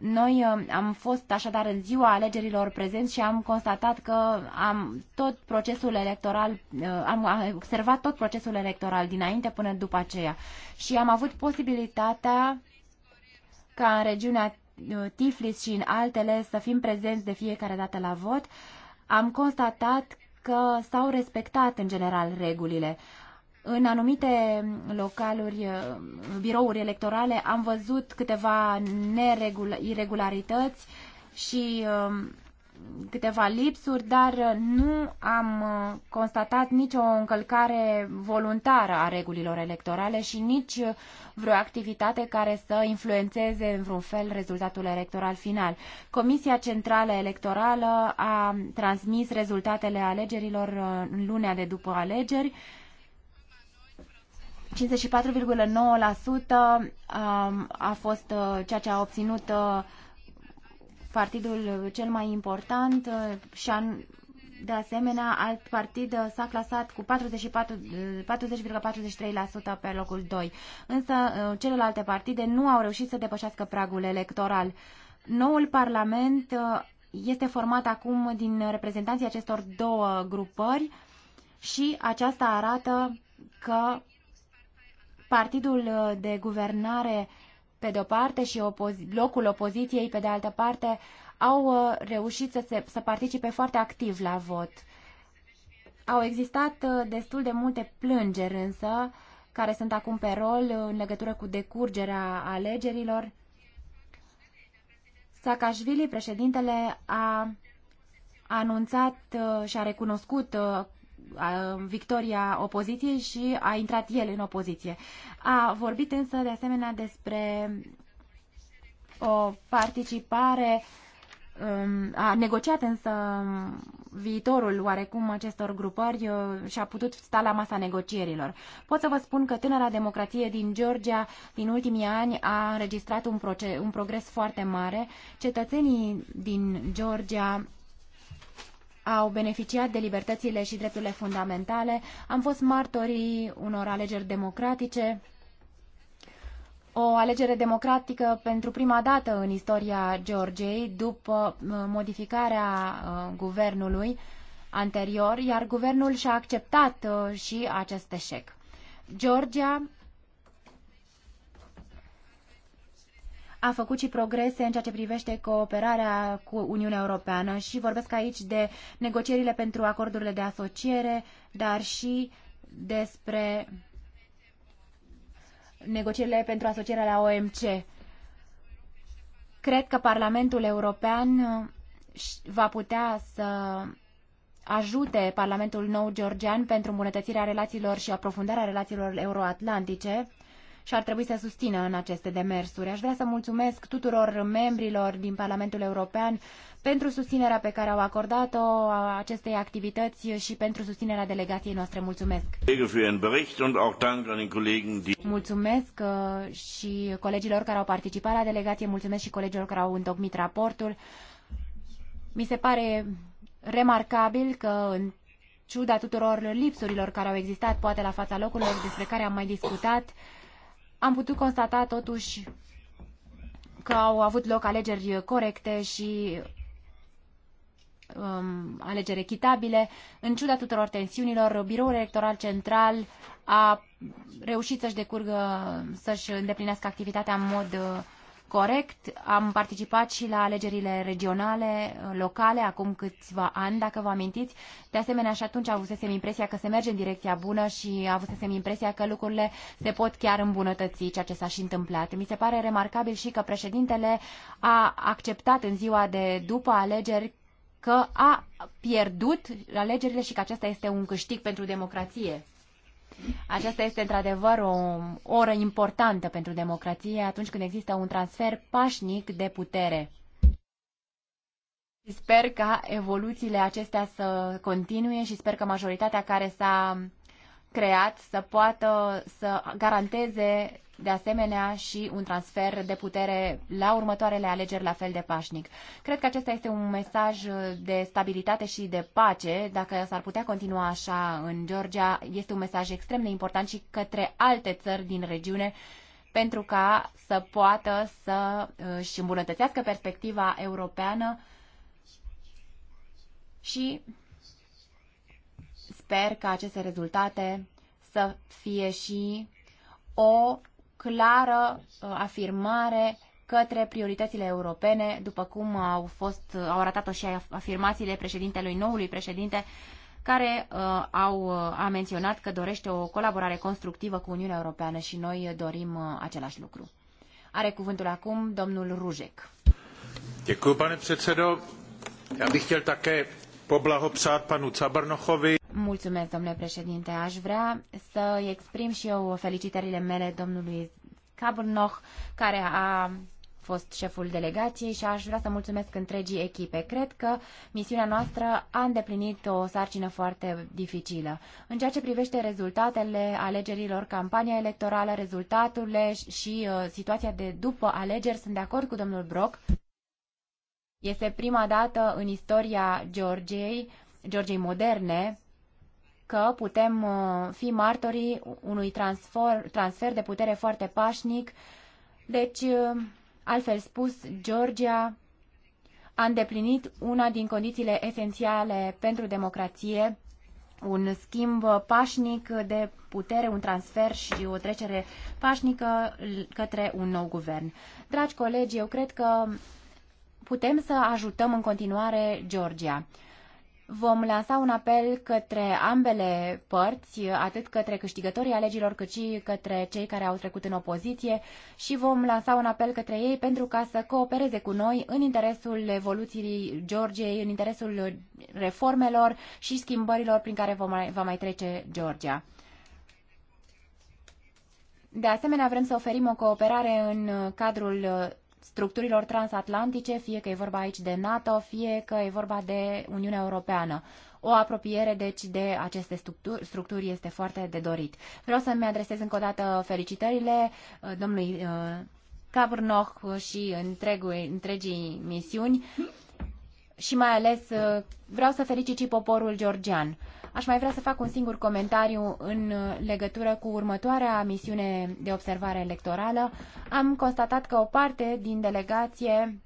Noi um, am fost așadar în ziua alegerilor prezenți și am constatat că am tot procesul electoral, uh, am observat tot procesul electoral dinainte până după aceea și am avut posibilitatea ca în regiunea uh, Tiflis și în altele să fim prezenți de fiecare dată la vot, am constatat că s-au respectat în general regulile. În anumite localuri, uh, birouri electorale, am văzut câteva irregularități și um, câteva lipsuri, dar uh, nu am uh, constatat nicio încălcare voluntară a regulilor electorale și nici vreo activitate care să influențeze în vreun fel rezultatul electoral final. Comisia Centrală Electorală a transmis rezultatele alegerilor în lunea de după alegeri 54,9% um, a fost uh, ceea ce a obținut uh, partidul cel mai important uh, și an- de asemenea alt partid s-a clasat cu 40,43% 40, pe locul 2. Însă celelalte partide nu au reușit să depășească pragul electoral. Noul parlament este format acum din reprezentanții acestor două grupări și aceasta arată că partidul uh, de guvernare pe de-o parte și opozi- locul opoziției pe de altă parte au uh, reușit să, se, să participe foarte activ la vot. Au existat uh, destul de multe plângeri însă, care sunt acum pe rol în legătură cu decurgerea alegerilor. Saakashvili, președintele, a anunțat și a recunoscut victoria opoziției și a intrat el în opoziție. A vorbit însă de asemenea despre o participare um, a negociat însă viitorul oarecum acestor grupări uh, și a putut sta la masa negocierilor. Pot să vă spun că tânăra democrație din Georgia din ultimii ani a înregistrat un, proces, un progres foarte mare. Cetățenii din Georgia au beneficiat de libertățile și drepturile fundamentale. Am fost martorii unor alegeri democratice, o alegere democratică pentru prima dată în istoria Georgiei după uh, modificarea uh, guvernului anterior, iar guvernul și-a acceptat uh, și acest eșec. Georgia a făcut și progrese în ceea ce privește cooperarea cu Uniunea Europeană și vorbesc aici de negocierile pentru acordurile de asociere, dar și despre negocierile pentru asocierea la OMC. Cred că Parlamentul European uh, va putea să ajute Parlamentul nou georgian pentru îmbunătățirea relațiilor și aprofundarea relațiilor euroatlantice și ar trebui să susțină în aceste demersuri. Aș vrea să mulțumesc tuturor membrilor din Parlamentul European pentru susținerea pe care au acordat-o acestei activități și pentru susținerea delegației noastre. Mulțumesc! Mulțumesc uh, și colegilor care au participat la delegație, mulțumesc și colegilor care au întocmit raportul. Mi se pare remarcabil că în ciuda tuturor lipsurilor care au existat poate la fața locurilor despre care am mai discutat, am putut constata totuși că au avut loc alegeri corecte și um, alegeri echitabile. În ciuda tuturor tensiunilor, Biroul Electoral Central a reușit să-și decurgă, să-și îndeplinească activitatea în mod uh, corect. Am participat și la alegerile regionale, locale, acum câțiva ani, dacă vă amintiți. De asemenea, și atunci avusesem impresia că se merge în direcția bună și avusesem impresia că lucrurile se pot chiar îmbunătăți, ceea ce s-a și întâmplat. Mi se pare remarcabil și că președintele a acceptat în ziua de după alegeri că a pierdut alegerile și că acesta este un câștig pentru democrație. Aceasta este într-adevăr o oră importantă pentru democrație atunci când există un transfer pașnic de putere. Sper ca evoluțiile acestea să continue și sper că majoritatea care s-a creat să poată să garanteze de asemenea și un transfer de putere la următoarele alegeri la fel de pașnic. Cred că acesta este un mesaj de stabilitate și de pace. Dacă s-ar putea continua așa în Georgia, este un mesaj extrem de important și către alte țări din regiune pentru ca să poată să își uh, îmbunătățească perspectiva europeană și sper ca aceste rezultate să fie și o clară uh, afirmare către prioritățile europene, după cum au, fost, au arătat-o și afirmațiile președintelui noului președinte, care uh, au, uh, a menționat că dorește o colaborare constructivă cu Uniunea Europeană și noi dorim uh, același lucru. Are cuvântul acum domnul Rujek.
Děkuji, pane předsedo. Já bych chtěl také poblahopřát panu Cabrnochovi.
Mulțumesc, domnule președinte. Aș vrea să exprim și eu felicitările mele domnului Cabernoch, care a fost șeful delegației și aș vrea să mulțumesc întregii echipe. Cred că misiunea noastră a îndeplinit o sarcină foarte dificilă. În ceea ce privește rezultatele alegerilor, campania electorală, rezultaturile și uh, situația de după alegeri, sunt de acord cu domnul Brock. Este prima dată în istoria Georgiei, Georgiei moderne, că putem uh, fi martorii unui transfer, transfer de putere foarte pașnic. Deci, uh, altfel spus, Georgia a îndeplinit una din condițiile esențiale pentru democrație, un schimb pașnic de putere, un transfer și o trecere pașnică către un nou guvern. Dragi colegi, eu cred că putem să ajutăm în continuare Georgia. Vom lansa un apel către ambele părți, atât către câștigătorii alegerilor, cât și către cei care au trecut în opoziție și vom lansa un apel către ei pentru ca să coopereze cu noi în interesul evoluției Georgiei, în interesul reformelor și schimbărilor prin care va mai, va mai trece Georgia. De asemenea, vrem să oferim o cooperare în cadrul structurilor transatlantice, fie că e vorba aici de NATO, fie că e vorba de Uniunea Europeană. O apropiere, deci, de aceste structuri, structuri este foarte de dorit. Vreau să-mi adresez încă o dată felicitările uh, domnului uh, Cabrnoch și întregui, întregii misiuni și mai ales uh, vreau să felicit și poporul georgian. Aș mai vrea să fac un singur comentariu în legătură cu următoarea misiune de observare electorală. Am constatat că o parte din delegație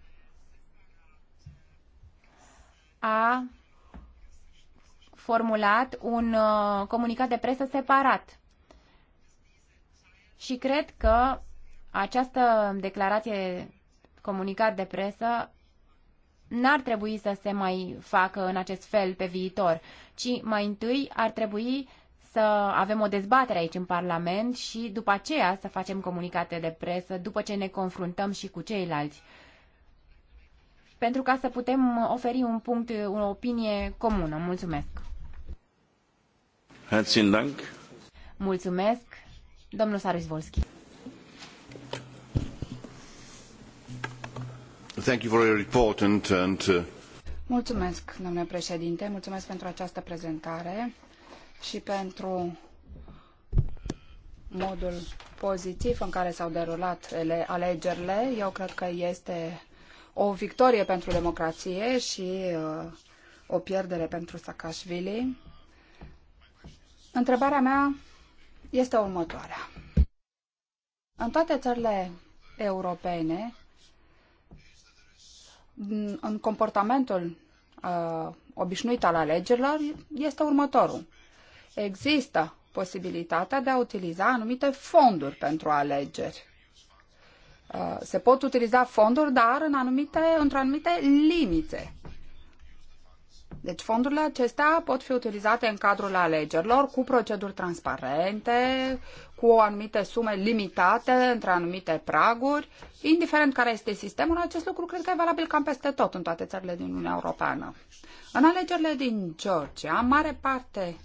a formulat un uh, comunicat de presă separat. Și cred că această declarație comunicat de presă n-ar trebui să se mai facă în acest fel pe viitor, ci mai întâi ar trebui să avem o dezbatere aici în Parlament și după aceea să facem comunicate de presă după ce ne confruntăm și cu ceilalți. Pentru ca să putem oferi un punct, o opinie comună. Mulțumesc! Dank! Mulțumesc, domnul Sarus Volski.
Uh,
mulțumesc, domnule președinte, mulțumesc pentru această prezentare și pentru modul pozitiv în care s-au derulat alegerile. Eu cred că este o victorie pentru democrație și uh, o pierdere pentru Saakashvili. Întrebarea mea este următoarea. În toate țările europene în comportamentul uh, obișnuit al alegerilor este următorul. Există posibilitatea de a utiliza anumite fonduri pentru alegeri. Uh, se pot utiliza fonduri, dar în anumite, într-anumite limite. Deci fondurile acestea pot fi utilizate în cadrul alegerilor cu proceduri transparente, cu anumite sume limitate între anumite praguri, indiferent care este sistemul, acest lucru cred că e valabil cam peste tot în toate țările din Uniunea Europeană. În alegerile din Georgia, mare parte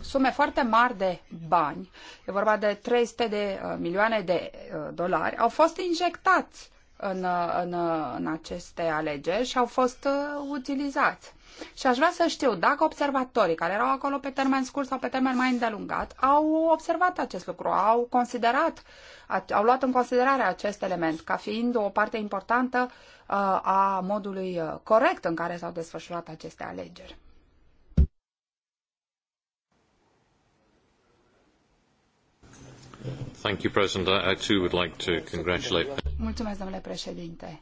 sume foarte mari de bani, e vorba de 300 de uh, milioane de uh, dolari, au fost injectați în, uh, în, uh, în aceste alegeri și au fost uh, utilizați. Și aș vrea să știu dacă observatorii care erau acolo pe termen scurt sau pe termen mai îndelungat au observat acest lucru, au considerat, au luat în considerare acest element ca fiind o parte importantă uh, a modului uh, corect în care s-au desfășurat aceste alegeri. Mulțumesc, domnule președinte.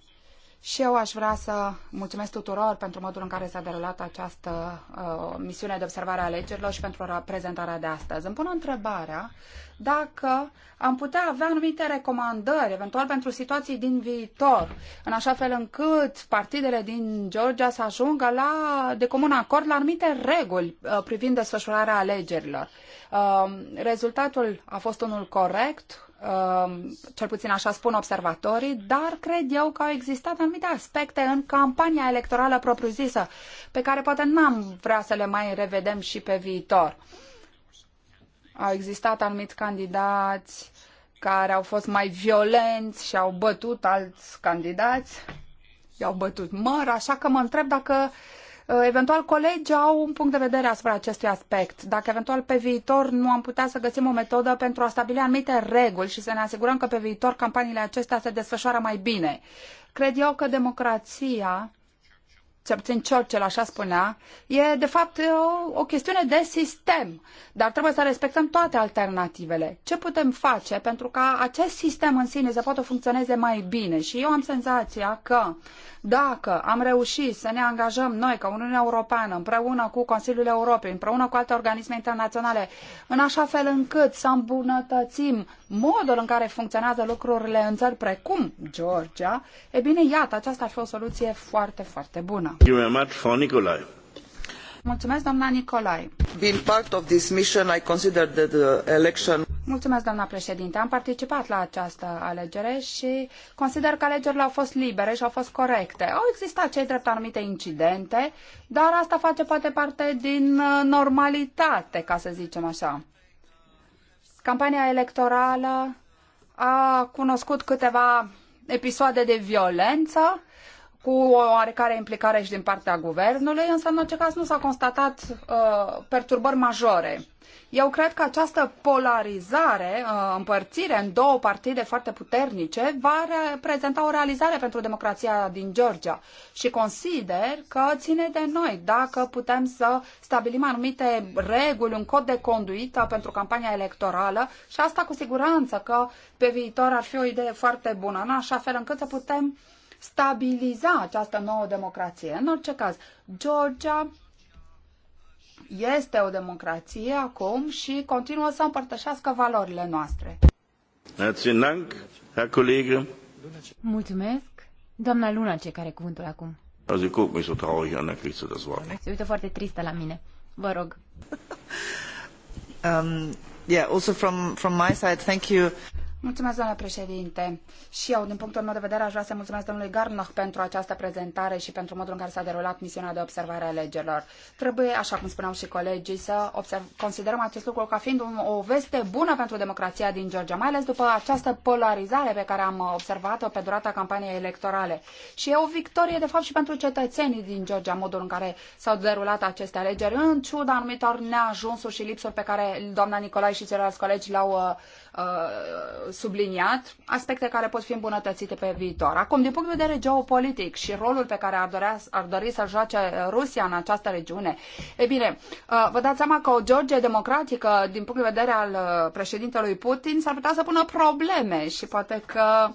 Și eu aș vrea să mulțumesc tuturor pentru modul în care s-a derulat această uh, misiune de observare a alegerilor și pentru prezentarea de astăzi. Îmi pun întrebarea dacă am putea avea anumite recomandări, eventual pentru situații din viitor, în așa fel încât partidele din Georgia să ajungă la, de comun acord la anumite reguli uh, privind desfășurarea alegerilor. Uh, rezultatul a fost unul corect, Um, cel puțin așa spun observatorii, dar cred eu că au existat anumite aspecte în campania electorală propriu-zisă, pe care poate n-am vrea să le mai revedem și pe viitor. Au existat anumiți candidați care au fost mai violenți și au bătut alți candidați, i-au bătut măr, așa că mă întreb dacă uh, Uh, eventual, colegii au un punct de vedere asupra acestui aspect. Dacă eventual pe viitor nu am putea să găsim o metodă pentru a stabili anumite reguli și să ne asigurăm că pe viitor campaniile acestea se desfășoară mai bine. Cred eu că democrația cel puțin Churchill așa spunea, e de fapt o, o chestiune de sistem, dar trebuie să respectăm toate alternativele. Ce putem face pentru ca acest sistem în sine să poată funcționeze mai bine? Și eu am senzația că dacă am reușit să ne angajăm noi, ca Uniunea Europeană, împreună cu Consiliul Europei, împreună cu alte organisme internaționale, în așa fel încât să îmbunătățim modul în care funcționează lucrurile în țări precum Georgia, e bine, iată, aceasta ar fi o soluție foarte, foarte bună. Thank
you very much for
Being
part of this mission, I consider that the election
președinte. Am participat la această alegere și consider că alegerile au fost libere și au fost corecte. Au existat cei drept anumite incidente, dar asta face poate parte din uh, normalitate, ca să zicem așa. Campania electorală a cunoscut câteva episoade de violență cu o oarecare implicare și din partea guvernului, însă în orice caz nu s-au constatat uh, perturbări majore. Eu cred că această polarizare, uh, împărțire în două partide foarte puternice, va reprezenta o realizare pentru democrația din Georgia și consider că ține de noi dacă putem să stabilim anumite reguli, un cod de conduită pentru campania electorală și asta cu siguranță că pe viitor ar fi o idee foarte bună, în așa fel încât să putem uh, stabiliza această nouă democrație. În orice caz, Georgia este o democrație acum și continuă să împărtășească valorile noastre.
Mulțumesc. Doamna Lunace care cuvântul acum.
Se
uită foarte tristă la mine. Vă rog. um, yeah, also from, from my side, thank you. Mulțumesc,
doamnă președinte. Și eu, din punctul meu de vedere, aș vrea să mulțumesc domnului Garnoch pentru această prezentare și pentru modul în care s-a derulat misiunea de observare a alegerilor. Trebuie, așa cum spuneau și colegii, să observ, considerăm acest lucru ca fiind un, o veste bună pentru democrația din Georgia, mai ales după această polarizare pe care am observat-o pe durata campaniei electorale. Și e o victorie, de fapt, și pentru cetățenii din Georgia, modul în care s-au derulat aceste alegeri, în ciuda anumitor neajunsuri și lipsuri pe care doamna Nicolai și ceilalți colegi le-au uh, Uh, subliniat, aspecte care pot fi îmbunătățite pe viitor. Acum, din punct de vedere geopolitic și rolul pe care ar, dorea, ar dori să l joace Rusia în această regiune, e bine, uh, vă dați seama că o Georgie democratică, din punct de vedere al uh, președintelui Putin, s-ar putea să pună probleme și poate că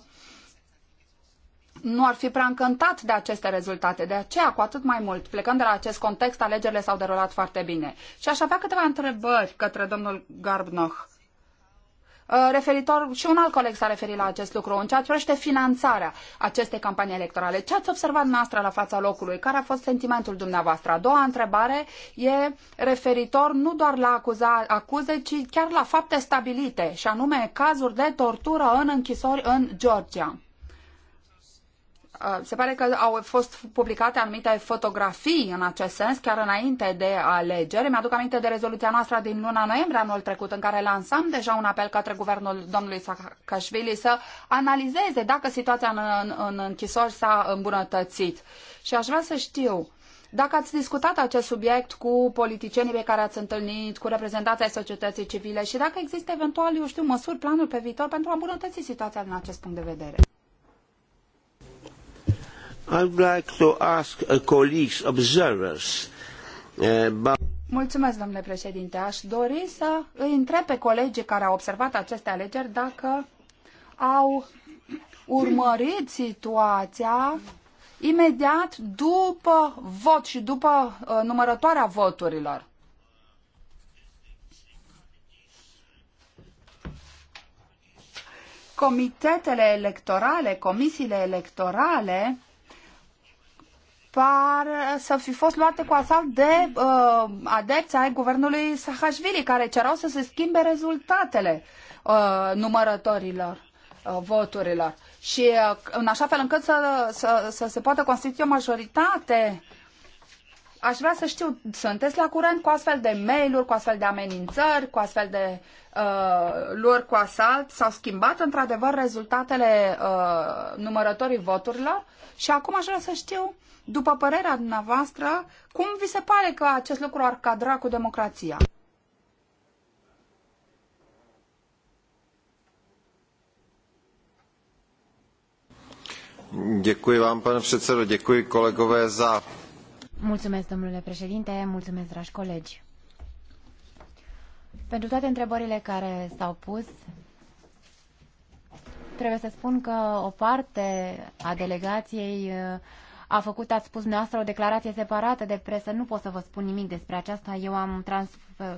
nu ar fi prea încântat de aceste rezultate. De aceea, cu atât mai mult, plecând de la acest context, alegerile s-au derulat foarte bine. Și aș avea câteva întrebări către domnul Garbnoch. Uh, referitor, și un alt coleg s-a referit la acest lucru, în ceea ce privește finanțarea acestei campanii electorale. Ce ați observat noastră la fața locului? Care a fost sentimentul dumneavoastră? A doua întrebare e referitor nu doar la acuza, acuze, ci chiar la fapte stabilite, și anume cazuri de tortură în închisori în Georgia. Uh, se pare că au fost publicate anumite fotografii în acest sens, chiar înainte de alegeri. Mi-aduc aminte de rezoluția noastră din luna noiembrie anul trecut, în care lansam deja un apel către guvernul domnului Saakashvili să analizeze dacă situația în, în închisori s-a îmbunătățit. Și aș vrea să știu dacă ați discutat acest subiect cu politicienii pe care ați întâlnit, cu reprezentanții ai societății civile și dacă există eventual, eu știu, măsuri, planuri pe viitor pentru a îmbunătăți situația din acest punct de vedere.
I like to ask uh, colleagues, observers, uh,
Mulțumesc, domnule președinte. Aș dori să îi întreb pe colegii care au observat aceste alegeri dacă au urmărit situația imediat după vot și după uh, numărătoarea voturilor. Comitetele electorale, comisiile electorale par eh, să fi fost luate cu asalt de uh, adepți ai guvernului Sahashvili, care cerau să se schimbe rezultatele uh, numărătorilor uh, voturilor și uh, în așa fel încât să, să, să se poată constitui o majoritate. Aș vrea să știu, sunteți la curent cu astfel de mail-uri, cu astfel de amenințări, cu astfel de uh, luări cu asalt? S-au schimbat într-adevăr rezultatele uh, numărătorii voturilor? Și acum aș vrea să știu după părerea dumneavoastră, cum vi se pare că acest lucru ar cadra cu democrația?
Děkuji vám, pane předsedo, děkuji kolegové za...
Mulțumesc, domnule președinte, mulțumesc, dragi colegi. Pentru toate întrebările care s-au pus, trebuie să spun că o parte a delegației uh, a făcut, ați spus dumneavoastră, o declarație separată de presă. Nu pot să vă spun nimic despre aceasta. Eu am, trans,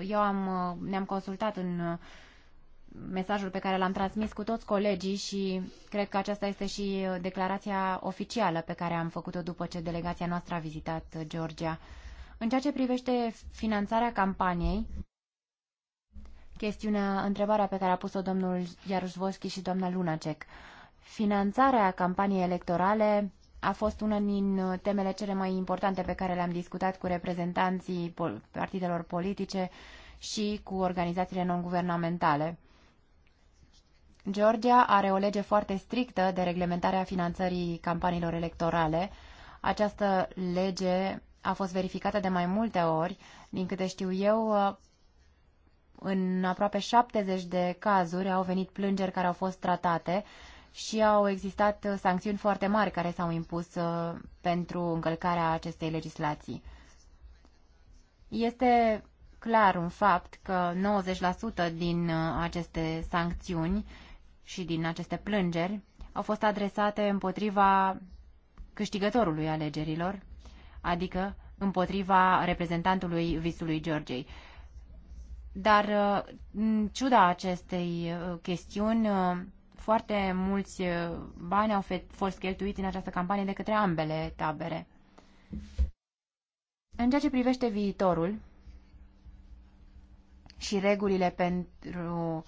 eu am uh, ne-am consultat în uh, mesajul pe care l-am transmis cu toți colegii și cred că aceasta este și uh, declarația oficială pe care am făcut-o după ce delegația noastră a vizitat Georgia. În ceea ce privește finanțarea campaniei, chestiunea, întrebarea pe care a pus-o domnul Iarușvoschi și doamna Lunacek. Finanțarea campaniei electorale a fost una din uh, temele cele mai importante pe care le-am discutat cu reprezentanții partidelor politice și cu organizațiile non-guvernamentale. Georgia are o lege foarte strictă de reglementare a finanțării campaniilor electorale. Această lege a fost verificată de mai multe ori. Din câte știu eu, uh, în aproape 70 de cazuri au venit plângeri care au fost tratate și au existat uh, sancțiuni foarte mari care s-au impus uh, pentru încălcarea acestei legislații. Este clar un fapt că 90% din uh, aceste sancțiuni și din aceste plângeri au fost adresate împotriva câștigătorului alegerilor, adică împotriva reprezentantului visului Georgei. Dar, în ciuda acestei chestiuni, foarte mulți uh, bani au fost cheltuiți în această campanie de către ambele tabere. În ceea ce privește viitorul și regulile pentru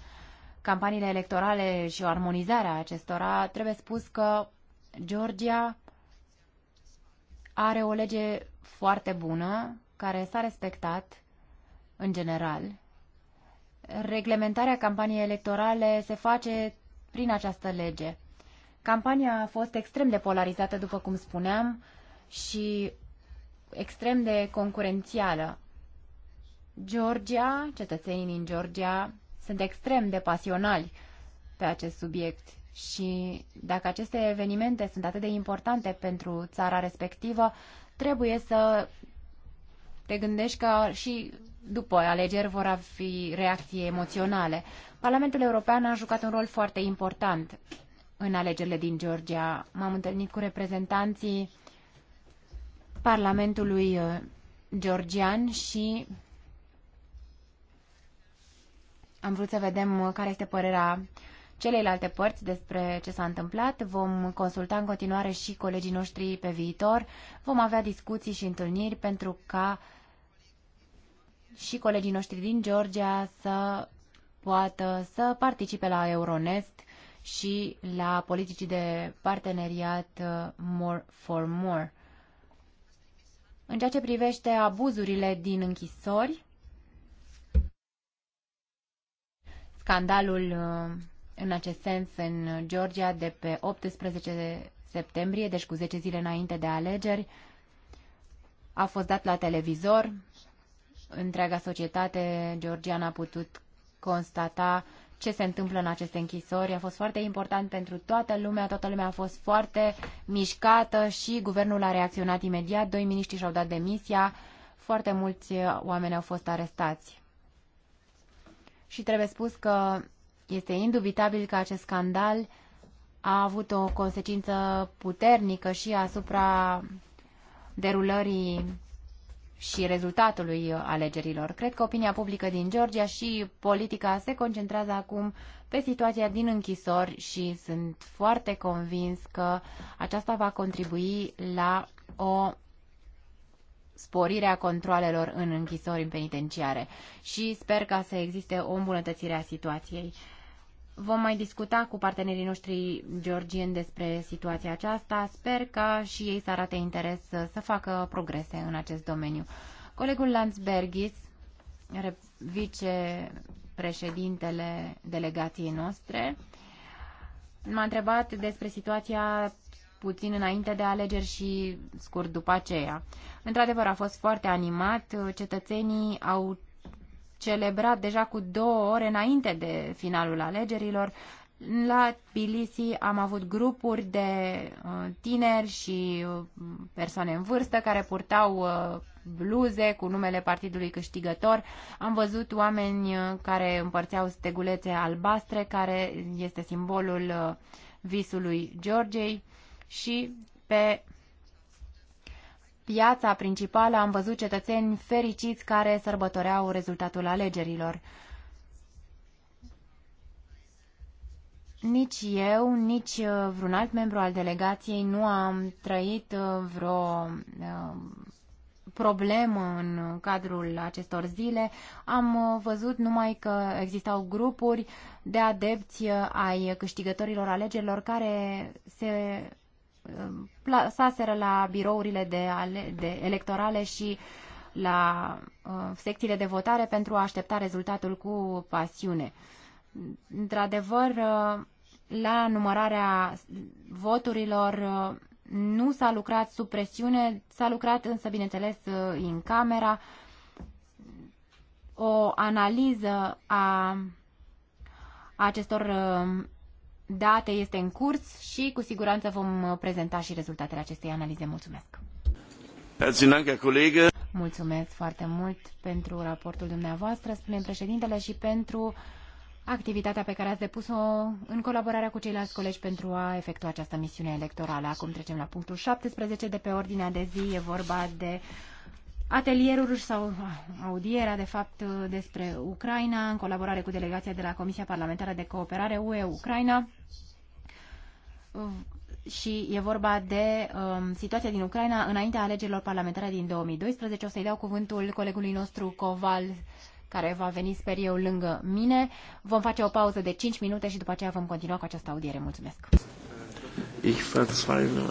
campaniile electorale și o armonizare a acestora, trebuie spus că Georgia are o lege foarte bună care s-a respectat în general. Reglementarea campaniei electorale se face prin această lege. Campania a fost extrem de polarizată, după cum spuneam, și extrem de concurențială. Georgia, cetățenii din Georgia, sunt extrem de pasionali pe acest subiect și dacă aceste evenimente sunt atât de importante pentru țara respectivă, trebuie să te gândești că și după alegeri vor fi reacții emoționale. Parlamentul European a jucat un rol foarte important în alegerile din Georgia. M-am întâlnit cu reprezentanții Parlamentului uh, georgian și am vrut să vedem uh, care este părerea celelalte părți despre ce s-a întâmplat. Vom consulta în continuare și colegii noștri pe viitor. Vom avea discuții și întâlniri pentru ca și colegii noștri din Georgia să poată să participe la Euronest și la politicii de parteneriat uh, More for More. În ceea ce privește abuzurile din închisori, scandalul uh, în acest sens în Georgia de pe 18 septembrie, deci cu 10 zile înainte de alegeri, a fost dat la televizor. Întreaga societate georgiană a putut constata ce se întâmplă în aceste închisori. A fost foarte important pentru toată lumea, toată lumea a fost foarte mișcată și guvernul a reacționat imediat, doi miniștri și-au dat demisia, foarte mulți oameni au fost arestați. Și trebuie spus că este indubitabil că acest scandal a avut o consecință puternică și asupra derulării și rezultatului alegerilor. Cred că opinia publică din Georgia și politica se concentrează acum pe situația din închisori și sunt foarte convins că aceasta va contribui la o sporire a controlelor în închisori în penitenciare și sper ca să existe o îmbunătățire a situației. Vom mai discuta cu partenerii noștri georgieni despre situația aceasta. Sper că și ei să arate interes să, să facă progrese în acest domeniu. Colegul Berghis, vicepreședintele delegației noastre, m-a întrebat despre situația puțin înainte de alegeri și scurt după aceea. Într-adevăr, a fost foarte animat. Cetățenii au celebrat deja cu două ore înainte de finalul alegerilor. La Tbilisi am avut grupuri de uh, tineri și uh, persoane în vârstă care purtau uh, bluze cu numele partidului câștigător. Am văzut oameni care împărțeau stegulețe albastre, care este simbolul visului Georgei și pe piața principală am văzut cetățeni fericiți care sărbătoreau rezultatul alegerilor. Nici eu, nici uh, vreun alt membru al delegației nu am trăit uh, vreo uh, problemă în cadrul acestor zile. Am văzut numai că existau grupuri de adepți ai câștigătorilor alegerilor care se plasaseră la birourile de, ale, de electorale și la uh, secțiile de votare pentru a aștepta rezultatul cu pasiune. Într-adevăr, uh, la numărarea voturilor uh, nu s-a lucrat sub presiune, s-a lucrat însă, bineînțeles, uh, în camera. O analiză a acestor uh, date este în curs și cu siguranță vom uh, prezenta și rezultatele acestei analize. Mulțumesc! Mulțumesc foarte mult pentru raportul dumneavoastră, spune președintele, și pentru activitatea pe care ați depus-o în colaborarea cu ceilalți colegi pentru a efectua această misiune electorală. Acum trecem la punctul 17 de pe ordinea de zi. E vorba de atelieruri sau audierea, de fapt, despre Ucraina, în colaborare cu delegația de la Comisia Parlamentară de Cooperare UE-Ucraina. Și e vorba de um, situația din Ucraina înaintea alegerilor parlamentare din 2012. O să-i dau cuvântul colegului nostru Coval, care va veni, sper eu, lângă mine. Vom face o pauză de 5 minute și după aceea vom continua cu această audiere. Mulțumesc!
Ich verzweifle.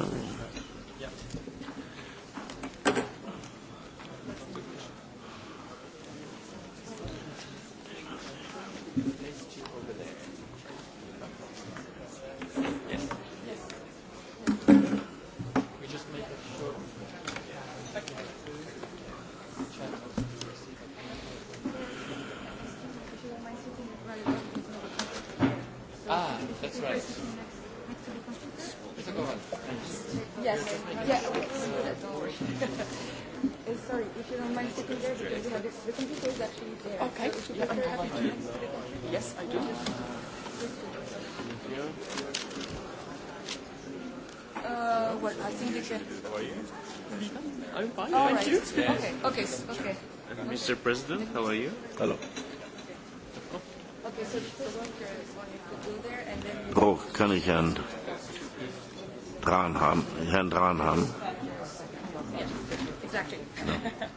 right. Yes. Yeah.
uh, sorry, if you don't mind sitting there, because you know, the, the computer is actually there. Okay. So yeah, I'm happy to. Yes, I do. Uh, well, I think you can.
I'm
fine.
Oh, Thank right. you. Okay. Okay. Okay. okay.
Mr. President, how are you? Hello. Oh, kann ich Herrn Dran haben. Herrn Dran haben. Ja. exactly. Ja.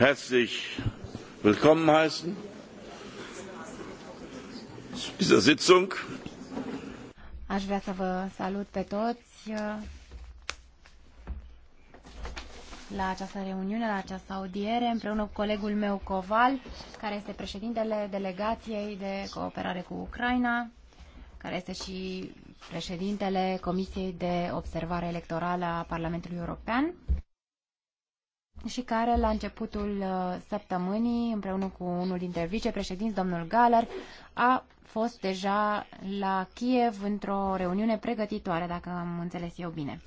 herzlich willkommen heißen zu dieser Sitzung.
Aș vrea să vă salut pe toți uh, la această reuniune, la această audiere, împreună cu colegul meu Coval, care este președintele delegației de cooperare cu Ucraina, care este și președintele Comisiei de Observare Electorală a Parlamentului European și care la începutul uh, săptămânii, împreună cu unul dintre vicepreședinți, domnul Galer, a fost deja la Kiev într-o reuniune pregătitoare, dacă am înțeles eu bine.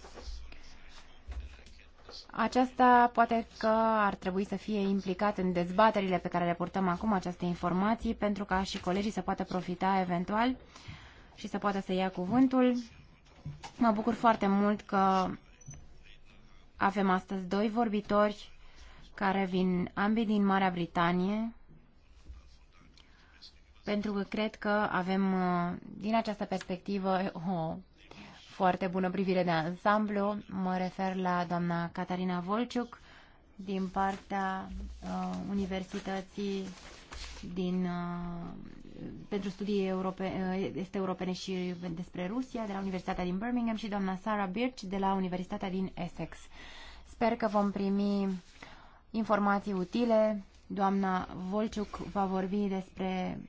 Aceasta poate că ar trebui să fie implicat în dezbaterile pe care le purtăm acum aceste informații, pentru ca și colegii să poată profita eventual și să poată să ia cuvântul. Mă bucur foarte mult că avem astăzi doi vorbitori care vin ambii din Marea Britanie, pentru că cred că avem uh, din această perspectivă o foarte bună privire de ansamblu. Mă refer la doamna Catarina Volciuc din partea uh, Universității din, uh, pentru studii europene, uh, este europene și despre Rusia de la Universitatea din Birmingham și doamna Sarah Birch de la Universitatea din Essex. Sper că vom primi informații utile. Doamna Volciuc va vorbi despre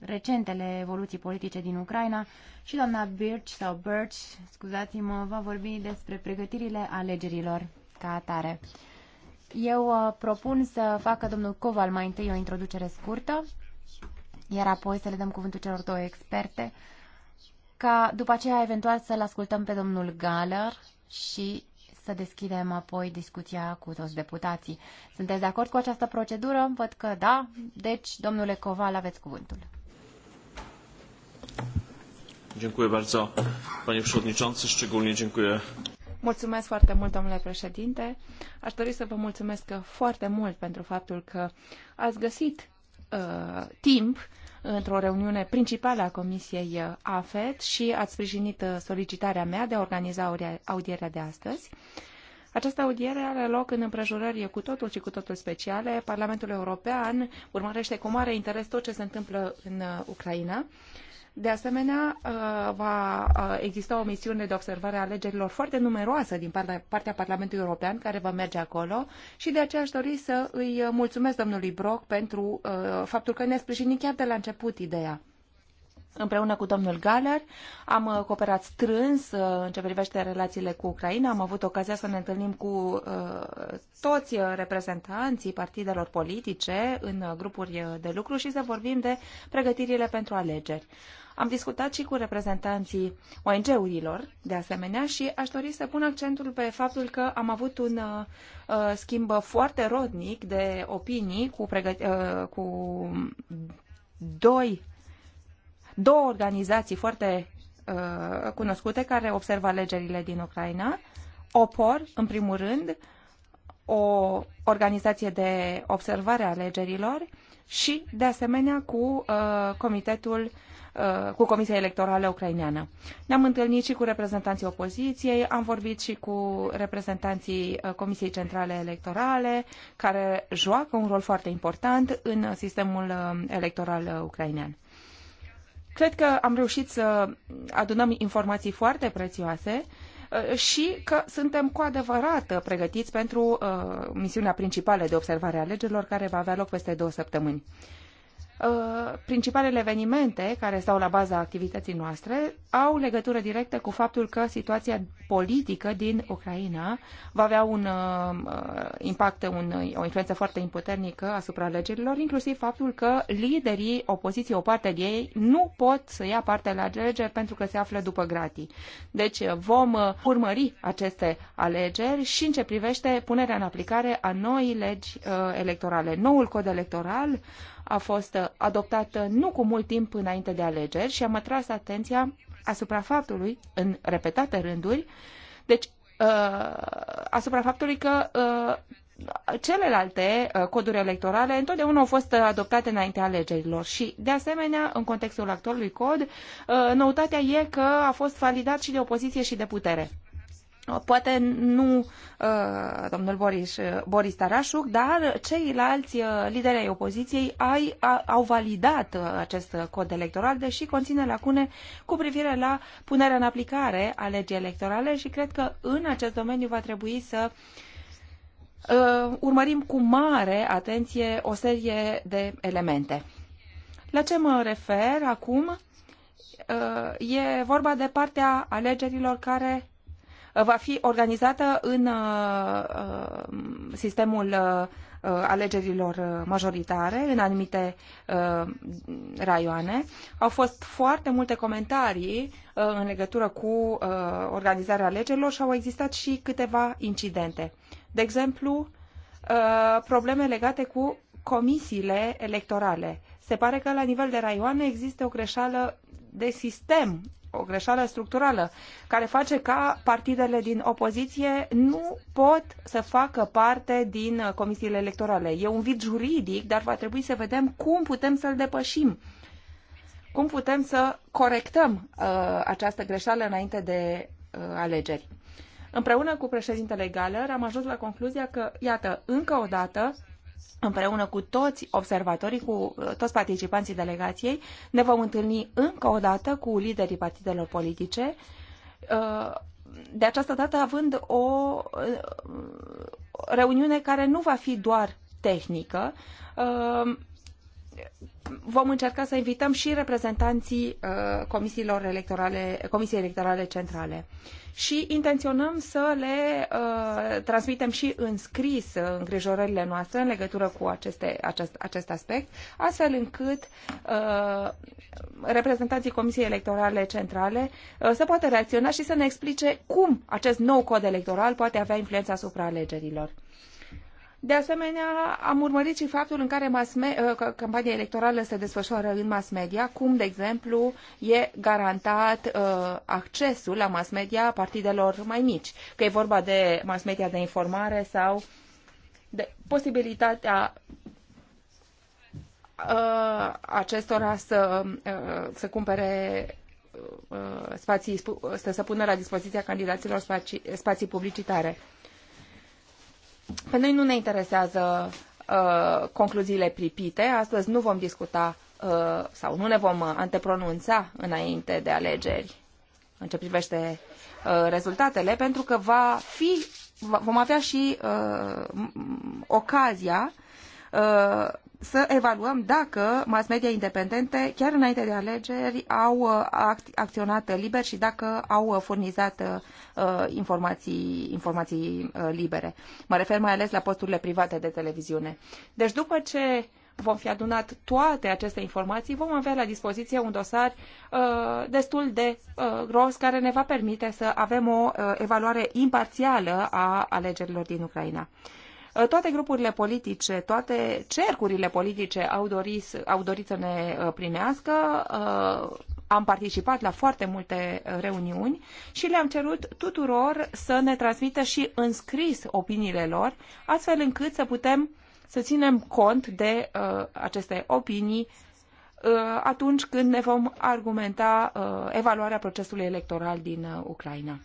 recentele evoluții politice din Ucraina și doamna Birch sau Birch, scuzați-mă, va vorbi despre pregătirile alegerilor ca atare. Eu uh, propun să facă domnul Coval mai întâi o introducere scurtă, iar apoi să le dăm cuvântul celor două experte, ca după aceea eventual să-l ascultăm pe domnul Galer și să deschidem apoi discuția cu toți deputații. Sunteți de acord cu această procedură? Văd că da. Deci, domnule Coval, aveți cuvântul.
Dziękuję bardzo, panie przewodniczący. Szczególnie dziękuję
Mulțumesc foarte mult, domnule președinte. Aș dori să vă mulțumesc foarte mult pentru faptul că ați găsit uh, timp într-o reuniune principală a Comisiei uh, AFET și ați sprijinit uh, solicitarea mea de a organiza audierea de astăzi. Această audiere are loc în împrejurări cu totul și cu totul speciale. Parlamentul European urmărește cu mare interes tot ce se întâmplă în uh, Ucraina de asemenea, uh, va uh, exista o misiune de observare a alegerilor foarte numeroasă din partea Parlamentului European care va merge acolo și de aceea aș dori să îi mulțumesc domnului Brock pentru uh, faptul că ne-a sprijinit chiar de la început ideea. Împreună cu domnul Galer am uh, cooperat strâns uh, în ce privește relațiile cu Ucraina. Am avut ocazia să ne întâlnim cu uh, toți reprezentanții partidelor politice în grupuri de lucru și să vorbim de pregătirile pentru alegeri. Am discutat și cu reprezentanții ONG-urilor, de asemenea, și aș dori să pun accentul pe faptul că am avut un uh, schimb foarte rodnic de opinii cu, uh, cu doi două organizații foarte uh, cunoscute care observă alegerile din Ucraina. OPOR, în primul rând, o organizație de observare a alegerilor și, de asemenea, cu uh, comitetul uh, cu Comisia Electorală Ucraineană. Ne-am întâlnit și cu reprezentanții opoziției, am vorbit și cu reprezentanții uh, Comisiei Centrale Electorale, care joacă un rol foarte important în sistemul uh, electoral ucrainean. Cred că am reușit să adunăm informații foarte prețioase uh, și că suntem cu adevărat pregătiți pentru uh, misiunea principală de observare a alegerilor care va avea loc peste două săptămâni. Uh, principalele evenimente care stau la baza activității noastre au legătură directă cu faptul că situația politică din Ucraina va avea un uh, uh, impact, un, o influență foarte puternică asupra alegerilor, inclusiv faptul că liderii opoziției, o parte de ei, nu pot să ia parte la alegeri pentru că se află după gratii. Deci vom urmări aceste alegeri și în ce privește punerea în aplicare a noii legi electorale. Noul cod electoral a fost adoptată uh, nu cu mult timp înainte de alegeri și am atras atenția asupra faptului, în repetate rânduri, deci uh, asupra faptului că uh, celelalte coduri electorale întotdeauna au fost adoptate înainte alegerilor și, de asemenea, în contextul actualului cod, noutatea e că a fost validat și de opoziție și de putere. Uh, poate nu uh, domnul Boris, uh, Boris Tarașuc, dar ceilalți lideri ai opoziției ai, au validat acest cod electoral, deși conține lacune cu privire la punerea în aplicare a legii electorale și cred că în acest domeniu va trebui să urmărim cu mare atenție o serie de elemente. La ce mă refer acum? E vorba de partea alegerilor care Uh, va fi organizată în uh, uh, sistemul alegerilor majoritare în anumite raioane. Au fost foarte multe comentarii în legătură cu organizarea alegerilor și au existat și câteva incidente. De exemplu, probleme legate cu comisiile electorale. Se pare că la nivel de raioane există o greșeală de sistem, o greșeală structurală, care face ca partidele din opoziție nu pot să facă parte din comisiile electorale. E un vid juridic, dar va trebui să vedem cum putem să-l depășim. Cum putem să corectăm uh, această greșeală înainte de uh, alegeri. Împreună cu președintele Galer am ajuns la concluzia că, iată, încă o dată, împreună cu toți observatorii, cu uh, toți participanții delegației. Ne vom întâlni încă o dată cu liderii partidelor politice, uh, de această dată având o uh, reuniune care nu va fi doar tehnică, vom încerca să invităm și reprezentanții uh, comisiilor electorale, Comisiei Electorale Centrale. Și intenționăm să le uh, transmitem și în scris uh, îngrijorările noastre în legătură cu aceste, acest, acest aspect, astfel încât uh, reprezentanții Comisiei Electorale Centrale uh, să poată reacționa și să ne explice cum acest nou cod electoral poate avea influența asupra alegerilor. De asemenea, am urmărit și faptul în care mass ă, campania electorală se desfășoară în mass media, cum, de exemplu, e garantat uh, accesul la mass media partidelor mai mici, că e vorba de mass media de informare sau de posibilitatea uh, acestora să, uh, să cumpere uh, spații, să, se pună la dispoziția candidaților spații, spații publicitare. Pe noi nu ne interesează uh, concluziile pripite. Astăzi nu vom discuta uh, sau nu ne vom uh, antepronunța înainte de alegeri în ce privește uh, rezultatele, pentru că va fi, vom avea și uh, ocazia uh, să evaluăm dacă mass media independente, chiar înainte de alegeri, au uh, acționat liber și dacă au uh, furnizat uh, informații, informații libere. Mă refer mai ales la posturile private de televiziune. Deci după ce vom fi adunat toate aceste informații, vom avea la dispoziție un dosar uh, destul de uh, gros care ne va permite să avem o uh, evaluare imparțială a alegerilor din Ucraina. Uh, toate grupurile politice, toate cercurile politice au dorit, au dorit să ne uh, primească. Uh, am participat la foarte multe reuniuni și le-am cerut tuturor să ne transmită și în scris opiniile lor, astfel încât să putem să ținem cont de uh, aceste opinii uh, atunci când ne vom argumenta uh, evaluarea procesului electoral din uh, Ucraina.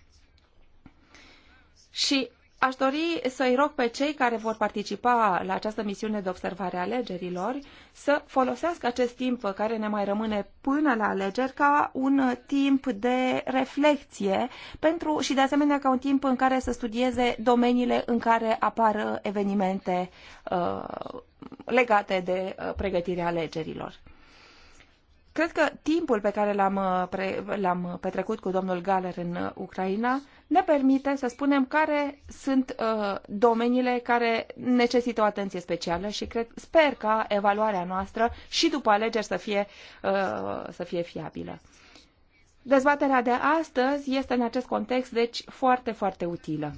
Și Aș dori să-i rog pe cei care vor participa la această misiune de observare a alegerilor să folosească acest timp care ne mai rămâne până la alegeri ca un timp de reflexie pentru, și de asemenea ca un timp în care să studieze domeniile în care apar evenimente uh, legate de uh, pregătirea alegerilor. Cred că timpul pe care l-am, uh, pre- l-am petrecut cu domnul Galer în Ucraina ne permite să spunem care sunt uh, domeniile care necesită o atenție specială și cred, sper ca evaluarea noastră și după alegeri să fie, uh, să fie fiabilă. Dezbaterea de astăzi este în acest context, deci, foarte, foarte utilă.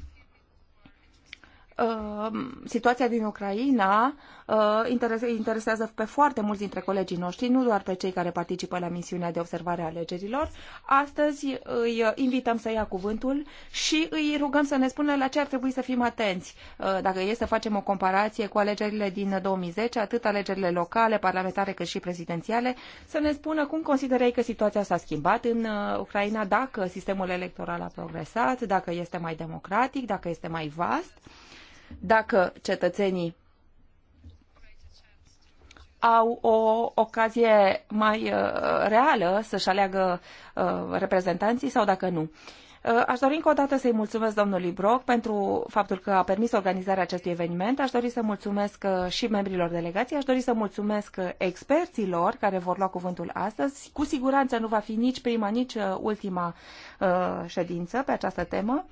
Uh, situația din Ucraina uh, interesează pe foarte mulți dintre colegii noștri, nu doar pe cei care participă la misiunea de observare a alegerilor. Astăzi îi invităm să ia cuvântul și îi rugăm să ne spună la ce ar trebui să fim atenți. Uh, dacă e să facem o comparație cu alegerile din 2010, atât alegerile locale, parlamentare, cât și prezidențiale, să ne spună cum considerai că situația s-a schimbat în Ucraina, dacă sistemul electoral a progresat, dacă este mai democratic, dacă este mai vast dacă cetățenii au o ocazie mai uh, reală să-și aleagă uh, reprezentanții sau dacă nu. Uh, aș dori încă o dată să-i mulțumesc domnului Brock pentru faptul că a permis organizarea acestui eveniment. Aș dori să mulțumesc și membrilor delegației, aș dori să mulțumesc experților care vor lua cuvântul astăzi. Cu siguranță nu va fi nici prima, nici ultima ședință pe această temă.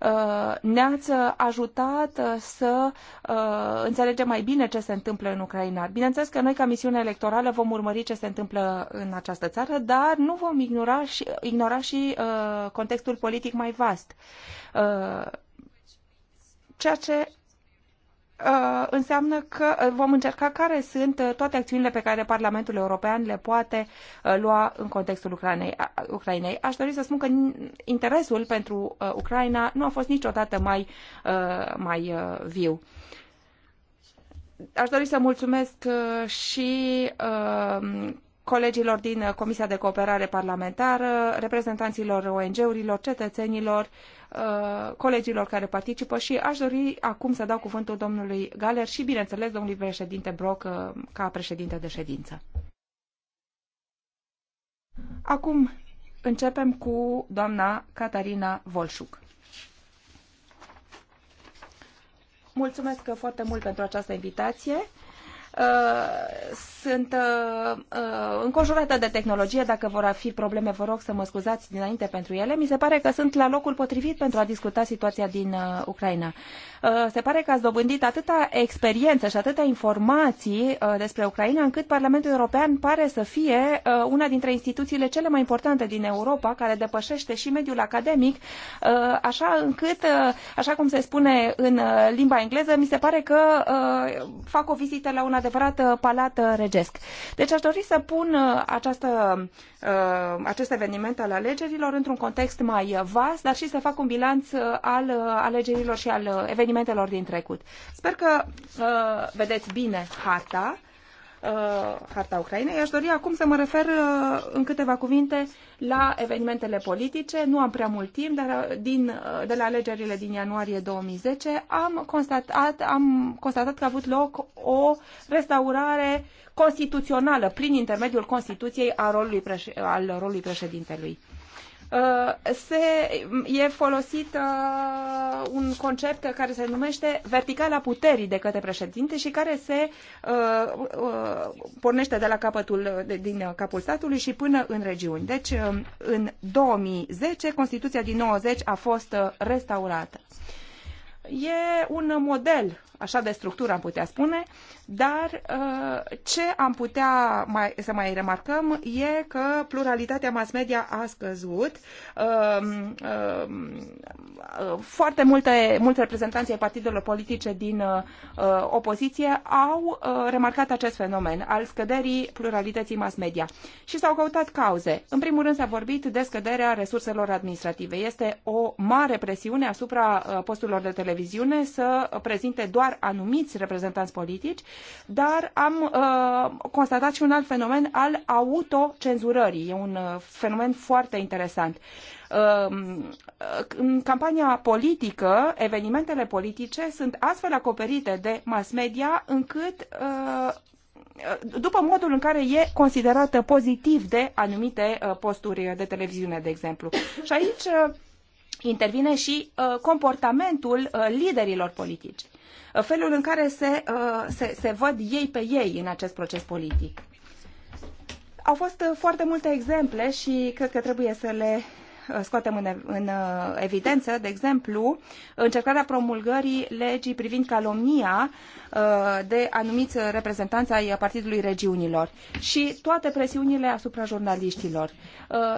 Uh, ne-ați ajutat uh, să uh, înțelegem mai bine ce se întâmplă în Ucraina. Bineînțeles că noi, ca misiune electorală, vom urmări ce se întâmplă în această țară, dar nu vom ignora și, ignora și contextul politic mai vast. Ceea ce Uh, înseamnă că uh, vom încerca care sunt uh, toate acțiunile pe care Parlamentul European le poate lua în contextul Ucrainei. Ucrainei. Aș dori să spun că interesul pentru Ucraina nu a fost niciodată mai, mai viu. Aș dori să mulțumesc și colegilor din Comisia de Cooperare Parlamentară, reprezentanților ONG-urilor, cetățenilor, uh, colegilor care participă și aș dori acum să dau cuvântul domnului Galer și, bineînțeles, domnului președinte Broc uh, ca președinte de ședință. Acum începem cu doamna Catarina Volșuc. Mulțumesc foarte mult pentru această invitație. Uh, sunt uh, înconjurată de tehnologie. Dacă vor fi probleme, vă rog să mă scuzați dinainte pentru ele. Mi se pare că sunt la locul potrivit pentru a discuta situația din uh, Ucraina. Se pare că ați dobândit atâta experiență și atâta informații despre Ucraina, încât Parlamentul European pare să fie una dintre instituțiile cele mai importante din Europa, care depășește și mediul academic, așa încât, așa cum se spune în limba engleză, mi se pare că fac o vizită la una de adevărat palat regesc. Deci aș dori să pun uh, această, uh, acest eveniment al alegerilor într-un context mai vast, dar și să fac un bilanț uh, al alegerilor și al evenimentelor din trecut. Sper că vedeți bine harta Uh, harta Ucrainei. Aș dori acum să mă refer uh, în câteva cuvinte la evenimentele politice. Nu am prea mult timp, dar uh, din, de la alegerile din ianuarie 2010 am constatat, am constatat că a avut loc o restaurare constituțională prin intermediul Constituției a rolului preș- al rolului președintelui. Uh, se, e folosit uh, un concept care se numește verticala puterii de către președinte și care se uh, pornește de la capătul, din capul statului și până în regiuni. Deci, um, în 2010, Constituția din 90 a fost restaurată. E un model așa de structură am putea spune, dar uh, ce am putea mai, să mai remarcăm e că pluralitatea mass media a scăzut. Um, um, uh, foarte multe, multe reprezentanții ai partidelor politice din uh, opoziție au remarcat acest fenomen al scăderii pluralității mass media și s-au căutat cauze. În primul rând s-a vorbit de scăderea resurselor administrative. Este o mare presiune asupra posturilor de televiziune să prezinte doar doar anumiți reprezentanți politici, dar am uh, constatat și un alt fenomen al autocenzurării. E un uh, fenomen foarte interesant. Uh, în campania politică, evenimentele politice sunt astfel acoperite de mass media încât uh, după modul în care e considerată pozitiv de anumite uh, posturi de televiziune, de exemplu. Și aici intervine și comportamentul liderilor politici felul în care se, uh, se, se văd ei pe ei în acest proces politic. Au fost uh, foarte multe exemple și cred că trebuie să le uh, scoatem în, în evidență, de exemplu, încercarea promulgării legii privind calomnia de anumiți reprezentanți ai Partidului Regiunilor și toate presiunile asupra jurnaliștilor.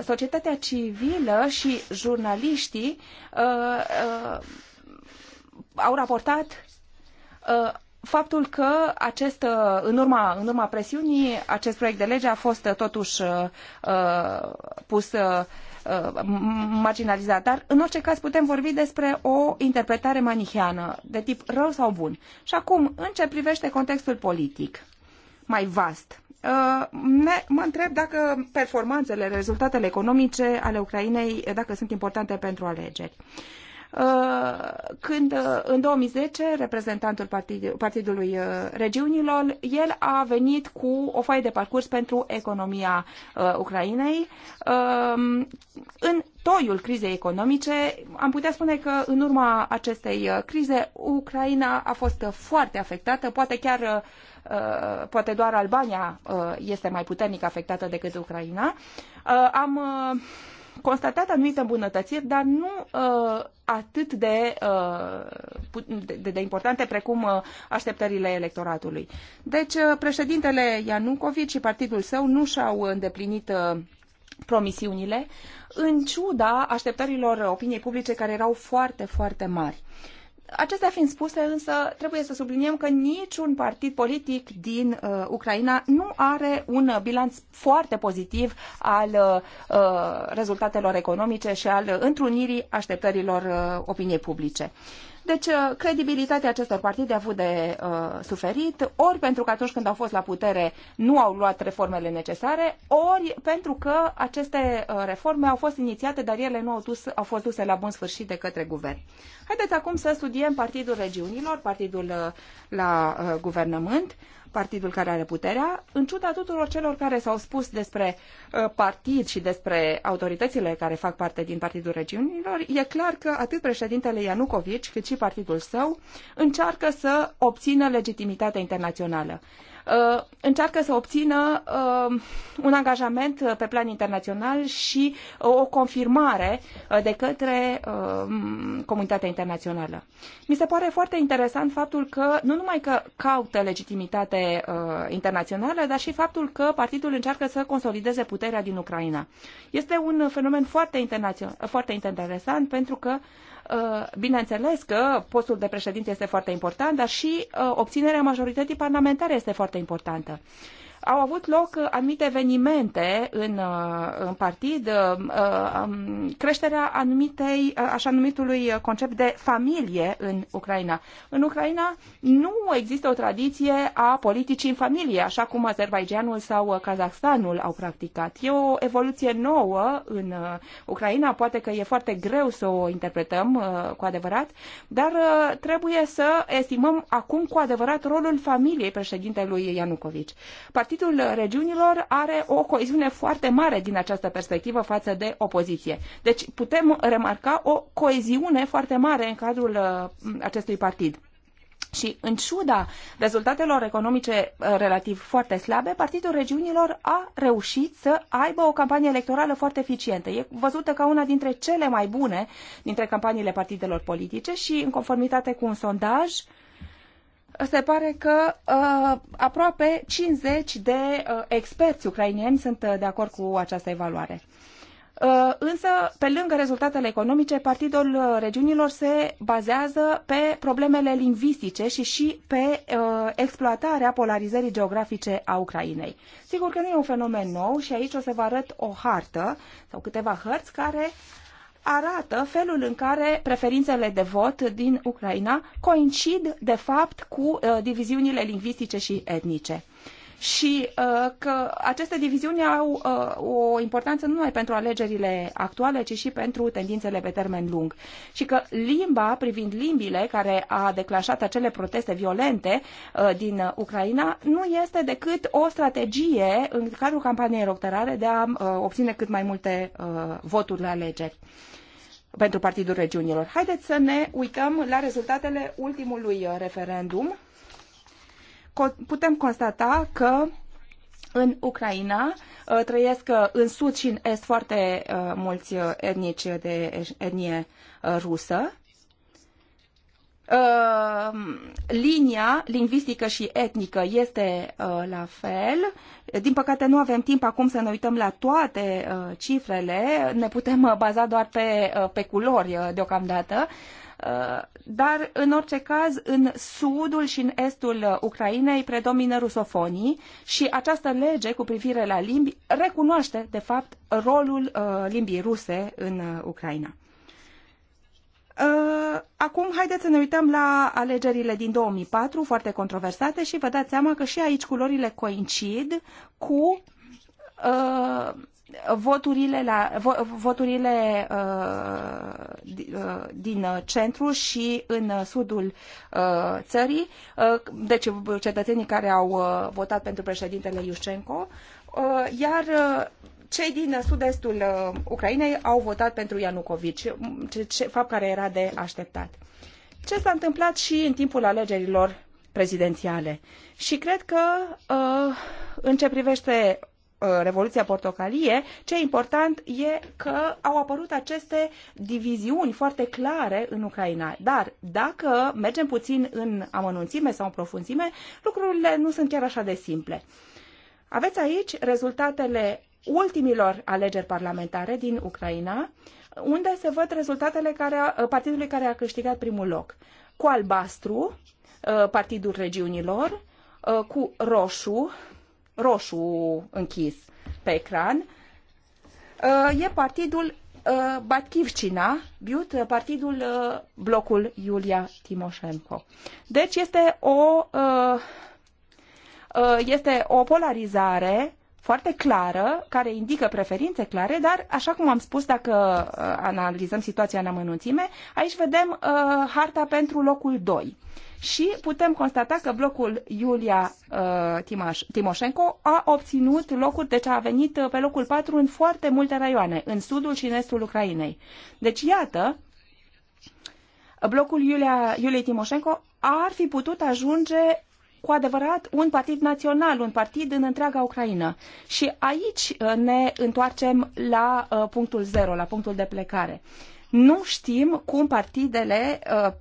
Societatea civilă și jurnaliștii au raportat Uh, faptul că acest, uh, în, urma, în urma presiunii acest proiect de lege a fost uh, totuși pus marginalizat. Dar, în orice caz, putem vorbi despre o interpretare manihiană, de tip rău sau bun. Și acum, în ce privește contextul politic, mai vast, ne, mă întreb dacă performanțele, rezultatele economice ale Ucrainei, dacă sunt importante pentru alegeri. Uh, când uh, în 2010 reprezentantul Partidului uh, Regiunilor, el a venit cu o foaie de parcurs pentru economia Ucrainei. Um, în toiul crizei economice, am putea spune că în urma acestei crize, Ucraina a fost foarte afectată, poate chiar poate doar Albania este mai puternic afectată decât Ucraina. Am constatat anumite îmbunătățiri, dar nu uh, atât de, uh, de, de importante precum uh, așteptările electoratului. Deci, uh, președintele Ianucovici și partidul său nu și-au îndeplinit uh, promisiunile, în ciuda așteptărilor opiniei publice care erau foarte, foarte mari. Uh, Acestea fiind spuse, însă, trebuie să subliniem că niciun partid politic din uh, Ucraina nu are un bilanț foarte pozitiv al uh, rezultatelor economice și al întrunirii așteptărilor uh, opiniei publice. Uh, deci, uh, credibilitatea acestor partide a avut de uh, suferit, ori pentru că atunci când au fost la putere nu au luat reformele necesare, ori pentru că aceste uh, reforme au fost inițiate, dar ele nu au, dus, au fost duse la bun sfârșit de către guvern. Haideți acum să studiem Partidul Regiunilor, Partidul uh, la uh, Guvernământ. Uh, partidul care are puterea, în ciuda tuturor celor care s-au spus despre uh, partid și despre autoritățile care fac parte din Partidul Regiunilor, e clar că atât președintele Ianucovici cât și partidul său încearcă să obțină legitimitatea internațională. Uh, încearcă să obțină uh, un angajament pe plan internațional și uh, o confirmare de către comunitatea internațională. Mi se pare foarte interesant faptul că nu numai că caută legitimitate internațională, dar și faptul că partidul încearcă să consolideze puterea din Ucraina. Este un fenomen foarte, foarte interesant pentru că Uh, bineînțeles că postul de președinte este foarte important, dar și uh, obținerea majorității parlamentare este foarte importantă au avut loc uh, anumite evenimente în, uh, în partid, uh, um, creșterea anumitei, așa numitului concept de familie în Ucraina. În Ucraina nu există o tradiție a politicii în familie, așa cum Azerbaijanul sau Kazahstanul au practicat. E o evoluție nouă în Ucraina, poate că e foarte greu să o interpretăm cu adevărat, dar trebuie să estimăm acum cu adevărat rolul familiei președintelui Ianucovici. Partidul Regiunilor are o coeziune foarte mare din această perspectivă față de opoziție. Deci putem remarca o coeziune foarte mare în cadrul uh, acestui partid. Și în ciuda rezultatelor economice uh, relativ foarte slabe, Partidul Regiunilor a reușit să aibă o campanie electorală foarte eficientă. E văzută ca una dintre cele mai bune dintre campaniile partidelor politice și, în conformitate cu un sondaj, uh, se pare că uh, aproape 50 de uh, experți ucrainieni sunt uh, de acord cu această evaluare. Uh, însă, pe lângă rezultatele economice, Partidul uh, Regiunilor se bazează pe problemele lingvistice și și pe uh, exploatarea polarizării geografice a Ucrainei. Sigur că nu e un fenomen nou și aici o să vă arăt o hartă sau câteva hărți care arată felul în care preferințele de vot din Ucraina coincid, de fapt, cu uh, diviziunile lingvistice și etnice și uh, că aceste diviziuni au uh, o importanță nu numai pentru alegerile actuale, ci și pentru tendințele pe termen lung. Și că limba, privind limbile care a declanșat acele proteste violente uh, din Ucraina, nu este decât o strategie în cadrul campaniei electorale de a obține cât mai multe voturi la alegeri pentru Partidul Regiunilor. Haideți să ne uităm la rezultatele ultimului referendum putem constata că în Ucraina uh, trăiesc uh, în sud și în est foarte uh, mulți etnici de etnie rusă. Linia lingvistică și etnică este la fel. Din păcate nu avem timp acum să ne uităm la toate cifrele, ne putem baza doar pe, pe culori deocamdată, Uh, dar, în orice caz, în sudul și în estul uh, Ucrainei predomină rusofonii și această lege cu privire la limbi recunoaște, de fapt, rolul uh, limbii ruse în Ucraina. Acum, haideți să ne uităm la alegerile din 2004, foarte controversate, și vă dați seama că și aici culorile coincid cu uh, voturile, la, voturile uh, uh, din centru și în sudul uh, țării, uh, deci cetățenii care au uh, votat pentru președintele uh, iar uh, cei din sud-estul Ucrainei au votat pentru Ianucovici, ce, ce, fapt care era de așteptat. Ce s-a întâmplat și în timpul alegerilor prezidențiale. Și cred că în ce privește Uh, Revoluția Portocalie, ce e important e că au apărut aceste diviziuni foarte clare în Ucraina. Dar dacă mergem puțin în amănunțime sau în profunzime, lucrurile nu sunt chiar așa de simple. Aveți aici rezultatele ultimilor alegeri parlamentare din Ucraina, unde se văd rezultatele care a, uh, partidului care a câștigat primul loc. Cu albastru, uh, partidul regiunilor, cu roșu, roșu închis pe ecran, uh, e partidul uh, Batkivcina, Biut, uh, partidul blocul Iulia Timoshenko. Deci este o, este o polarizare foarte clară, care indică preferințe clare, dar, așa cum am spus, dacă analizăm situația în amănunțime, aici vedem harta pentru locul 2 și putem constata că blocul Iulia uh, Timaș, Timoșenko a obținut locuri, deci a venit uh, pe locul 4 în foarte multe raioane, în sudul și în estul Ucrainei. Deci iată, blocul Iulia, Iuliei Timoșenko ar fi putut ajunge cu adevărat un partid național, un partid în întreaga Ucraina. Și aici uh, ne întoarcem la punctul zero, la punctul de plecare. Uh, nu știm cum partidele,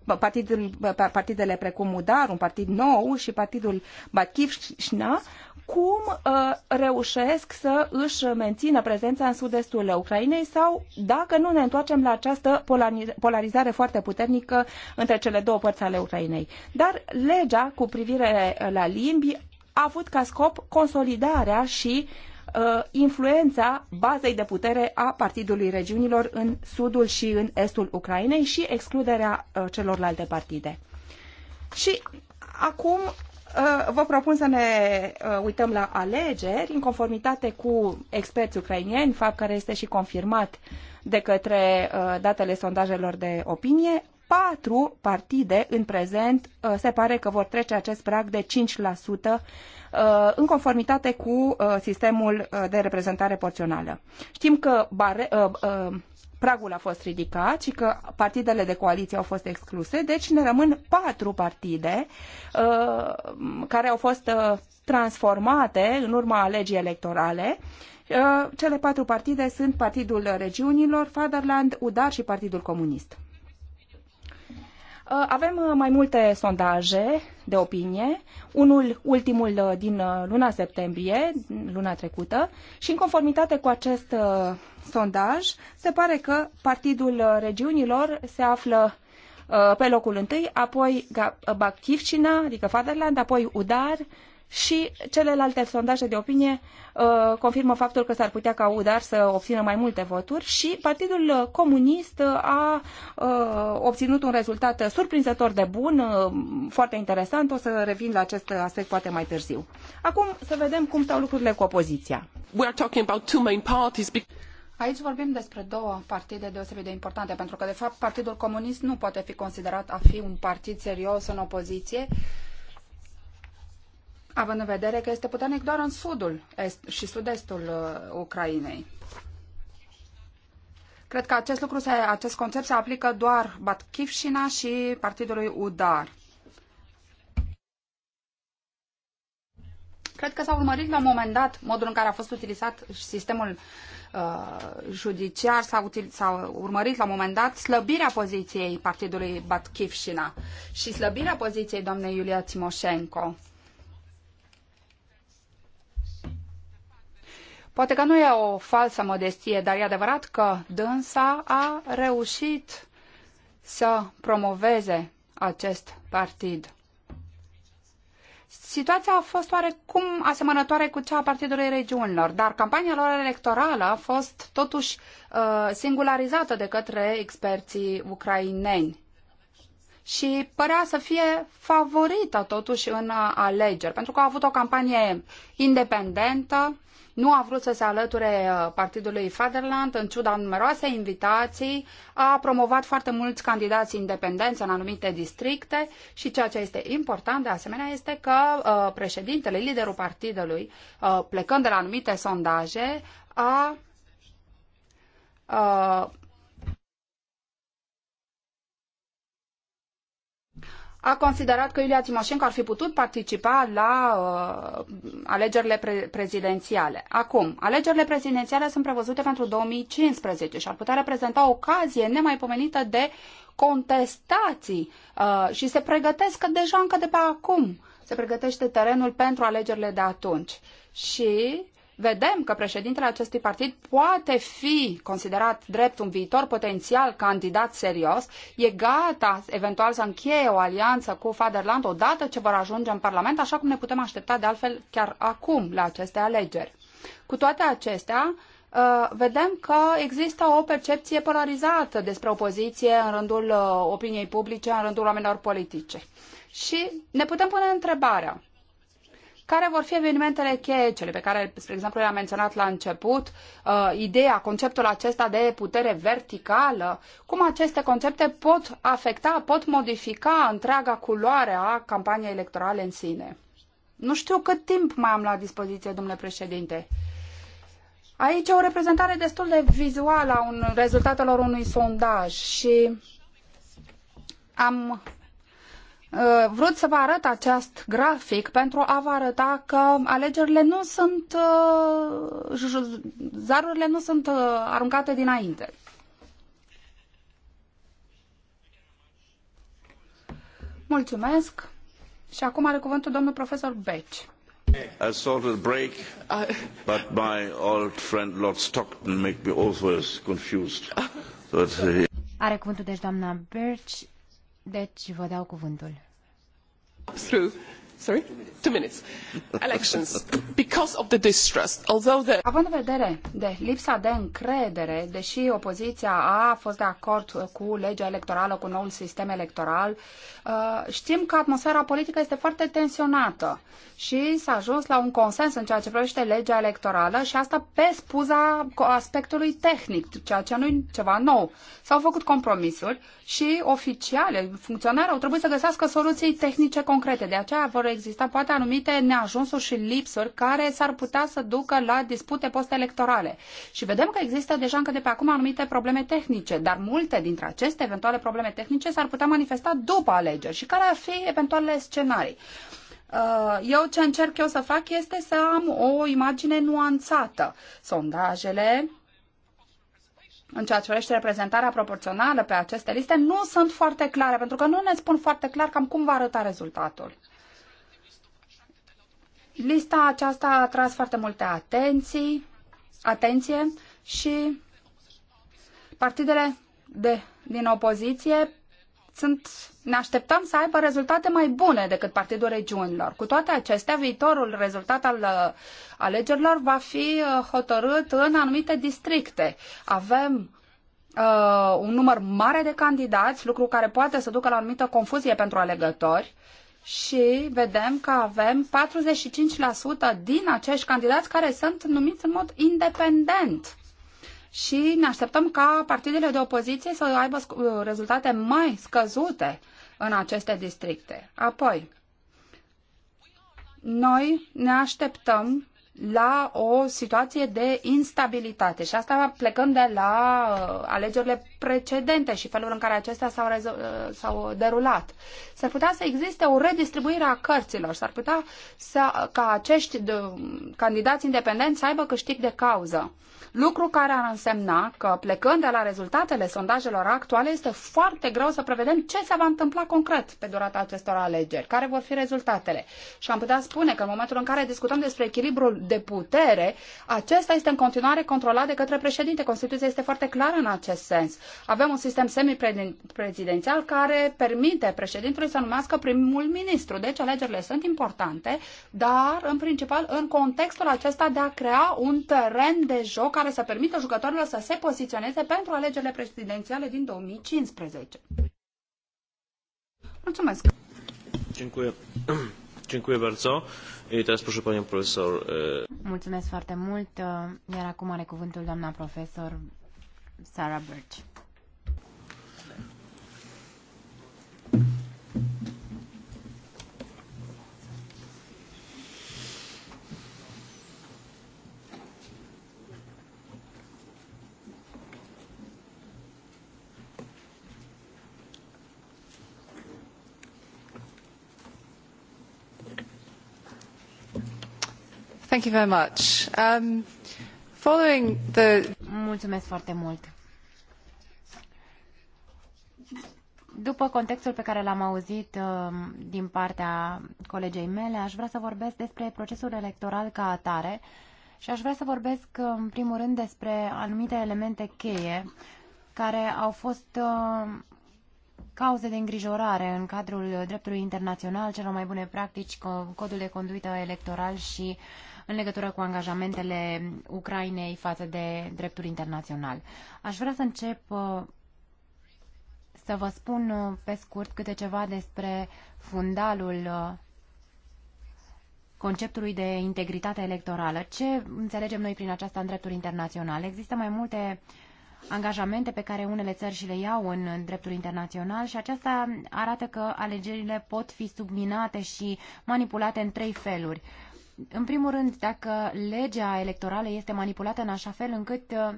uh, partidul, uh, partidele precum Udar, un partid nou și partidul Batchivșna, cum uh, reușesc să își mențină prezența în sud-estul Ucrainei sau dacă nu ne întoarcem la această polarizare foarte puternică între cele două părți ale Ucrainei. Dar legea cu privire la limbi a avut ca scop consolidarea și uh, Uh, influența bazei de putere a Partidului Regiunilor în sudul și în estul Ucrainei și excluderea uh, celorlalte partide. Și acum uh, vă propun să ne uităm la alegeri în conformitate cu experți ucrainieni, fapt care este și confirmat de către datele sondajelor de opinie patru partide în prezent uh, se pare că vor trece acest prag de 5% uh, în conformitate cu uh, sistemul de reprezentare porțională. Știm că bare, pragul a fost ridicat și că partidele de coaliție au fost excluse, deci ne rămân patru partide care au fost transformate în urma alegii electorale cele patru partide sunt Partidul Regiunilor, Fatherland, UDAR și Partidul Comunist. Uh, avem uh, mai multe sondaje de opinie, unul ultimul uh, din luna septembrie, luna trecută, și în conformitate cu acest sondaj, se pare că Partidul Regiunilor se află pe locul întâi, apoi Bakhtivcina, adică Faderland, apoi Udar, și celelalte sondaje de opinie uh, confirmă faptul că s-ar putea ca UDAR să obțină mai multe voturi și Partidul Comunist a uh, obținut un rezultat surprinzător de bun, uh, foarte interesant. O să revin la acest aspect poate mai târziu. Acum să vedem cum stau lucrurile cu opoziția. We are talking about two main parties
Aici vorbim despre două partide deosebit de importante, pentru că, de fapt, Partidul Comunist nu poate fi considerat a fi un partid serios în opoziție, uh, având în vedere că este puternic doar în sudul est și sud-estul uh, Ucrainei. Cred că acest, lucru se, acest concept se aplică doar Batkivșina și partidului UDAR. Cred că s-a urmărit la un moment dat modul în care a fost utilizat sistemul uh, judiciar, s-a, util, urmărit la un moment dat slăbirea poziției partidului Batkivșina și slăbirea poziției doamnei Iulia Timoșenko. Poate că nu e o falsă modestie, dar e adevărat că dânsa a reușit să promoveze acest partid. Situația a fost oarecum asemănătoare cu cea a Partidului Regiunilor, dar campania lor electorală a fost totuși uh, singularizată de către experții ucraineni și părea să fie favorită totuși în alegeri, pentru că a avut o campanie independentă, nu a vrut să se alăture uh, partidului Fatherland, în ciuda numeroase invitații, a promovat foarte mulți candidați independenți în anumite districte și ceea ce este important de asemenea este că uh, președintele, liderul partidului, uh, plecând de la anumite sondaje, a uh, a considerat că Iulia Timoșenko ar fi putut participa la uh, alegerile pre- prezidențiale. Acum, alegerile prezidențiale sunt prevăzute pentru 2015 și ar putea reprezenta o ocazie nemaipomenită de contestații uh, și se pregătesc deja încă de pe acum. Se pregătește terenul pentru alegerile de atunci. Și vedem că președintele acestui partid poate fi considerat drept un viitor potențial candidat serios, e gata eventual să încheie o alianță cu Faderland odată ce vor ajunge în Parlament, așa cum ne putem aștepta de altfel chiar acum la aceste alegeri. Cu toate acestea, uh, vedem că există o percepție polarizată despre opoziție în rândul uh, opiniei publice, în rândul oamenilor politice. Și ne putem pune întrebarea, care vor fi evenimentele cheie, cele pe care, spre exemplu, le-am menționat la început, uh, ideea, conceptul acesta de putere verticală, cum aceste concepte pot afecta, pot modifica întreaga culoare a campaniei electorale în sine. Nu știu cât timp mai am la dispoziție, domnule președinte. Aici e o reprezentare destul de vizuală a un, rezultatelor unui sondaj și am Uh, vrut să vă arăt acest grafic pentru a vă arăta că alegerile nu sunt, uh, zarurile nu sunt uh, aruncate dinainte. Mulțumesc. Și acum are cuvântul domnul profesor Beci.
A sort of break, but my old friend Lord Stockton make me always confused. But, uh...
Are cuvântul deci doamna Birch deci vă dau cuvântul. Through. Sorry? Two minutes.
Elections. Because of the distrust, although the... Având în vedere de lipsa de încredere, deși opoziția a fost de acord cu legea electorală, cu noul sistem electoral, uh, știm că atmosfera politică este foarte tensionată și s-a ajuns la un consens în ceea ce privește legea electorală și asta pe spuza aspectului tehnic, ceea ce nu e ceva nou. S-au făcut compromisuri și oficiale, funcționari, au trebuit să găsească soluții tehnice concrete. De aceea vor exista poate anumite neajunsuri și lipsuri care s-ar putea să ducă la dispute postelectorale. Și vedem că există deja încă de pe acum anumite probleme tehnice, dar multe dintre aceste eventuale probleme tehnice s-ar putea manifesta după alegeri și care ar fi eventualele scenarii. Uh, eu ce încerc eu să fac este să am o imagine nuanțată. Sondajele în ceea ce privește reprezentarea proporțională pe aceste liste nu sunt foarte clare, pentru că nu ne spun foarte clar cam cum va arăta rezultatul. Lista aceasta a atras foarte multe atenții, atenție și partidele de, din opoziție sunt, ne așteptăm să aibă rezultate mai bune decât Partidul Regiunilor. Cu toate acestea, viitorul rezultat al uh, alegerilor va fi uh, hotărât în anumite districte. Avem uh, un număr mare de candidați, lucru care poate să ducă la anumită confuzie pentru alegători și vedem că avem 45% din acești candidați care sunt numiți în mod independent și ne așteptăm ca partidele de opoziție să aibă rezultate mai scăzute în aceste districte. Apoi, noi ne așteptăm la o situație de instabilitate și asta plecând de la uh, alegerile precedente și felul în care acestea s-au, uh, s-au derulat. S-ar putea să existe o redistribuire a cărților, s-ar putea să, ca acești de, candidați independenți să aibă câștig de cauză. Lucru care ar însemna că, plecând de la rezultatele sondajelor actuale, este foarte greu să prevedem ce se va întâmpla concret pe durata acestor alegeri, care vor fi rezultatele. Și am putea spune că în momentul în care discutăm despre echilibrul de putere, acesta este în continuare controlat de către președinte. Constituția este foarte clară în acest sens. Avem un sistem semiprezidențial care permite președintelui să numească primul ministru. Deci alegerile sunt importante, dar în principal în contextul acesta de a crea un teren de joc care să permită jucătorilor să se poziționeze pentru alegerile prezidențiale din 2015.
Mulțumesc! Dziękuję. Mulțumesc foarte mult, iar acum are cuvântul doamna profesor Sarah Birch. Um, Mulțumesc foarte mult. După contextul pe care l-am auzit uh, din partea colegei mele, aș vrea să vorbesc despre procesul electoral ca atare și aș vrea să vorbesc uh, în primul rând despre anumite elemente cheie care au fost uh, cauze de îngrijorare în cadrul dreptului internațional, celor mai bune practici, codul de conduită electoral și în legătură cu angajamentele Ucrainei față de dreptul internațional. Aș vrea să încep uh, să vă spun uh, pe scurt câte ceva despre fundalul uh, conceptului de integritate electorală. Ce înțelegem noi prin aceasta în dreptul internațional? Există mai multe angajamente pe care unele țări și le iau în dreptul internațional și aceasta arată că alegerile pot fi subminate și manipulate în trei feluri. Uh, în primul rând, dacă legea electorală este manipulată în așa fel încât uh,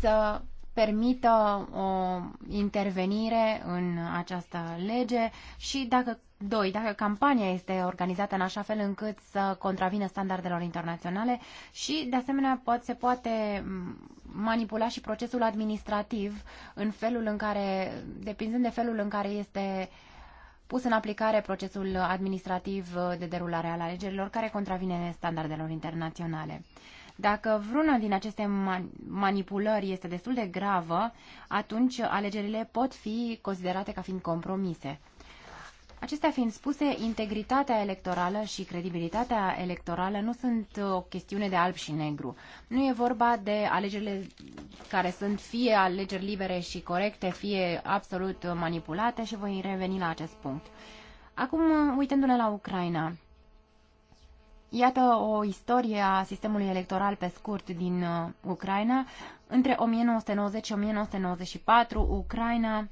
să permită o intervenire în această lege și dacă Doi, dacă campania este organizată în așa fel încât să contravină standardelor internaționale și, de asemenea, pot, se poate mm, manipula și procesul administrativ în felul în care, depinzând de felul în care este uh, pus în aplicare procesul administrativ uh, de derulare al alegerilor care contravine standardelor internaționale. Dacă vreuna din aceste manipulări este destul de gravă, atunci alegerile pot fi considerate ca fiind compromise. Acestea fiind spuse, integritatea electorală și credibilitatea electorală nu sunt o chestiune de alb și negru. Nu e vorba de alegerile care sunt fie alegeri libere și corecte, fie absolut manipulate și voi reveni la acest punct. Acum, uitându-ne la Ucraina, Iată o istorie a sistemului electoral pe scurt din uh, Ucraina. Între 1990 și 1994, Ucraina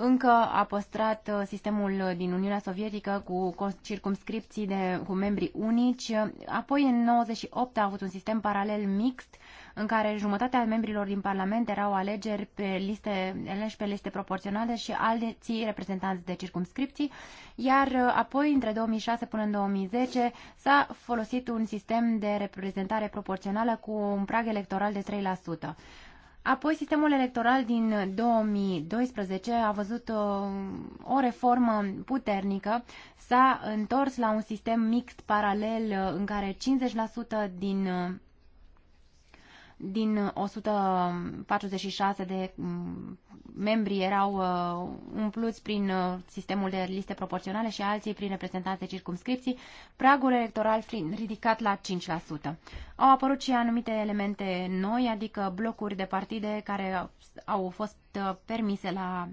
încă a păstrat uh, sistemul din Uniunea Sovietică cu circumscripții de, cu membri unici. Apoi, în 98, a avut un sistem paralel mixt, în care jumătatea membrilor din Parlament erau alegeri pe liste, pe liste proporționale și alții reprezentanți de circumscripții, iar uh, apoi, între 2006 până în 2010, s-a folosit un sistem de reprezentare proporțională cu un prag electoral de 3%. Apoi, sistemul electoral din 2012 a văzut o, uh, o reformă puternică. S-a întors la un sistem mixt paralel uh, în care 50% din uh, din 146 de mm, membri erau uh, umpluți prin uh, sistemul de liste proporționale și alții prin reprezentanți de circumscripții, pragul electoral fiind ridicat la 5%. Au apărut și anumite elemente noi, adică blocuri de partide care au fost uh, permise la uh,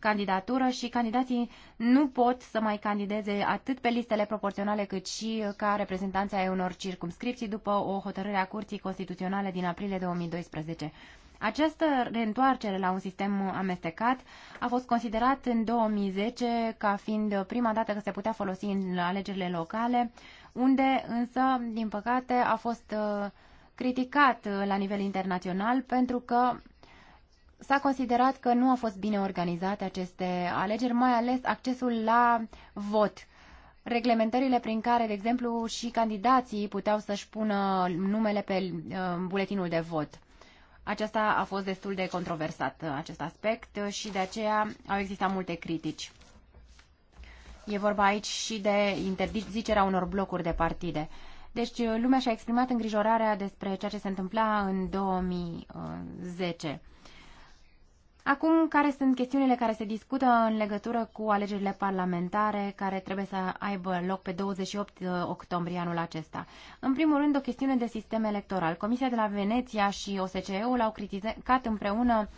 candidatură și candidații nu pot să mai candideze atât pe listele proporționale cât și ca reprezentanța ai unor circumscripții după o hotărâre a Curții Constituționale din aprilie 2012. Această reîntoarcere la un sistem amestecat a fost considerat în 2010 ca fiind prima dată că se putea folosi în alegerile locale, unde însă, din păcate, a fost uh, criticat la nivel internațional pentru că S-a considerat că nu au fost bine organizate aceste alegeri, mai ales accesul la vot. Reglementările prin care, de exemplu, și candidații puteau să-și pună numele pe uh, buletinul de vot. acesta a fost destul de controversat, uh, acest aspect, uh, și de aceea au existat multe critici. E vorba aici și de interzicerea unor blocuri de partide. Deci lumea și-a exprimat îngrijorarea despre ceea ce se întâmpla în 2010. Acum, care sunt chestiunile care se discută în legătură cu alegerile parlamentare care trebuie să aibă loc pe 28 uh, octombrie anul acesta? În primul rând, o chestiune de sistem electoral. Comisia de la Veneția și OSCE-ul au criticat împreună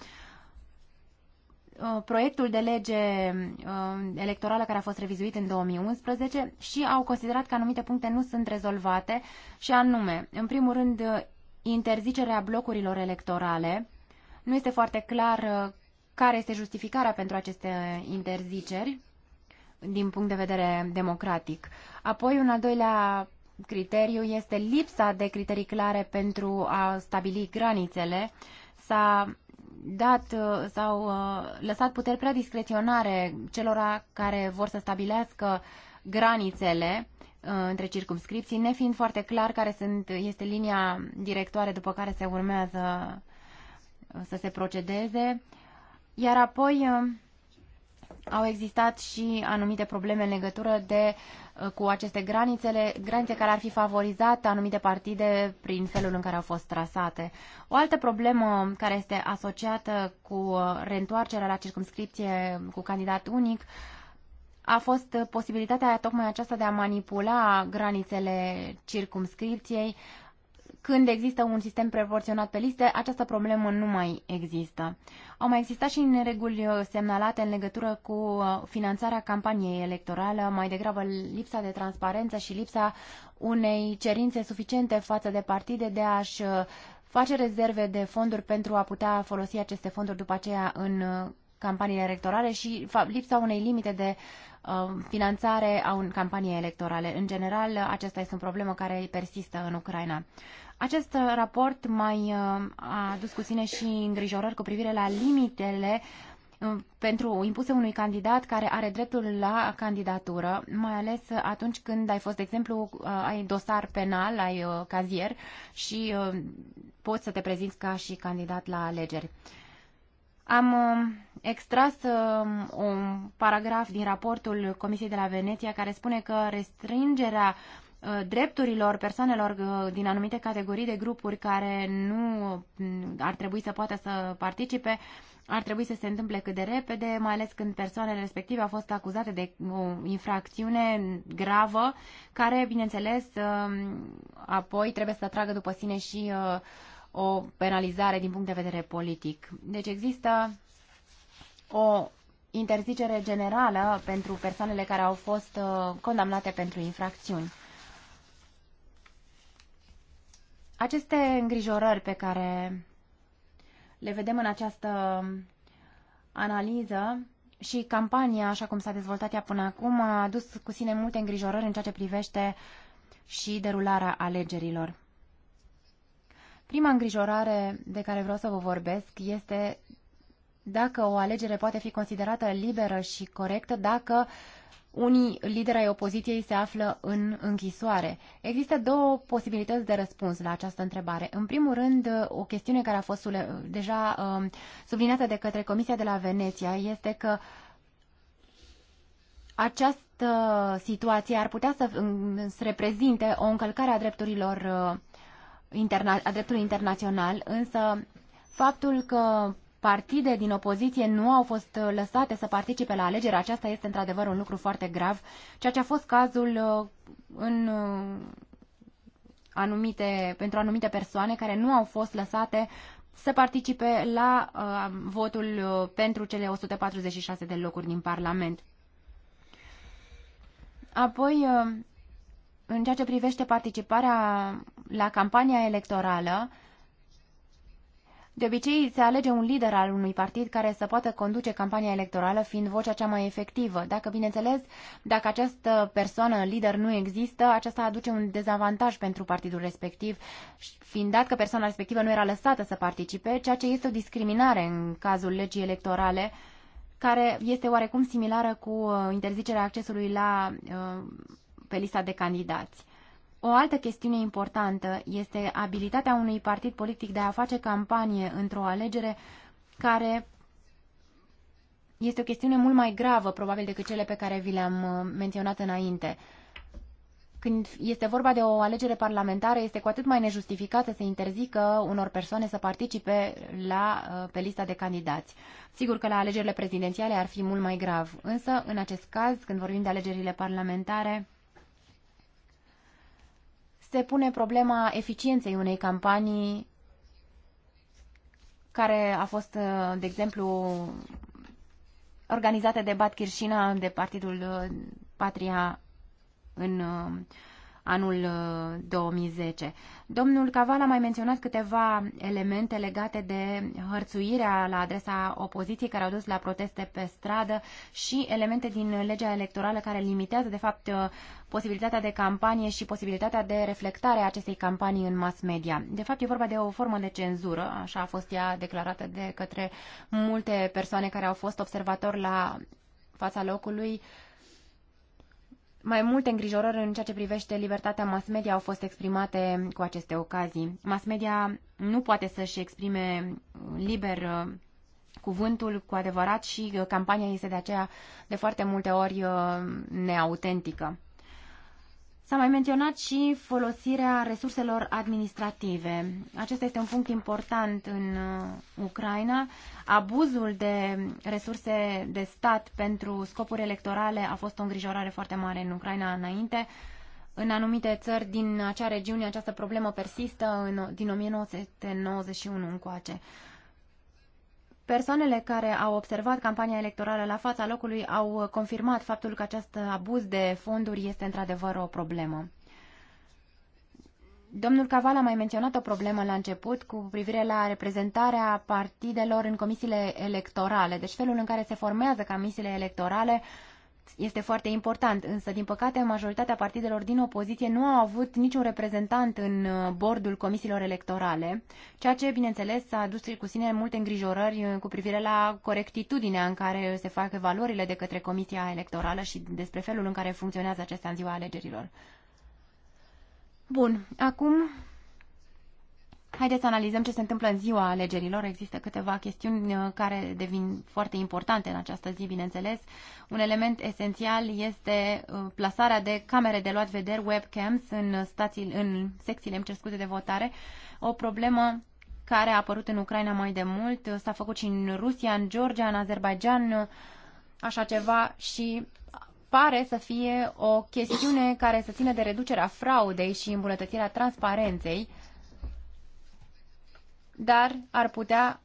uh, proiectul de lege uh, electorală care a fost revizuit în 2011 și au considerat că anumite puncte nu sunt rezolvate și anume, în primul rând, interzicerea blocurilor electorale, nu este foarte clar care este justificarea pentru aceste interziceri din punct de vedere democratic. Apoi, un al doilea criteriu este lipsa de criterii clare pentru a stabili granițele. S-a dat sau uh, lăsat puteri prea discreționare celora care vor să stabilească granițele uh, între circumscripții, nefiind foarte clar care sunt, este linia directoare după care se urmează uh, să se procedeze. Iar apoi uh, au existat și anumite probleme în legătură de, uh, cu aceste granițele, granițe care ar fi favorizat anumite partide prin felul în care au fost trasate. O altă problemă care este asociată cu uh, reîntoarcerea la circumscripție cu candidat unic a fost posibilitatea tocmai aceasta de a manipula granițele circumscripției când există un sistem proporționat pe liste, această problemă nu mai există. Au mai existat și nereguli uh, semnalate în legătură cu uh, finanțarea campaniei electorale, mai degrabă lipsa de transparență și lipsa unei cerințe suficiente față de partide de a-și uh, face rezerve de fonduri pentru a putea folosi aceste fonduri după aceea în campaniile electorale și lipsa unei limite de finanțare a un campaniei electorale. În general, acesta este o problemă care persistă în Ucraina. Acest raport mai uh, a adus cu sine și îngrijorări cu privire la limitele uh, pentru impuse unui candidat care are dreptul la candidatură, mai ales atunci când ai fost, de exemplu, uh, ai dosar penal, ai cazier și poți să te prezinți ca și candidat la alegeri. Am extras un paragraf din raportul Comisiei de la Veneția care spune că restrângerea Uh, drepturilor persoanelor uh, din anumite categorii de grupuri care nu mm, ar trebui să poată să participe ar trebui să se întâmple cât de repede, mai ales când persoanele respective au fost acuzate de o uh, infracțiune gravă, care, bineînțeles, um, apoi trebuie să tragă după sine și o penalizare din punct de vedere politic. Deci există o interzicere generală pentru persoanele care au fost condamnate pentru infracțiuni. Aceste îngrijorări pe care le vedem în această analiză și campania, așa cum s-a dezvoltat ea până acum, a adus cu sine multe îngrijorări în ceea ce privește și derularea alegerilor. Prima îngrijorare de care vreau să vă vorbesc este dacă o alegere poate fi considerată liberă și corectă dacă unii lideri ai opoziției se află în închisoare. Există două posibilități de răspuns la această întrebare. În primul rând, o chestiune care a fost deja um, subliniată de către Comisia de la Veneția este că această situație ar putea să reprezinte o încălcare a drepturilor uh, a dreptului internațional, însă faptul că partide din opoziție nu au fost uh, lăsate să participe la alegeri. Aceasta este într-adevăr un lucru foarte grav, ceea ce a fost cazul uh, în uh, anumite, pentru anumite persoane care nu au fost lăsate să participe la uh, votul pentru cele 146 de locuri din Parlament. Apoi, uh, în ceea ce privește participarea la campania electorală, de obicei, se alege un lider al unui partid care să poată conduce campania electorală fiind vocea cea mai efectivă. Dacă, bineînțeles, dacă această persoană, lider, nu există, aceasta aduce un dezavantaj pentru partidul respectiv, fiind dat că persoana respectivă nu era lăsată să participe, ceea ce este o discriminare în cazul legii electorale, care este oarecum similară cu uh, interzicerea accesului la, uh, pe lista de candidați. O altă chestiune importantă este abilitatea unui partid politic de a face campanie într-o alegere care este o chestiune mult mai gravă, probabil, decât cele pe care vi le-am uh, menționat înainte. Când este vorba de o alegere parlamentară, este cu atât mai nejustificat să se interzică unor persoane să participe la, uh, pe lista de candidați. Sigur că la alegerile prezidențiale ar fi mult mai grav, însă, în acest caz, când vorbim de alegerile parlamentare, se pune problema eficienței unei campanii care a fost, de exemplu, organizată de Bat Kirșina, de Partidul Patria în anul 2010. Uh, Domnul Caval a mai menționat câteva elemente legate de hărțuirea la adresa opoziției care au dus la proteste pe stradă și elemente din legea electorală care limitează, de fapt, uh, posibilitatea de campanie și posibilitatea de reflectare a acestei campanii în mass media. De fapt, e vorba de o formă de cenzură, așa a fost ea declarată de către multe persoane care au fost observatori la fața locului uh, mai multe îngrijorări în ceea ce privește libertatea mass media au fost exprimate cu aceste ocazii. Mass media nu poate să-și exprime liber uh, cuvântul cu adevărat și uh, campania este de aceea de foarte multe ori uh, neautentică. S-a mai menționat și folosirea resurselor administrative. Acesta este un punct important în uh, Ucraina. Abuzul de resurse de stat pentru scopuri electorale a fost o îngrijorare foarte mare în Ucraina înainte. În anumite țări din acea regiune această problemă persistă în, din 1991 încoace. Persoanele care au observat campania electorală la fața locului au confirmat faptul că acest abuz de fonduri este într-adevăr o problemă. Domnul Caval a mai menționat o problemă la început cu privire la reprezentarea partidelor în comisiile electorale, deci felul în care se formează comisiile electorale uh, este foarte important, însă, din păcate, majoritatea partidelor din opoziție nu au avut niciun reprezentant în uh, bordul comisiilor electorale, ceea ce, bineînțeles, a dus cu sine multe îngrijorări uh, cu privire la corectitudinea în care se fac valorile de către comisia electorală și despre felul în care funcționează acestea în ziua alegerilor. Bun, acum Haideți să analizăm ce se întâmplă în ziua alegerilor. Există câteva chestiuni uh, care devin foarte importante în această zi, bineînțeles. Un element esențial este uh, plasarea de camere de luat vederi, webcams, în, stații, în secțiile îmi scuze, de votare. O problemă care a apărut în Ucraina mai de mult, uh, s-a făcut și în Rusia, în Georgia, în Azerbaijan, așa ceva și pare să fie o chestiune care să țină de reducerea fraudei și îmbunătățirea transparenței dar ar putea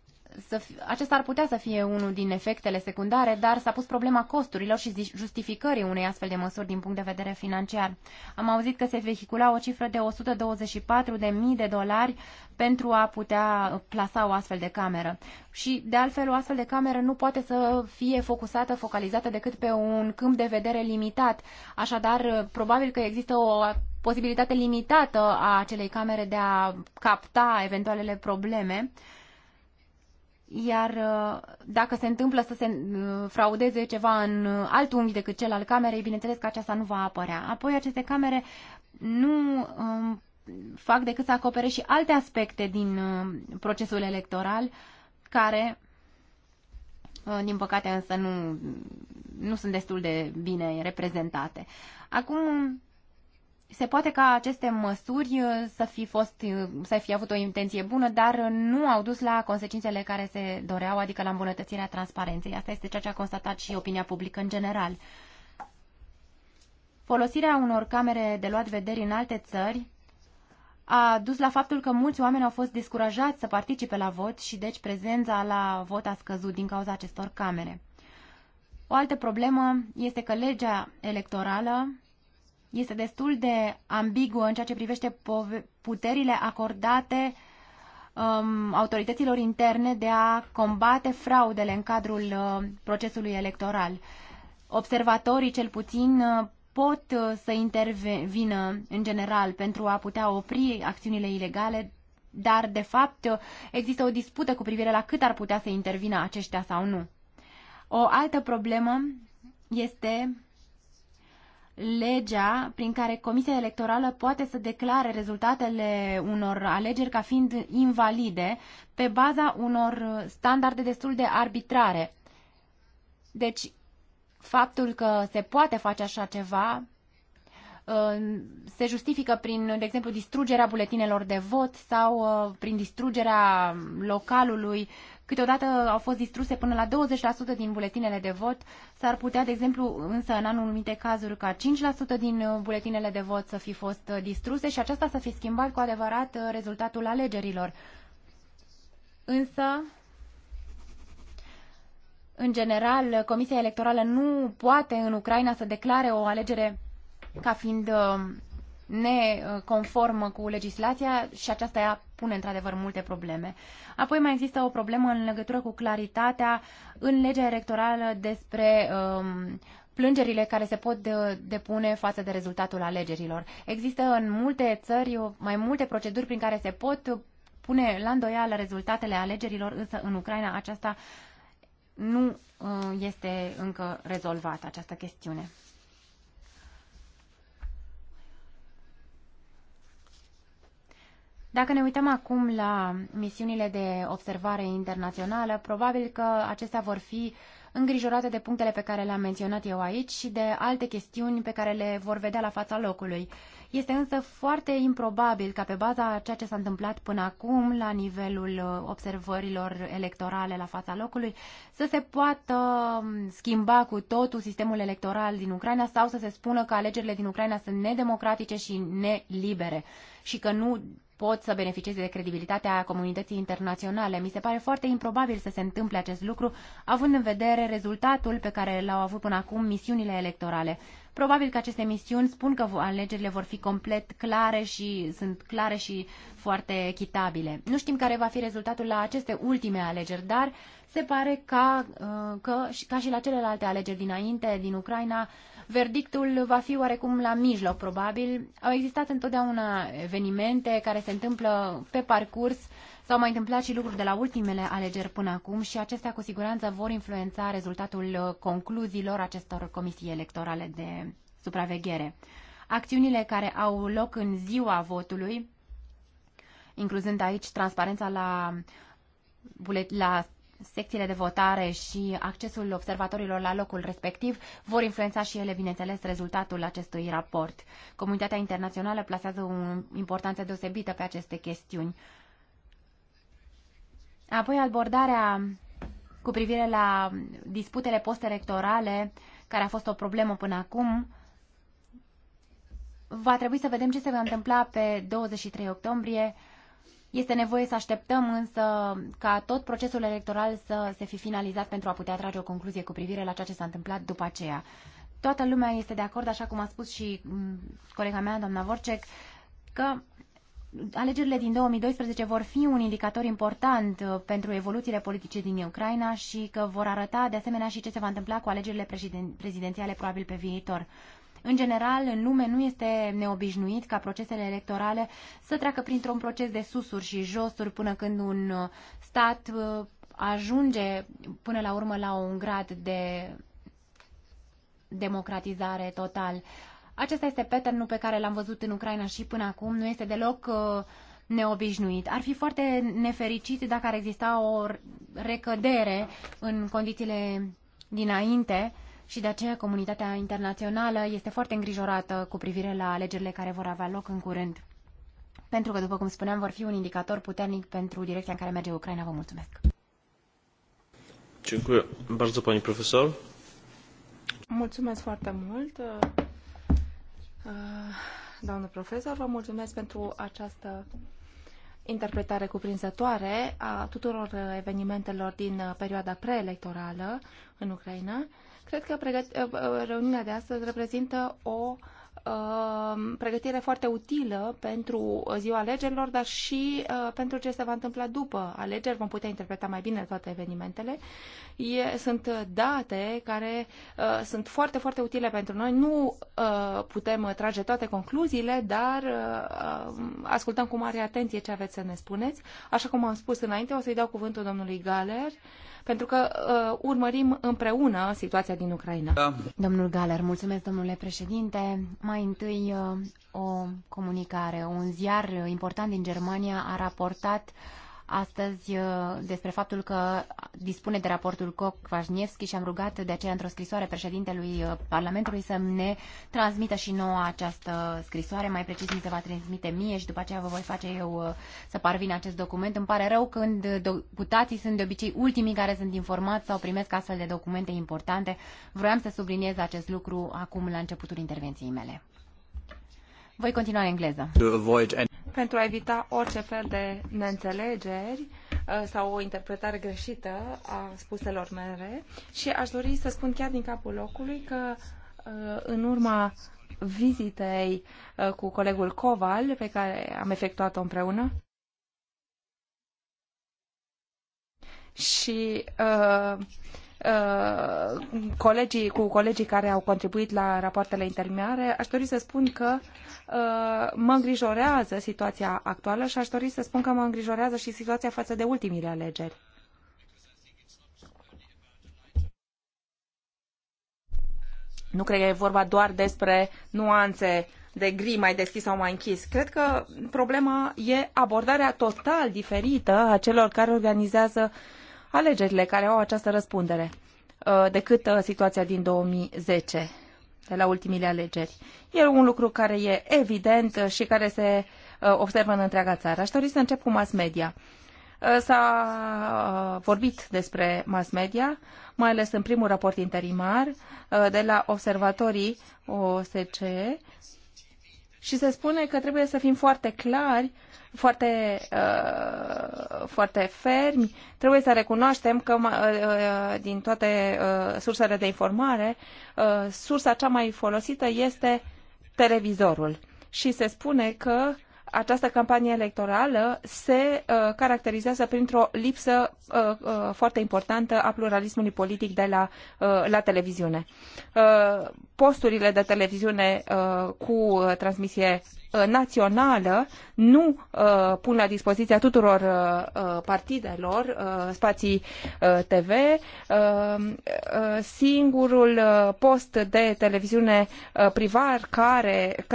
să fi, acesta ar putea să fie unul din efectele secundare, dar s-a pus problema costurilor și justificării unei astfel de măsuri din punct de vedere financiar. Am auzit că se vehicula o cifră de 124 de mii de dolari pentru a putea plasa o astfel de cameră. Și, de altfel, o astfel de cameră nu poate să fie focusată, focalizată decât pe un câmp de vedere limitat. Așadar, probabil că există o posibilitate limitată a acelei camere de a capta eventualele probleme iar uh, dacă se întâmplă să se uh, fraudeze ceva în uh, alt unghi decât cel al camerei, bineînțeles că aceasta nu va apărea. Apoi aceste camere nu um, fac decât să acopere și alte aspecte din procesul electoral care, uh, din păcate însă, nu, nu sunt destul de bine reprezentate. Acum, se poate ca aceste măsuri uh, să fi, fost, uh, să fi avut o intenție bună, dar uh, nu au dus la consecințele care se doreau, adică la îmbunătățirea transparenței. Asta este ceea ce a constatat și opinia publică în general. Folosirea unor camere de luat vederi în alte țări a dus la faptul că mulți oameni au fost descurajați să participe la vot și deci prezența la vot a scăzut din cauza acestor camere. O altă problemă este că legea electorală este destul de ambiguă în ceea ce privește puterile acordate um, autorităților interne de a combate fraudele în cadrul uh, procesului electoral. Observatorii, cel puțin, uh, pot uh, să intervină în general pentru a putea opri acțiunile ilegale, dar, de fapt, uh, există o dispută cu privire la cât ar putea să intervină aceștia sau nu. O altă problemă este legea prin care Comisia Electorală poate să declare rezultatele unor alegeri ca fiind invalide pe baza unor standarde destul de arbitrare. Deci, faptul că se poate face așa ceva uh, se justifică prin, de exemplu, distrugerea buletinelor de vot sau uh, prin distrugerea localului Câteodată au fost distruse până la 20% din buletinele de vot. S-ar putea, de exemplu, însă în anumite cazuri ca 5% din uh, buletinele de vot să fi fost uh, distruse și aceasta să fi schimbat cu adevărat uh, rezultatul alegerilor. Însă, în general, Comisia Electorală nu poate în Ucraina să declare o alegere ca fiind neconformă cu legislația și aceasta pune într-adevăr multe probleme. Apoi mai există o problemă în legătură cu claritatea în legea electorală despre um, plângerile care se pot uh, depune față de rezultatul alegerilor. Există în multe țări mai multe proceduri prin care se pot pune la îndoială rezultatele alegerilor, însă în Ucraina aceasta nu uh, este încă rezolvată această chestiune. Dacă ne uităm acum la misiunile de observare internațională, probabil că acestea vor fi îngrijorate de punctele pe care le-am menționat eu aici și de alte chestiuni pe care le vor vedea la fața locului. Este însă foarte improbabil ca pe baza ceea ce s-a întâmplat până acum la nivelul observărilor electorale la fața locului să se poată um, schimba cu totul sistemul electoral din Ucraina sau să se spună că alegerile din Ucraina sunt nedemocratice și nelibere și că nu pot să beneficieze de credibilitatea comunității internaționale. Mi se pare foarte improbabil să se întâmple acest lucru, având în vedere rezultatul pe care l-au avut până acum misiunile electorale. Probabil că aceste misiuni spun că alegerile vor fi complet clare și sunt clare și foarte echitabile. Nu știm care va fi rezultatul la aceste ultime alegeri, dar se pare ca, uh, că, ca și la celelalte alegeri dinainte din Ucraina, Verdictul va fi oarecum la mijloc, probabil. Au existat întotdeauna evenimente care se întâmplă pe parcurs. S-au mai întâmplat și lucruri de la ultimele alegeri până acum și acestea cu siguranță vor influența rezultatul concluziilor acestor comisii electorale de supraveghere. Acțiunile care au loc în ziua votului, incluzând aici transparența la, bulet, la secțiile de votare și accesul observatorilor la locul respectiv vor influența și ele, bineînțeles, rezultatul acestui raport. Comunitatea internațională plasează o importanță deosebită pe aceste chestiuni. Apoi, abordarea cu privire la disputele postelectorale, care a fost o problemă până acum, va trebui să vedem ce se va întâmpla pe 23 octombrie, este nevoie să așteptăm însă ca tot procesul electoral să se fi finalizat pentru a putea trage o concluzie cu privire la ceea ce s-a întâmplat după aceea. Toată lumea este de acord, așa cum a spus și mm, colega mea, doamna Vorcec, că alegerile din 2012 vor fi un indicator important uh, pentru evoluțiile politice din Ucraina și că vor arăta de asemenea și ce se va întâmpla cu alegerile prezidențiale probabil pe viitor. În general, în lume nu este neobișnuit ca procesele electorale să treacă printr-un proces de susuri și josuri până când un uh, stat uh, ajunge până la urmă la un grad de democratizare total. Acesta este patternul pe care l-am văzut în Ucraina și până acum. Nu este deloc uh, neobișnuit. Ar fi foarte nefericit dacă ar exista o recădere în condițiile dinainte și de aceea comunitatea internațională este foarte îngrijorată cu privire la alegerile care vor avea loc în curând. Pentru că, după cum spuneam, vor fi un indicator puternic pentru direcția în care merge Ucraina. Vă mulțumesc! Dziękuję bardzo, pani profesor.
Mulțumesc foarte mult, uh, doamnă profesor. Vă mulțumesc pentru această interpretare cuprinzătoare a tuturor evenimentelor din uh, perioada preelectorală în Ucraina. Cred că pregăt- ă, ă, reuniunea de astăzi reprezintă o ă, pregătire foarte utilă pentru ziua alegerilor, dar și uh, pentru ce se va întâmpla după alegeri. Vom putea interpreta mai bine toate evenimentele. E, sunt date care uh, sunt foarte, foarte utile pentru noi. Nu putem trage toate concluziile, dar ascultăm cu mare atenție ce aveți să ne spuneți. Așa cum am spus înainte, o să-i dau cuvântul domnului Galer pentru că uh, urmărim împreună situația din Ucraina. Da.
Domnul Galer, mulțumesc, domnule președinte. Mai întâi uh, o comunicare. Un ziar important din Germania a raportat uh, astăzi uh, despre faptul că dispune de raportul coc vajnievski și am rugat de aceea într-o scrisoare președintelui uh, Parlamentului să ne transmită și nouă această scrisoare, mai precis mi se va transmite mie și după aceea vă voi face eu uh, să parvin acest document. Îmi pare rău când deputații sunt de obicei ultimii care sunt informați sau primesc astfel de documente importante. Vroiam să subliniez acest lucru acum la începutul intervenției mele. Voi continua în engleză pentru a evita orice fel de neînțelegeri
uh, sau o interpretare greșită a spuselor mele și aș dori să spun chiar din capul locului că uh, în urma vizitei uh, cu colegul Coval pe care am efectuat-o împreună și uh, Uh, colegii, cu colegii care au contribuit la rapoartele intermiare, aș dori să spun că uh, mă îngrijorează situația actuală și aș dori să spun că mă îngrijorează și situația față de ultimile alegeri. Nu cred că e vorba doar despre nuanțe de gri mai deschis sau mai închis. Cred că problema e abordarea total diferită a celor care organizează uh, alegerile care au această răspundere uh, decât uh, situația din 2010, de la ultimile alegeri. E un lucru care e evident uh, și care se observă în întreaga țară. Aș dori să încep cu mass media. S-a vorbit despre mass media, mai ales în primul raport interimar de la observatorii OSCE și se spune că trebuie să fim foarte clari foarte, uh, foarte fermi. Trebuie să recunoaștem că uh, uh, din toate sursele de informare, sursa cea mai folosită este televizorul. Și se spune că această campanie electorală se uh, caracterizează printr-o lipsă uh, uh, foarte importantă a pluralismului politic de la, la televiziune. posturile de televiziune cu transmisie Uh, națională nu uh, pun la dispoziția tuturor uh, partidelor spații TV. Singurul post de televiziune privat care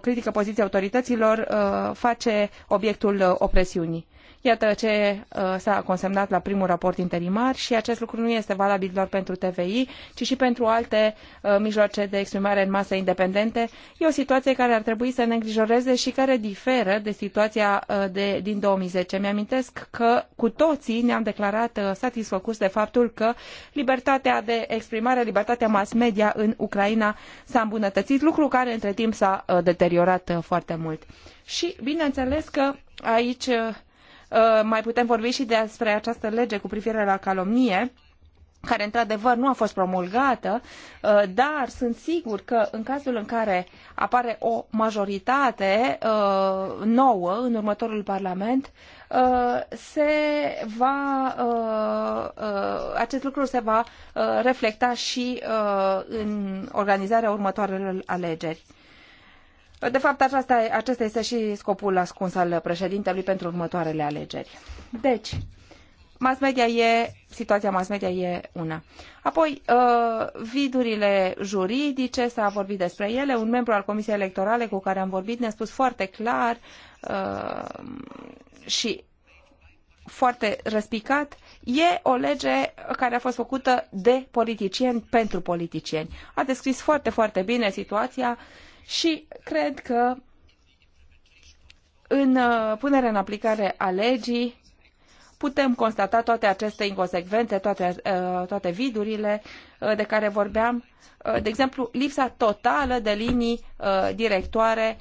critică poziția autorităților face obiectul opresiunii. Iată ce uh, s-a consemnat la primul raport interimar și acest lucru nu este valabil doar pentru TVI, ci și pentru alte uh, mijloace de exprimare în masă independente. E o situație care ar trebui să ne îngrijoreze și care diferă de situația uh, de, din 2010. Mi-amintesc că cu toții ne-am declarat uh, satisfăcuți de faptul că libertatea de exprimare, libertatea mass media în Ucraina s-a îmbunătățit, lucru care între timp s-a uh, deteriorat uh, foarte mult. Și bineînțeles că aici uh, Uh, mai putem vorbi și despre această lege cu privire la calomnie care într-adevăr nu a fost promulgată, uh, dar sunt sigur că în cazul în care apare o majoritate uh, nouă în următorul Parlament, se va, acest lucru se va reflecta și în organizarea următoarelor alegeri. De fapt, aceasta, acesta este și scopul ascuns al președintelui pentru următoarele alegeri. Deci, mass media e, situația mass media e una. Apoi, uh, vidurile juridice, s-a vorbit despre ele, un membru al Comisiei Electorale cu care am vorbit ne-a spus foarte clar uh, și foarte răspicat, e o lege care a fost făcută de politicieni pentru politicieni. A descris foarte, foarte bine situația uh, și cred că în uh, punerea în aplicare a legii putem constata toate aceste inconsecvențe, toate, uh, toate vidurile uh, de care vorbeam. De exemplu, lipsa totală de linii directoare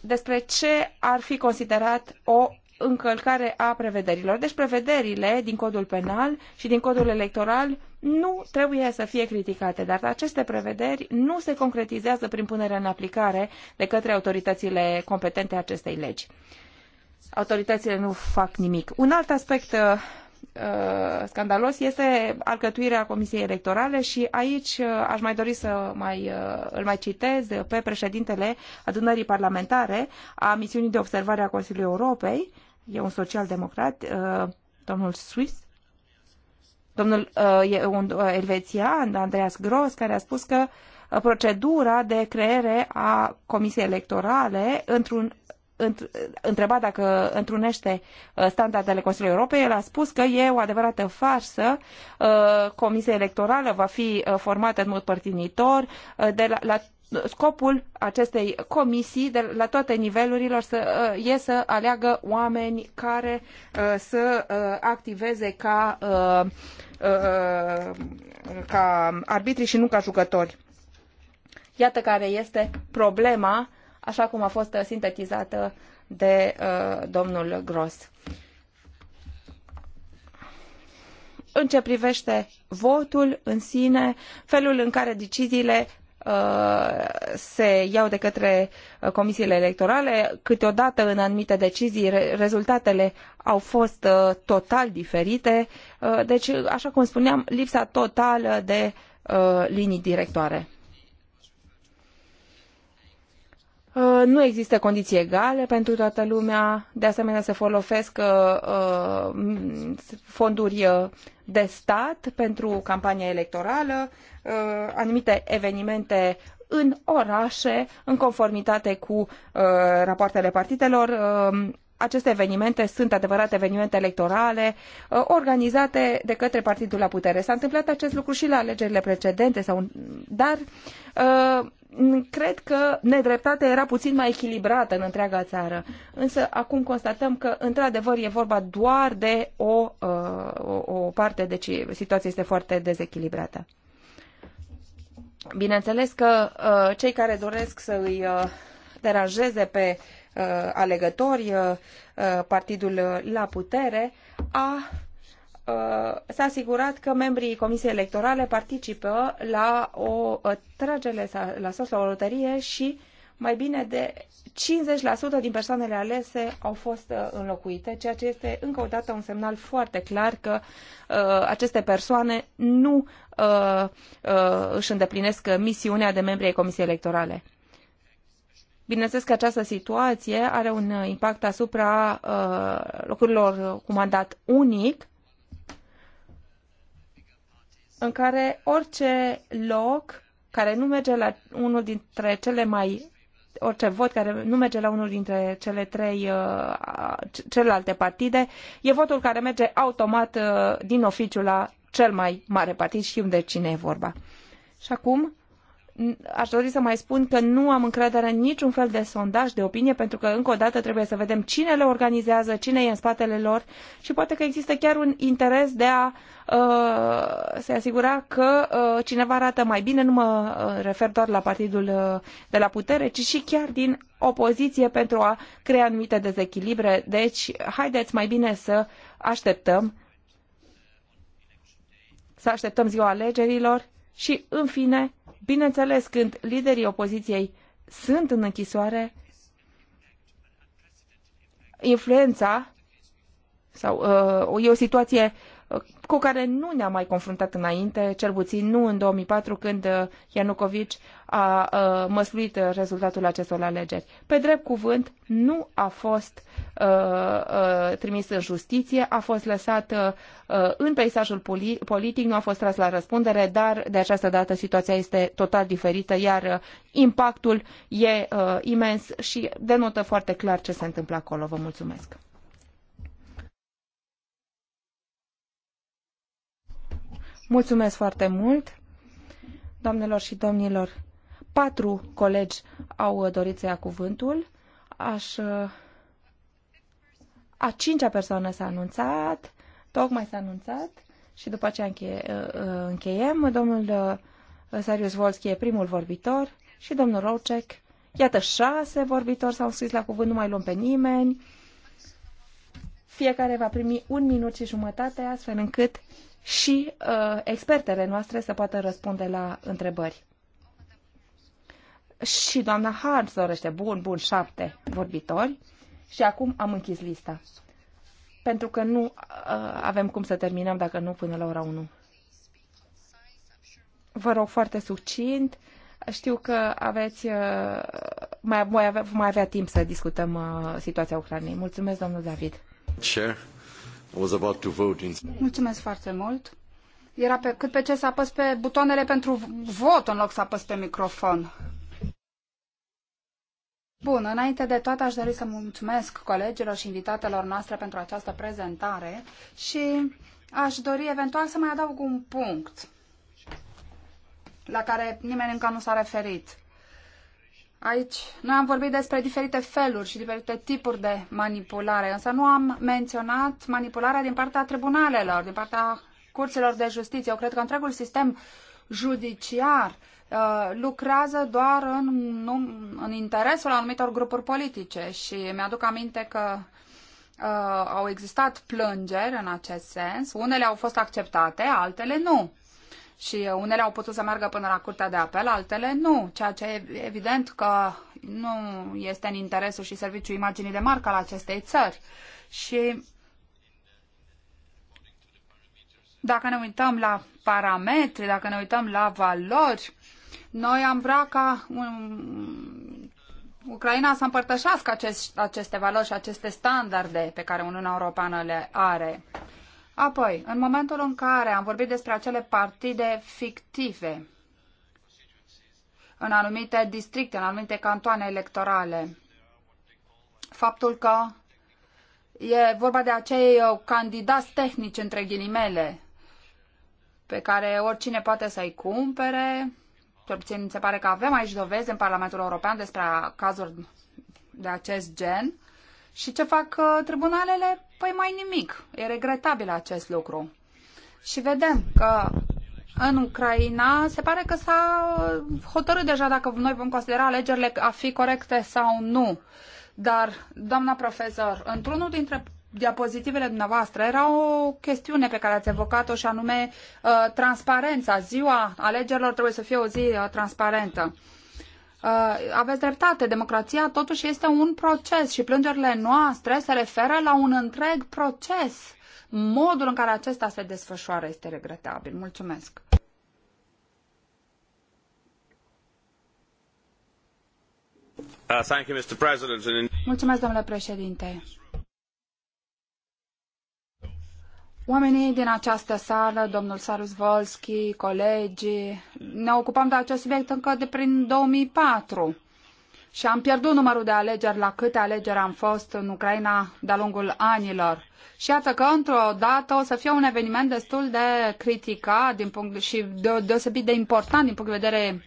despre ce ar fi considerat o încălcare a prevederilor. Deci prevederile din codul penal și din codul electoral nu trebuie să fie criticate, dar aceste prevederi nu se concretizează prin punerea în aplicare de către autoritățile competente acestei legi. Autoritățile nu fac nimic. Un alt aspect uh, scandalos este alcătuirea Comisiei Electorale și aici uh, aș mai dori să mai, uh, îl mai citez pe președintele adunării parlamentare a misiunii de observare a Consiliului Europei, e un social-democrat, uh, domnul Swiss, domnul uh, e un uh, elvețian, Andreas Gross, care a spus că procedura de creere a comisiei electorale într-un întrebat dacă întrunește standardele Consiliului Europei, el a spus că e o adevărată farsă. Comisia electorală va fi formată în mod părtinitor de la, la scopul acestei comisii de la toate nivelurile, să, uh, e să aleagă oameni care uh, să uh, activeze ca, ca arbitri și nu ca jucători. Iată care este problema, așa cum a fost sintetizată de domnul Gross. În ce privește votul în sine, felul în care deciziile Uh, se iau de către uh, comisiile electorale. Câteodată, în anumite decizii, rezultatele au fost uh, total diferite. Deci, așa cum spuneam, lipsa totală de linii directoare. Uh, nu există condiții egale pentru toată lumea, de asemenea se folosesc uh, uh, fonduri de stat pentru campania electorală, anumite evenimente în orașe, în conformitate cu rapoartele partidelor. Aceste evenimente sunt adevărate evenimente electorale organizate de către partidul la putere. S-a întâmplat acest lucru și la alegerile precedente, sau, dar cred că nedreptatea era puțin mai echilibrată în întreaga țară. Însă acum constatăm că, într-adevăr, e vorba doar de o, uh, o, o parte, deci situația este foarte dezechilibrată. Bineînțeles că uh, cei care doresc să îi uh, deranjeze pe uh, alegători, uh, uh, partidul la putere a Uh, s-a asigurat că membrii Comisiei Electorale participă la o uh, tragere la sos, la o loterie și mai bine de 50% din persoanele alese au fost uh, înlocuite, ceea ce este încă o dată un semnal foarte clar că uh, aceste persoane nu uh, uh, își îndeplinesc misiunea de membri ai Comisiei Electorale. Bineînțeles că această situație are un impact asupra uh, locurilor cu mandat unic, în care orice loc care nu merge la unul dintre cele mai orice vot care nu merge la unul dintre cele trei uh, celelalte partide, e votul care merge automat uh, din oficiu la cel mai mare partid, știm de cine e vorba. Și acum a dori să mai spun că nu am încredere în niciun fel de sondaj de opinie, pentru că, încă o dată, trebuie să vedem cine le organizează, cine e în spatele lor și poate că există chiar un interes de a uh, se asigura că uh, cineva arată mai bine, nu mă uh, refer doar la partidul uh, de la putere, ci și chiar din opoziție pentru a crea anumite dezechilibre. Deci, haideți mai bine să așteptăm să așteptăm ziua alegerilor și, în fine, Bineînțeles, când liderii opoziției sunt în închisoare, influența sau uh, e o situație cu care nu ne-am mai confruntat înainte, cel puțin nu în 2004 când uh, Ianucovici a uh, măsluit rezultatul acestor alegeri. Pe drept cuvânt, nu a fost uh, trimis în justiție, a fost lăsat în peisajul politic, nu a fost tras la răspundere, dar de această dată situația este total diferită, iar impactul e imens și denotă foarte clar ce se întâmplă acolo. Vă mulțumesc! Mulțumesc foarte mult, doamnelor și domnilor. Patru colegi au dorit să ia cuvântul. Aș... Uh, a cincea persoană s-a anunțat, tocmai s-a anunțat și după aceea încheie, uh, uh, încheiem. Domnul Sarius Volski e primul vorbitor și domnul Rocek. Iată, șase vorbitori s-au scris la cuvânt, nu mai luăm pe nimeni. Fiecare va primi un minut și jumătate, astfel încât și uh, expertele noastre să poată răspunde la întrebări. Și doamna Hart dorește bun, bun, șapte vorbitori și acum am închis lista. Pentru că nu uh, avem cum să terminăm dacă nu până la ora 1. Vă rog foarte succint. Știu că aveți, uh, mai, mai avea, mai avea timp să discutăm uh, situația Ucrainei. Mulțumesc, domnul David.
Sure was about to vote in...
Mulțumesc foarte mult. Era pe, cât pe ce să apăs pe butoanele pentru vot în loc să apăs pe microfon. Bun, înainte de toate aș dori să mulțumesc colegilor și invitatelor noastre pentru această prezentare și aș dori eventual să mai adaug un punct la care nimeni încă nu s-a referit. Aici noi am vorbit despre diferite feluri și diferite tipuri de manipulare, însă nu am menționat manipularea din partea tribunalelor, din partea curților de justiție. Eu cred că întregul sistem judiciar uh, lucrează doar în, nu, în interesul anumitor grupuri politice și mi-aduc aminte că uh, au existat plângeri în acest sens. Unele au fost acceptate, altele nu și unele au putut să meargă până la curtea de apel, altele nu, ceea ce e evident că nu este în interesul și serviciul imaginii de marcă al acestei țări. Și dacă ne uităm la parametri, dacă ne uităm la valori, noi am vrea ca un... Ucraina să împărtășească acest, aceste valori și aceste standarde pe care Uniunea Europeană le are. Apoi, în momentul în care am vorbit despre acele partide fictive în anumite districte, în anumite cantoane electorale, faptul că e vorba de acei uh, candidați tehnici, între ghilimele, pe care oricine poate să-i cumpere, cel puțin se pare că avem aici dovezi în Parlamentul European despre cazuri de acest gen, și ce fac uh, tribunalele? Păi mai nimic. E regretabil acest lucru. Și vedem că în Ucraina se pare că s-a uh, hotărât deja dacă noi vom considera alegerile a fi corecte sau nu. Dar, doamna profesor, într-unul dintre diapozitivele dumneavoastră era o chestiune pe care ați evocat-o și anume uh, transparența. Ziua alegerilor trebuie să fie o zi uh, transparentă. Uh, Uh, aveți dreptate, democrația totuși este un proces și plângerile noastre se referă la un întreg proces. Modul în care acesta se desfășoară este regretabil. Mulțumesc!
Uh,
Mulțumesc, domnule președinte. Oamenii din această sală, domnul Sarus Volski, colegii, ne ocupam de acest subiect încă de prin 2004 și am pierdut numărul de alegeri la câte alegeri am fost în Ucraina de-a lungul anilor. Și iată că într-o dată o să fie un eveniment destul de criticat din punct, și de, deosebit de important din punct de vedere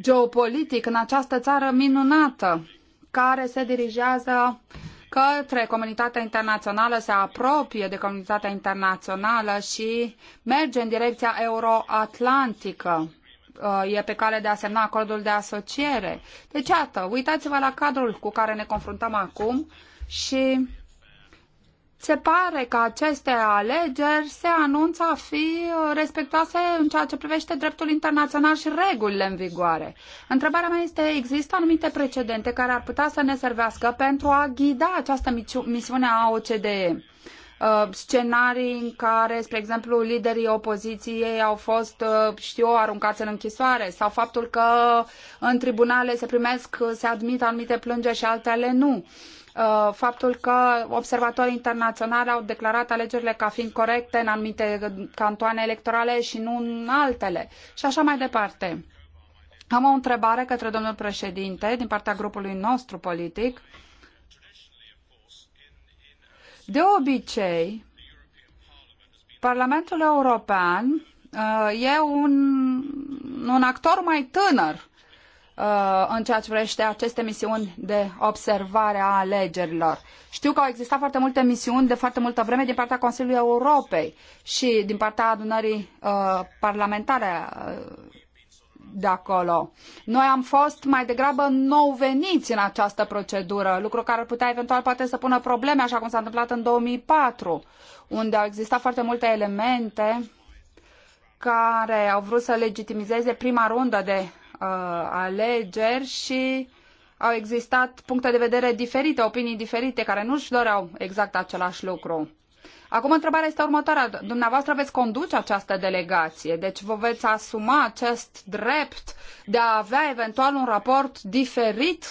geopolitic în această țară minunată care se dirigează uh, către comunitatea internațională, se apropie de comunitatea internațională și merge în direcția euroatlantică. Uh, e pe cale de a semna acordul de asociere. Deci, iată, uitați-vă la cadrul cu care ne confruntăm acum și se pare că aceste alegeri se anunță a fi respectoase în ceea ce privește dreptul internațional și regulile în vigoare. Întrebarea mea este, există anumite precedente care ar putea să ne servească pentru a ghida această misiune a OCDE? Uh, scenarii în care, spre exemplu, liderii opoziției au fost, uh, știu aruncați în închisoare sau faptul că în tribunale se primesc, se admit anumite plângeri și altele nu. Uh, faptul că observatorii internaționali au declarat alegerile ca fiind corecte în anumite cantoane electorale și nu în altele și așa mai departe. Am o întrebare către domnul președinte din partea grupului nostru politic. De obicei, Parlamentul European uh, e un, un actor mai tânăr Uh, în ceea ce vrește aceste misiuni de observare a alegerilor. Știu că au existat foarte multe misiuni de foarte multă vreme din partea Consiliului Europei și din partea adunării uh, parlamentare uh, de acolo. Noi am fost mai degrabă nou veniți în această procedură, lucru care ar putea eventual poate să pună probleme, așa cum s-a întâmplat în 2004, unde au existat foarte multe elemente care au vrut să legitimizeze prima rundă de Uh, alegeri și au existat puncte de vedere diferite, opinii diferite, care nu își doreau exact același lucru. Acum întrebarea este următoarea. Dumneavoastră veți conduce această delegație, deci vă veți asuma acest drept de a avea eventual un raport diferit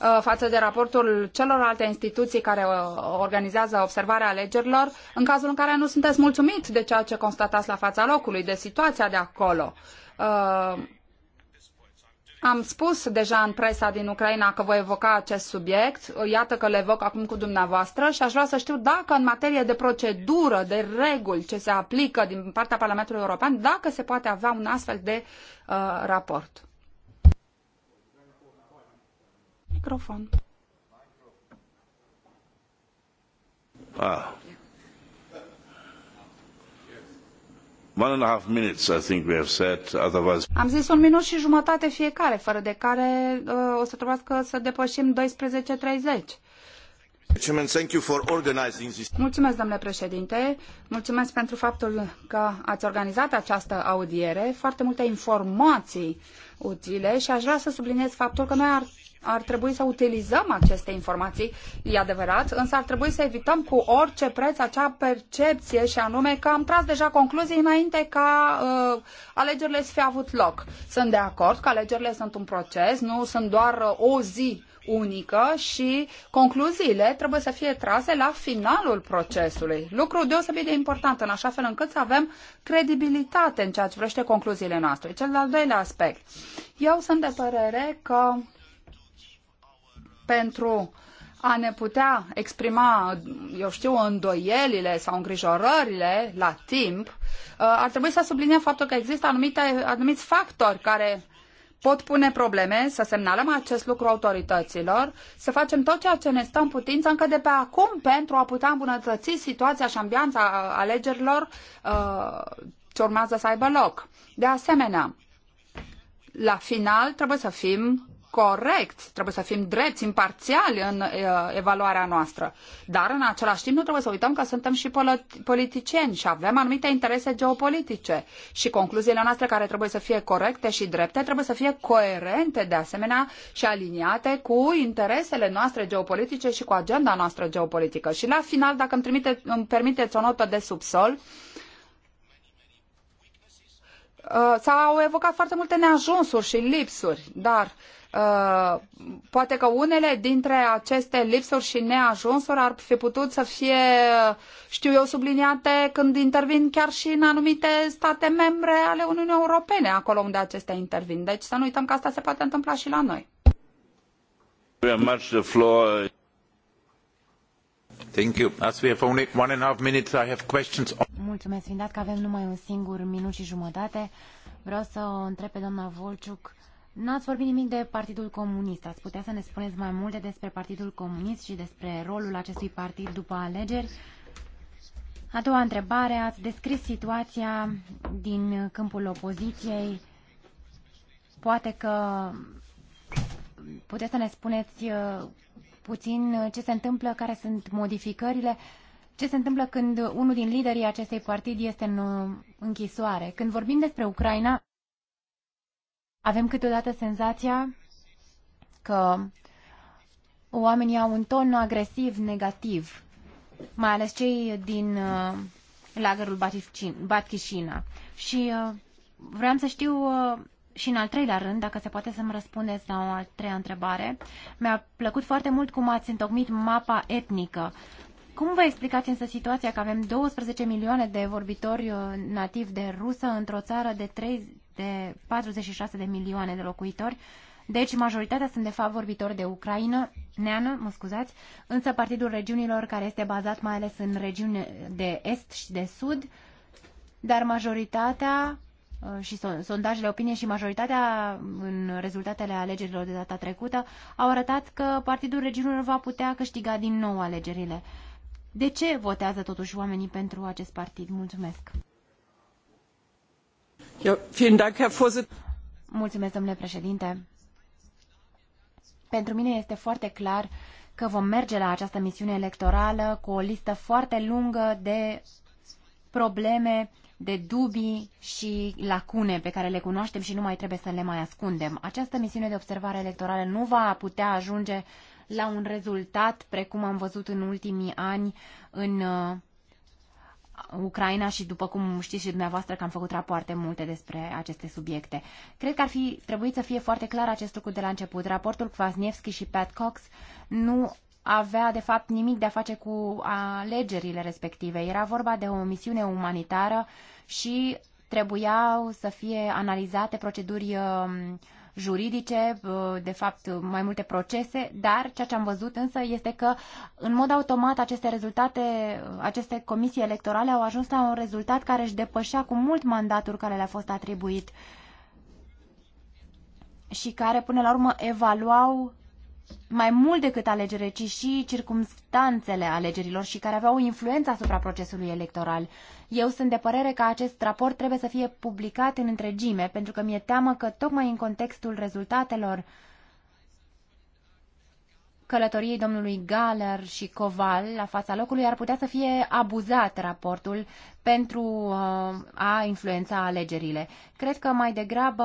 uh, față de raportul celorlalte instituții care uh, organizează observarea alegerilor, în cazul în care nu sunteți mulțumit de ceea ce constatați la fața locului, de situația de acolo. Uh, am spus deja în presa din Ucraina că voi evoca acest subiect, iată că le evoc acum cu dumneavoastră și aș vrea să știu dacă în materie de procedură, de reguli ce se aplică din partea Parlamentului European, dacă se poate avea un astfel de uh, raport. Microfon. Ah, Am zis un minut și jumătate fiecare, fără de care uh, o să trebuiască să depășim 12.30. Mulțumesc, domnule președinte. Mulțumesc pentru faptul că ați organizat această audiere. Foarte multe informații utile și aș vrea să subliniez faptul că noi ar ar trebui să utilizăm aceste informații, e adevărat, însă ar trebui să evităm cu orice preț acea percepție și anume că am tras deja concluzii înainte ca uh, alegerile să fie avut loc. Sunt de acord că alegerile sunt un proces, nu sunt doar uh, o zi unică și concluziile trebuie să fie trase la finalul procesului. Lucru deosebit de important, în așa fel încât să avem credibilitate în ceea ce vrește concluziile noastre. Cel de-al doilea aspect. Eu sunt de părere că pentru a ne putea exprima, eu știu, îndoielile sau îngrijorările la timp, uh, ar trebui să subliniem faptul că există anumite, anumiți factori care pot pune probleme, să semnalăm acest lucru autorităților, să facem tot ceea ce ne stă în putință încă de pe acum pentru a putea îmbunătăți situația și ambianța alegerilor uh, ce urmează să aibă loc. De asemenea, la final trebuie să fim corecți, trebuie să fim drepți, imparțiali în uh, evaluarea noastră. Dar în același timp nu trebuie să uităm că suntem și politicieni și avem anumite interese geopolitice și concluziile noastre care trebuie să fie corecte și drepte trebuie să fie coerente de asemenea și aliniate cu interesele noastre geopolitice și cu agenda noastră geopolitică. Și la final, dacă îmi, trimite, îmi permiteți o notă de subsol, uh, s-au evocat foarte multe neajunsuri și lipsuri, dar Uh, poate că unele dintre aceste lipsuri și neajunsuri ar fi putut să fie, știu eu, subliniate când intervin chiar și în anumite state membre ale Uniunii Europene, acolo unde acestea intervin. Deci să nu uităm că asta se poate întâmpla și la noi.
Mulțumesc, fiind dat că avem numai un singur minut și jumătate, vreau să o întreb pe doamna Volciuc N-ați vorbit nimic de Partidul Comunist. Ați putea să ne spuneți mai multe despre Partidul Comunist și despre rolul acestui partid după alegeri? A doua întrebare, ați descris situația din câmpul opoziției. Poate că puteți să ne spuneți uh, puțin uh, ce se întâmplă, care sunt modificările, ce se întâmplă când unul din liderii acestei partid este în uh, închisoare. Când vorbim despre Ucraina, avem câteodată senzația că oamenii au un ton agresiv, negativ, mai ales cei din uh, lagărul Batchișina. Și uh, vreau să știu uh, și în al treilea rând, dacă se poate să-mi răspundeți la o al treia întrebare, mi-a plăcut foarte mult cum ați întocmit mapa etnică. Cum vă explicați însă situația că avem 12 milioane de vorbitori uh, nativi de rusă într-o țară de 3, de 46 de milioane de locuitori, deci majoritatea sunt de fapt vorbitori de Ucraina, neană, mă scuzați, însă Partidul Regiunilor, care este bazat mai ales în regiune de est și de sud, dar majoritatea uh, și sondajele opinie și majoritatea în rezultatele alegerilor de data trecută au arătat că Partidul Regiunilor va putea câștiga din nou alegerile. De ce votează totuși oamenii pentru acest partid? Mulțumesc! Mulțumesc, domnule președinte. Pentru mine este foarte clar că vom merge la această misiune electorală cu o listă foarte lungă de probleme, de dubii și lacune pe care le cunoaștem și nu mai trebuie să le mai ascundem. Această misiune de observare electorală nu va putea ajunge la un rezultat precum am văzut în ultimii ani în uh, Ucraina și după cum știți și dumneavoastră că am făcut rapoarte multe despre aceste subiecte. Cred că ar fi trebuit să fie foarte clar acest lucru de la început. Raportul Kvasniewski și Pat Cox nu avea de fapt nimic de a face cu alegerile respective. Era vorba de o misiune umanitară și trebuiau să fie analizate proceduri uh, juridice, uh, de fapt mai multe procese, dar ceea ce am văzut însă este că în mod automat aceste rezultate, aceste comisii electorale au ajuns la un rezultat care își depășea cu mult mandatul care le-a fost atribuit și care până la urmă evaluau mai mult decât alegere, ci și circumstanțele alegerilor și care aveau o influență asupra procesului electoral. Eu sunt de părere că acest raport trebuie să fie publicat în întregime, pentru că mi-e teamă că tocmai în contextul rezultatelor uh, călătoriei domnului Galer și Coval la fața locului ar putea să fie abuzat raportul pentru uh, a influența alegerile. Cred că mai degrabă,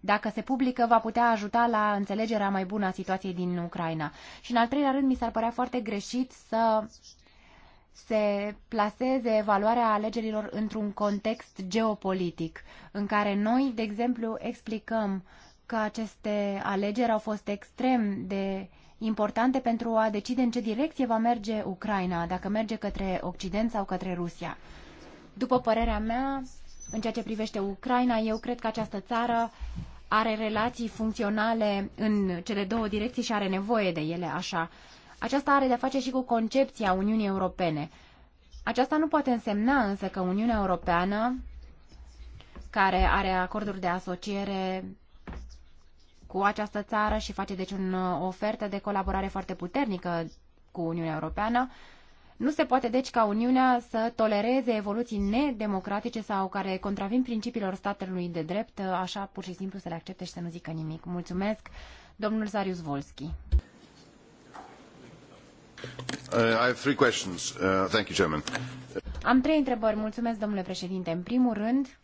dacă se publică, va putea ajuta la înțelegerea mai bună a situației din Ucraina. Și în al treilea rând, mi s-ar părea foarte greșit să se plaseze evaluarea alegerilor într-un context geopolitic, în care noi, de exemplu, explicăm că aceste alegeri au fost extrem de importante pentru a decide în ce direcție va merge Ucraina, dacă merge către Occident sau către Rusia. După părerea mea, în ceea ce privește Ucraina, eu cred că această țară are relații funcționale în cele două direcții și are nevoie de ele așa. Aceasta are de-a face și cu concepția Uniunii Europene. Aceasta nu poate însemna însă că Uniunea Europeană, care are acorduri de asociere cu această țară și face deci un, o uh, ofertă de colaborare foarte puternică cu Uniunea Europeană. Nu se poate deci ca Uniunea să tolereze evoluții nedemocratice sau care contravin principiilor statului de drept, uh, așa pur și simplu să le accepte și să nu zică nimic. Mulțumesc, domnul Sarius Volski.
Uh, I have three questions. Uh, thank you, Chairman.
Am trei întrebări. Mulțumesc, domnule președinte. În primul rând,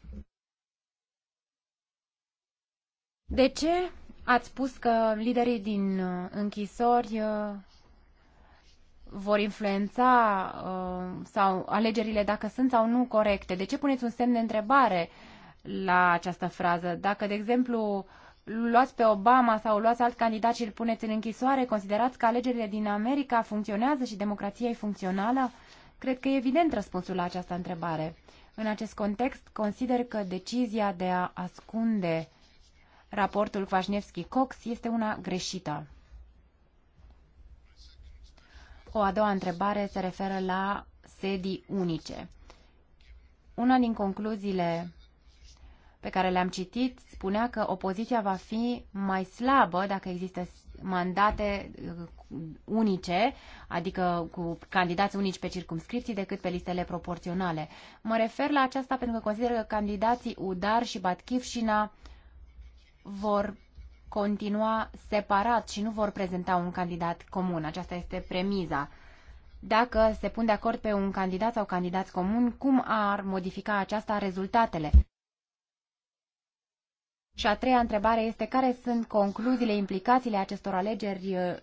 de ce Ați spus că liderii din uh, închisori uh, vor influența uh, sau alegerile dacă sunt sau nu corecte. De ce puneți un semn de întrebare la această frază? Dacă, de exemplu, luați pe Obama sau luați alt candidat și îl puneți în închisoare, considerați că alegerile din America funcționează și democrația e funcțională? Cred că e evident răspunsul la această întrebare. În acest context, consider că decizia de a ascunde raportul kwasniewski cox este una greșită. O a doua întrebare se referă la sedii unice. Una din concluziile pe care le-am citit spunea că opoziția va fi mai slabă dacă există mandate uh, unice, adică cu candidați unici pe circumscripții, decât pe listele proporționale. Mă refer la aceasta pentru că consider că candidații Udar și Batkivșina vor continua separat și nu vor prezenta un candidat comun. Aceasta este premiza. Dacă se pun de acord pe un candidat sau candidați comun, cum ar modifica aceasta rezultatele? Și a treia întrebare este care sunt concluziile, implicațiile acestor alegeri, uh,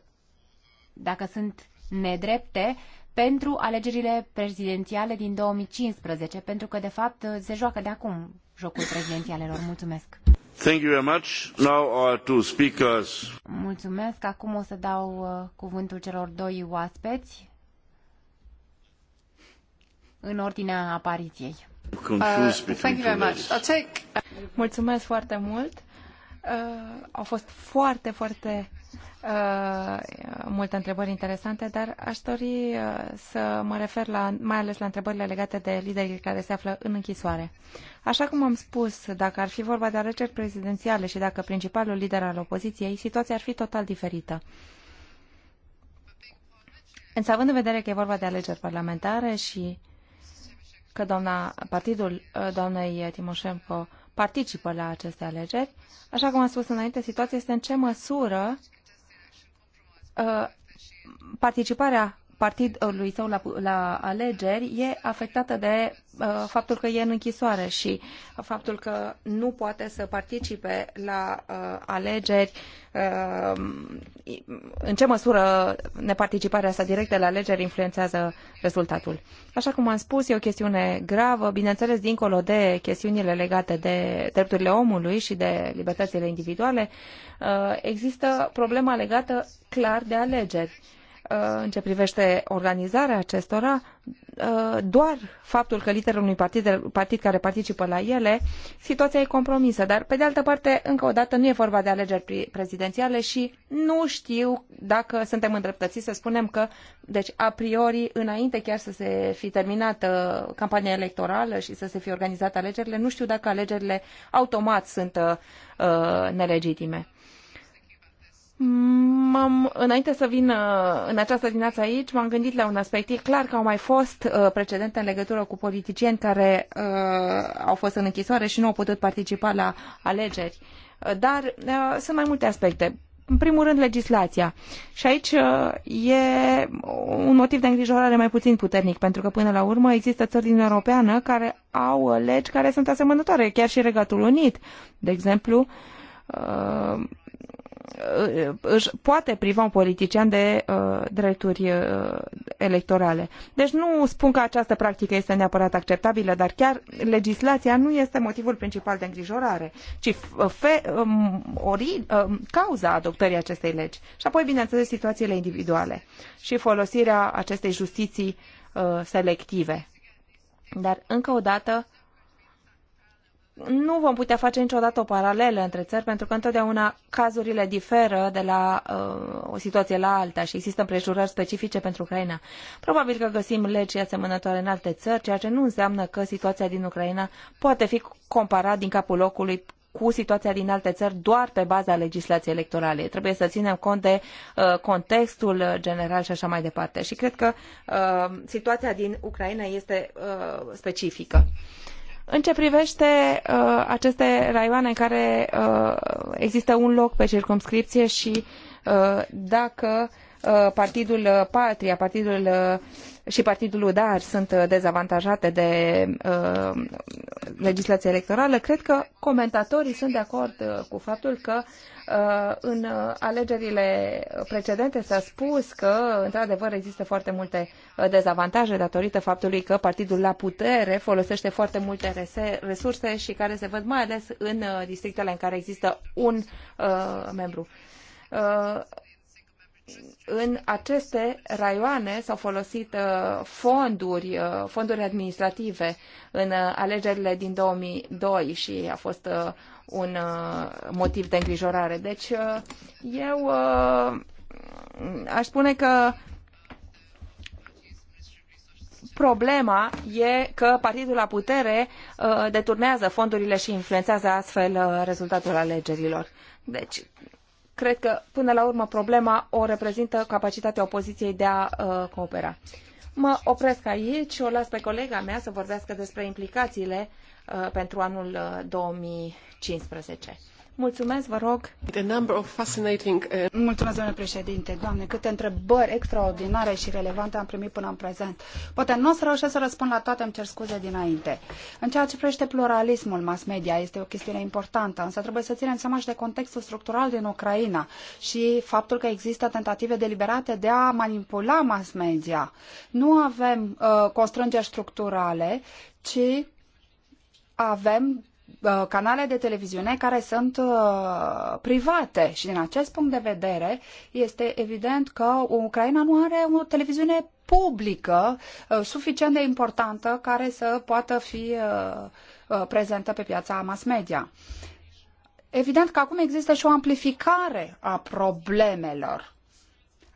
dacă sunt nedrepte, pentru alegerile prezidențiale din 2015, pentru că, de fapt, uh, se joacă de acum jocul prezidențialelor. Mulțumesc! Thank you Mulțumesc. Acum o să dau uh, cuvântul celor doi oaspeți în ordinea apariției. Uh, Mulțumesc foarte mult.
Uh, au fost foarte, foarte Uh, multe întrebări interesante, dar aș dori uh, să mă refer la, mai ales la întrebările legate de liderii care se află în închisoare. Așa cum am spus, dacă ar fi vorba de alegeri prezidențiale și dacă principalul lider al opoziției, situația ar fi total diferită. Însă, având în vedere că e vorba de alegeri parlamentare și că doamna, partidul uh, doamnei Timoșenko participă la aceste alegeri. Așa cum am spus înainte, situația este în ce măsură Uh, participarea partidului său la, la alegeri e afectată de uh, faptul că e în închisoare și faptul că nu poate să participe la uh, alegeri. Uh, în ce măsură neparticiparea sa directă la alegeri influențează rezultatul? Așa cum am spus, e o chestiune gravă, bineînțeles, dincolo de chestiunile legate de drepturile omului și de libertățile individuale, uh, există problema legată clar de alegeri. Uh, Uh, în ce privește organizarea acestora, uh, doar faptul că liderul unui partid, partid care participă la ele, situația e compromisă. Dar, pe de altă parte, încă o dată, nu e vorba de alegeri prezidențiale și nu știu dacă suntem îndreptățiți să spunem că, deci, a priori, înainte chiar să se fi terminată uh, campania electorală și să se fi organizat alegerile, nu știu dacă alegerile automat sunt uh, nelegitime. M-am, înainte să vin uh, în această dimineață aici, m-am gândit la un aspect. E clar că au mai fost uh, precedente în legătură cu politicieni care uh, au fost în închisoare și nu au putut participa la alegeri. Uh, dar uh, sunt mai multe aspecte. În primul rând, legislația. Și aici e un motiv de îngrijorare mai puțin puternic, pentru că până la urmă există țări din Europeană care au legi care sunt asemănătoare, chiar și Regatul Unit. De exemplu, își poate priva un politician de uh, drepturi uh, electorale. Deci nu spun că această practică este neapărat acceptabilă, dar chiar legislația nu este motivul principal de îngrijorare, ci uh, fe, um, ori, um, cauza adoptării acestei legi. Și apoi, bineînțeles, situațiile individuale și folosirea acestei justiții selective. Dar, încă o dată, nu vom putea face niciodată o paralelă între țări, pentru că întotdeauna cazurile diferă de la uh, o situație la alta și există împrejurări specifice pentru Ucraina. Probabil că găsim legi asemănătoare în alte țări, ceea ce nu înseamnă că situația din Ucraina poate fi comparat din capul locului cu situația din alte țări doar pe baza legislației electorale. Trebuie să ținem cont de uh, contextul general și așa mai departe. Și cred că uh, situația din Ucraina este uh, specifică. Uh, în ce privește uh, aceste raioane în care uh, există un loc pe circumscripție și uh, dacă uh, partidul Patria, partidul uh, și Partidul Udar sunt uh, dezavantajate de uh, legislația electorală, cred că comentatorii sunt de acord uh, cu faptul că uh, în uh, alegerile precedente s-a spus că, într-adevăr, există foarte multe dezavantaje datorită faptului că partidul la putere folosește foarte multe resurse și care se văd mai ales în districtele în care există un uh, membru în aceste raioane s-au folosit uh, fonduri, uh, fonduri administrative în uh, alegerile din 2002 și a fost un motiv de îngrijorare. Deci eu aș spune că problema e că partidul la putere deturnează fondurile și influențează astfel rezultatul alegerilor. Deci, cred că până la urmă problema o reprezintă capacitatea opoziției de a uh, coopera. Mă opresc aici, o las pe colega mea să vorbească despre implicațiile uh, pentru anul uh, 2015. Mulțumesc,
uh, Mulțumesc, domnule președinte. câte întrebări extraordinare și relevante am primit până în prezent. Poate nu o să reușesc să răspund la toate, îmi cer scuze dinainte. În ceea ce privește pluralismul mass media, este o chestiune importantă, însă trebuie să ținem seama și de contextul structural din Ucraina și faptul că există tentative deliberate de a manipula mass media. Nu avem uh, constrângeri structurale, ci avem Uh, canale de televiziune care sunt uh, private și din acest punct de vedere este evident că Ucraina nu are o televiziune publică uh, suficient de importantă care să poată fi prezentă pe piața mass media. Evident că acum există și o amplificare a problemelor.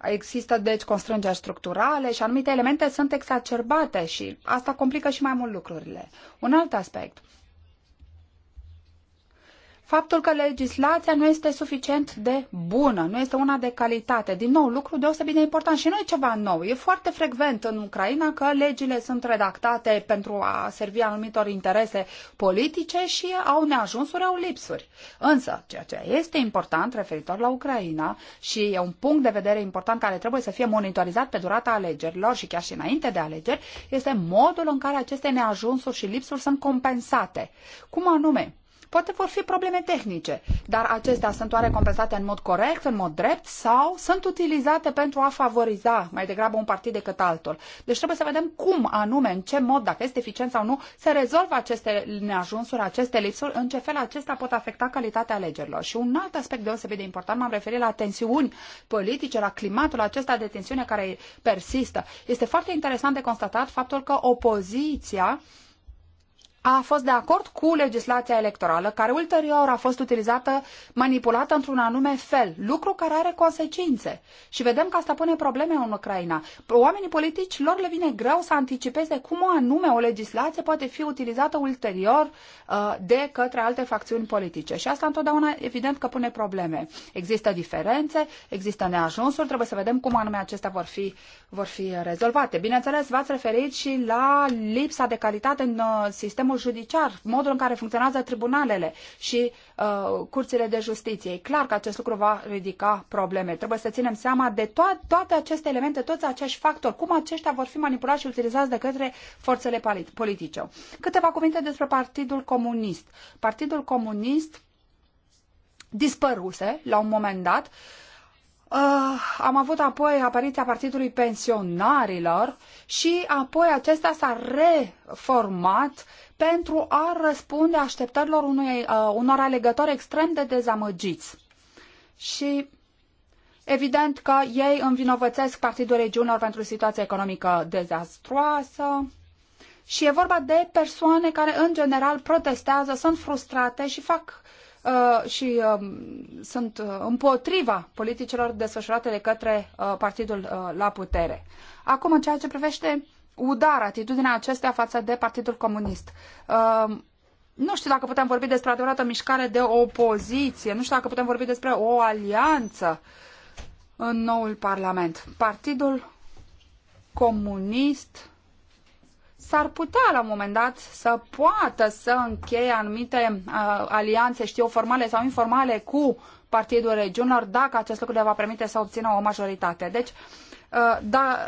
Există, deci, constrângeri structurale și anumite elemente sunt exacerbate și asta complică și mai mult lucrurile. Un alt aspect faptul că legislația nu este suficient de bună, nu este una de calitate. Din nou, lucru deosebit de important și nu e ceva nou. E foarte frecvent în Ucraina că legile sunt redactate pentru a servi anumitor interese politice și au neajunsuri, au lipsuri. Însă, ceea ce este important referitor la Ucraina și e un punct de vedere important care trebuie să fie monitorizat pe durata alegerilor și chiar și înainte de alegeri, este modul în care aceste neajunsuri și lipsuri sunt compensate. Cum anume? Poate vor fi probleme tehnice, dar acestea sunt oare compensate în mod corect, în mod drept sau sunt utilizate pentru a favoriza mai degrabă un partid decât altul. Deci trebuie să vedem cum anume, în ce mod, dacă este eficient sau nu, se rezolvă aceste neajunsuri, aceste lipsuri, în ce fel acestea pot afecta calitatea alegerilor. Și un alt aspect deosebit de important, m-am referit la tensiuni politice, la climatul acesta de tensiune care persistă. Este foarte interesant de constatat faptul că opoziția a fost de acord cu legislația electorală, care ulterior a fost utilizată, manipulată într-un anume fel, lucru care are consecințe. Și vedem că asta pune probleme în Ucraina. Oamenii politici lor le vine greu să anticipeze cum o anume o legislație poate fi utilizată ulterior uh, de către alte facțiuni politice. Și asta întotdeauna evident că pune probleme. Există diferențe, există neajunsuri, trebuie să vedem cum anume acestea vor fi, vor fi rezolvate. Bineînțeles, v-ați referit și la lipsa de calitate în uh, sistemul sistemul judiciar, modul în care funcționează tribunalele și uh, curțile de justiție. E clar că acest lucru va ridica probleme. Trebuie să ținem seama de to- toate aceste elemente, toți acești factori, cum aceștia vor fi manipulați și utilizați de către forțele politice. Câteva cuvinte despre Partidul Comunist. Partidul Comunist dispăruse la un moment dat. Uh, am avut apoi apariția Partidului Pensionarilor și apoi acesta s-a reformat pentru a răspunde așteptărilor unui, uh, unor alegători extrem de dezamăgiți. Și evident că ei învinovățesc Partidul Regiunilor pentru situația economică dezastroasă și e vorba de persoane care, în general, protestează, sunt frustrate și fac uh, și um, uh, sunt împotriva politicilor desfășurate de către uh, partidul uh, la putere. Acum, în ceea ce privește udară atitudinea acestea față de Partidul Comunist. Ehm, nu știu dacă putem vorbi despre adevărată mișcare de opoziție, nu știu dacă putem vorbi despre o alianță în noul Parlament. Partidul Comunist s-ar putea la un moment dat să poată să încheie anumite uh, alianțe, știu formale sau informale cu Partidul Regiunilor, dacă acest lucru le va permite să obțină o majoritate. Deci, uh, Uh, dar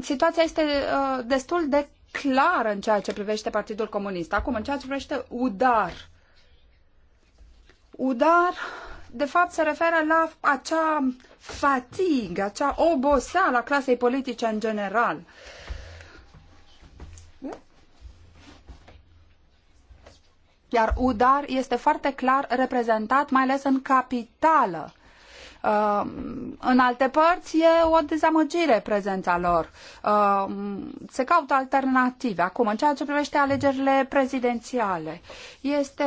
situația este uh, destul de clară în ceea ce privește Partidul Comunist. Acum, în ceea ce privește UDAR. UDAR, de fapt, se referă la acea fatigă, acea oboseală a clasei politice în general. Iar UDAR este foarte clar reprezentat, mai ales în capitală în alte părți e o dezamăgire prezența lor. Uh, se caută alternative. Acum, în ceea ce privește alegerile prezidențiale, este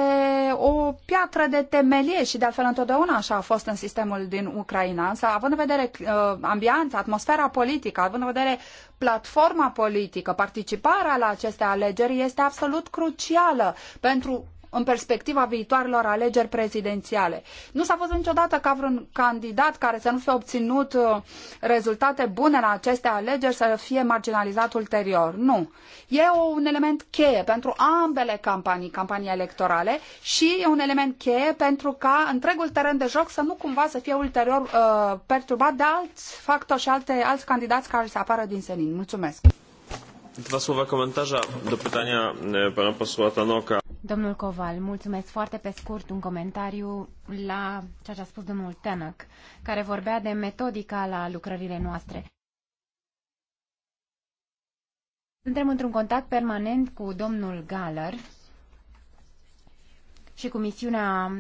o piatră de temelie și de altfel întotdeauna așa a fost în sistemul din Ucraina. Însă, având în vedere uh, ambianța, atmosfera politică, având în vedere platforma politică, participarea la aceste alegeri este absolut crucială pentru în perspectiva viitoarelor alegeri prezidențiale. Nu s-a văzut niciodată ca vreun candidat care să nu fie obținut uh, rezultate bune la aceste alegeri să fie marginalizat ulterior. Nu. E un element cheie pentru ambele campanii, campanii electorale și e un element cheie pentru ca întregul teren de joc să nu cumva să fie ulterior uh, perturbat de alți factori și alte, alți candidați care se
apară din senin. Mulțumesc!
Dwa słowa komentarza do pytania pana posła Tanoka.
Domnul Coval, mulțumesc foarte pe scurt un comentariu la ceea ce a spus domnul Tanac, care vorbea de metodica la lucrările noastre. Suntem într-un contact permanent cu domnul Galler și cu misiunea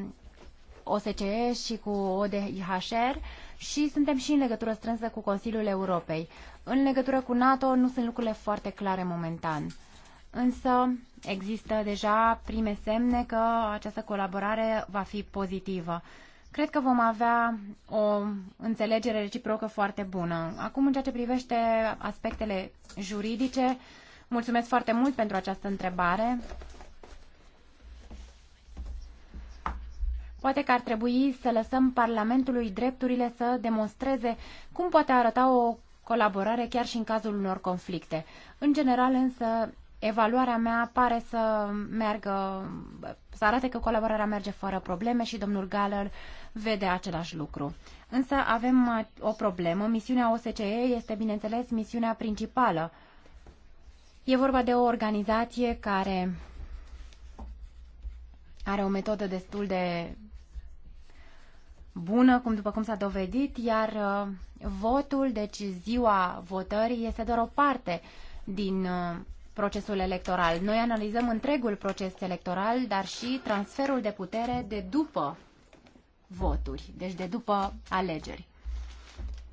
OSCE și cu ODHR și suntem și în legătură strânsă cu Consiliul Europei. În legătură cu NATO nu sunt lucrurile foarte clare momentan. Însă există deja prime semne că această colaborare va fi pozitivă. Cred că vom avea o înțelegere reciprocă foarte bună. Acum, în ceea ce privește aspectele juridice, mulțumesc foarte mult pentru această întrebare. Poate că ar trebui să lăsăm Parlamentului drepturile să demonstreze cum poate arăta o colaborare chiar și în cazul unor conflicte. În general, însă, evaluarea mea pare să meargă, să arate că colaborarea merge fără probleme și domnul Galler vede același lucru. Însă avem uh, o problemă. Misiunea OSCE este, bineînțeles, misiunea principală. E vorba de o organizație care are o metodă destul de bună, cum după cum s-a dovedit, iar uh, votul, deci ziua votării, este doar o parte din uh, procesul electoral. Noi analizăm întregul proces electoral, dar și transferul de putere de după voturi, deci de după alegeri.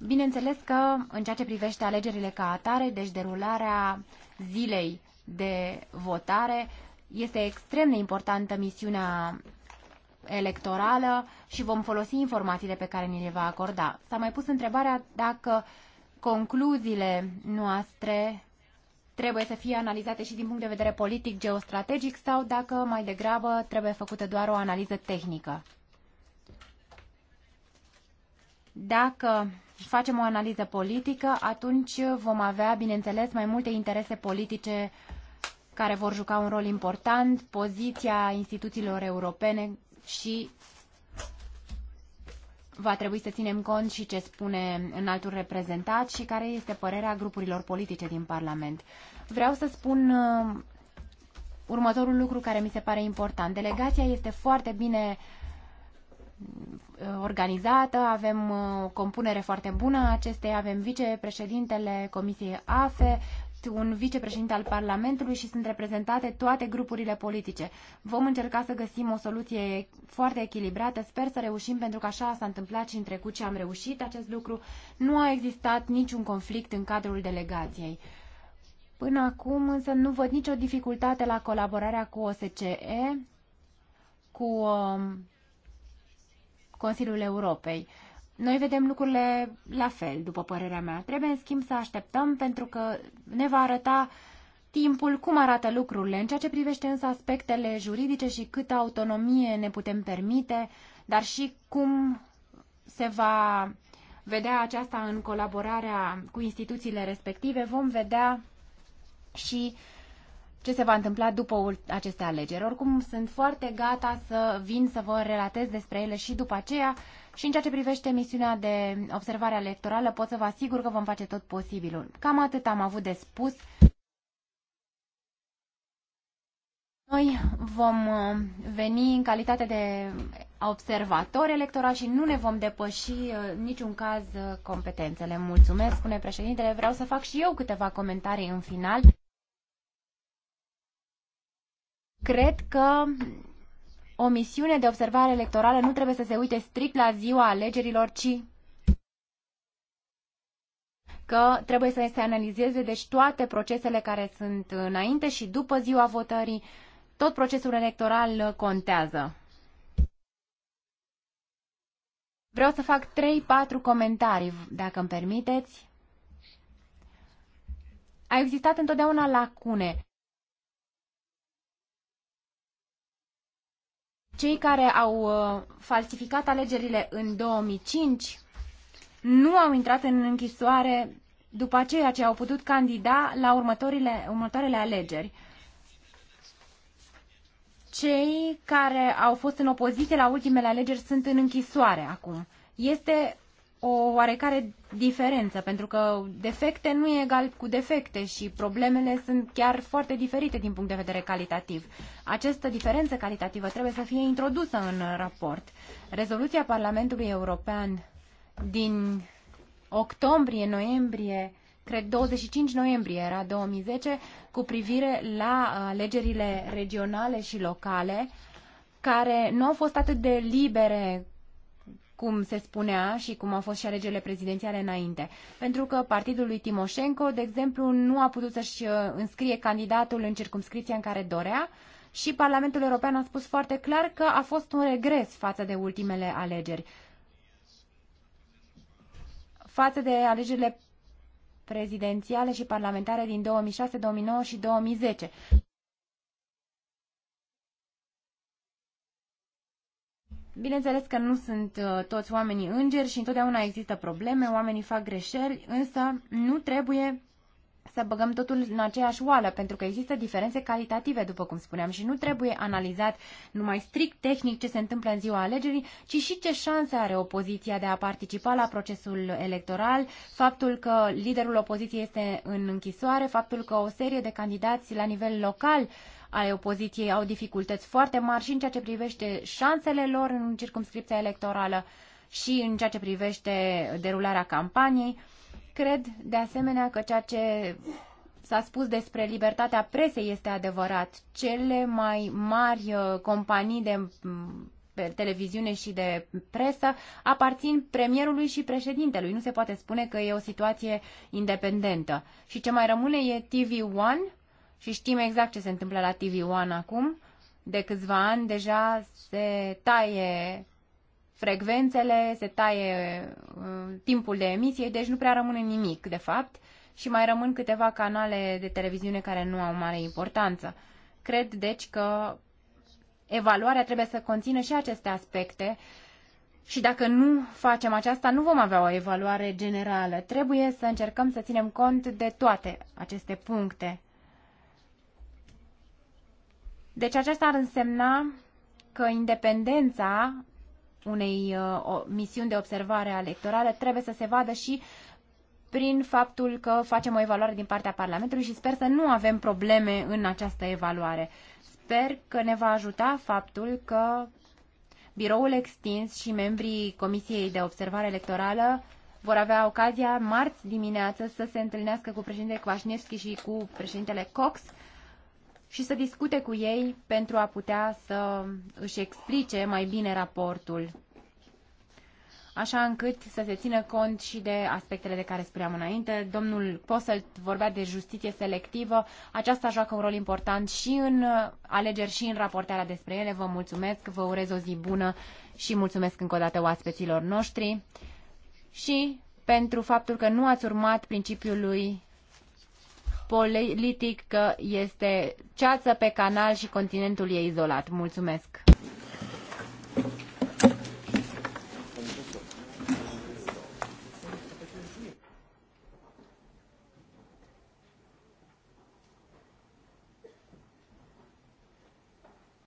Bineînțeles că în ceea ce privește alegerile ca atare, deci derularea zilei de votare, este extrem de importantă misiunea electorală și vom folosi informațiile pe care ni le va acorda. S-a mai pus întrebarea dacă concluziile noastre trebuie să fie analizate și din punct de vedere politic, geostrategic sau dacă mai degrabă trebuie făcută doar o analiză tehnică. Dacă facem o analiză politică, atunci vom avea, bineînțeles, mai multe interese politice care vor juca un rol important, poziția instituțiilor europene și va trebui să ținem cont și ce spune înaltul reprezentat și care este părerea grupurilor politice din Parlament. Vreau să spun uh, următorul lucru care mi se pare important. Delegația este foarte bine uh, organizată, avem uh, o compunere foarte bună a acestei, avem vicepreședintele Comisiei AFE, un vicepreședinte al Parlamentului și sunt reprezentate toate grupurile politice. Vom încerca să găsim o soluție foarte echilibrată. Sper să reușim, pentru că așa s-a întâmplat și în trecut și am reușit acest lucru. Nu a existat niciun conflict în cadrul delegației. Până acum însă nu văd nicio dificultate la colaborarea cu OSCE, cu um, Consiliul Europei. Noi vedem lucrurile la fel, după părerea mea. Trebuie, în schimb, să așteptăm pentru că ne va arăta timpul cum arată lucrurile. În ceea ce privește însă aspectele juridice și câtă autonomie ne putem permite, dar și cum se va vedea aceasta în colaborarea cu instituțiile respective, vom vedea și uh, ce se va întâmpla după aceste alegeri. Oricum, sunt foarte gata să vin să vă relatez despre ele și după aceea. Și în ceea ce privește misiunea de observare electorală, pot să vă asigur că vom face tot posibilul. Cam atât am avut de spus. Noi vom uh, veni în calitate de observator electoral și nu ne vom depăși uh, în niciun caz uh, competențele. Mulțumesc, spune președintele. Vreau să fac și eu câteva comentarii în final. Cred că o misiune de observare electorală nu trebuie să se uite strict la ziua alegerilor, ci că trebuie să se analizeze deci toate procesele care sunt înainte și după ziua votării. Tot procesul electoral contează. Vreau să fac 3-4 comentarii, dacă îmi permiteți. A existat întotdeauna lacune cei care au uh, falsificat alegerile în 2005 nu au intrat în închisoare după aceea ce au putut candida la următorile, următoarele alegeri. Cei care au fost în opoziție la ultimele alegeri sunt în închisoare acum. Este o oarecare diferență, pentru că defecte nu e egal cu defecte și problemele sunt chiar foarte diferite din punct de vedere calitativ. Această diferență calitativă trebuie să fie introdusă în raport. Rezoluția Parlamentului European din octombrie-noiembrie cred 25 noiembrie era 2010, cu privire la alegerile regionale și locale, care nu au fost atât de libere cum se spunea și cum au fost și alegerile prezidențiale înainte. Pentru că partidul lui Timoșenko, de exemplu, nu a putut să-și uh, înscrie candidatul în circumscripția în care dorea și Parlamentul European a spus foarte clar că a fost un regres față de ultimele alegeri. Față de alegerile prezidențiale și parlamentare din 2006, 2009 și 2010. Bineînțeles că nu sunt uh, toți oamenii îngeri și întotdeauna există probleme, oamenii fac greșeli, însă nu trebuie să băgăm totul în aceeași oală, pentru că există diferențe calitative, după cum spuneam, și nu trebuie analizat numai strict tehnic ce se întâmplă în ziua alegerii, ci și ce șanse are opoziția de a participa la procesul electoral, faptul că liderul opoziției este în închisoare, faptul că o serie de candidați la nivel local uh, ale opoziției au dificultăți foarte mari și în ceea ce privește șansele lor în circumscripția electorală și în ceea ce privește derularea campaniei. Cred, de asemenea, că ceea ce s-a spus despre libertatea presei este adevărat. Cele mai mari uh, companii de mm, televiziune și de presă aparțin premierului și președintelui. Nu se poate spune că e o situație independentă. Și ce mai rămâne e TV One, și știm exact ce se întâmplă la tv One acum. De câțiva ani deja se taie frecvențele, se taie uh, timpul de emisie, deci nu prea rămâne nimic, de fapt, și mai rămân câteva canale de televiziune care nu au mare importanță. Cred, deci, că evaluarea trebuie să conțină și aceste aspecte și dacă nu facem aceasta, nu vom avea o evaluare generală. Trebuie să încercăm să ținem cont de toate aceste puncte. Deci aceasta ar însemna că independența unei uh, misiuni de observare electorală trebuie să se vadă și prin faptul că facem o evaluare din partea Parlamentului și sper să nu avem probleme în această evaluare. Sper că ne va ajuta faptul că biroul extins și membrii Comisiei de Observare Electorală vor avea ocazia marți dimineață să se întâlnească cu președintele Kvașnevski și cu președintele Cox și să discute cu ei pentru a putea să își explice mai bine raportul, așa încât să se țină cont și de aspectele de care spuneam înainte. Domnul Posselt vorbea de justiție selectivă. Aceasta joacă un rol important și în alegeri și în raportarea despre ele. Vă mulțumesc, vă urez o zi bună și mulțumesc încă o dată oaspeților noștri și pentru faptul că nu ați urmat principiul lui politică este ceață pe canal și continentul e izolat. Mulțumesc!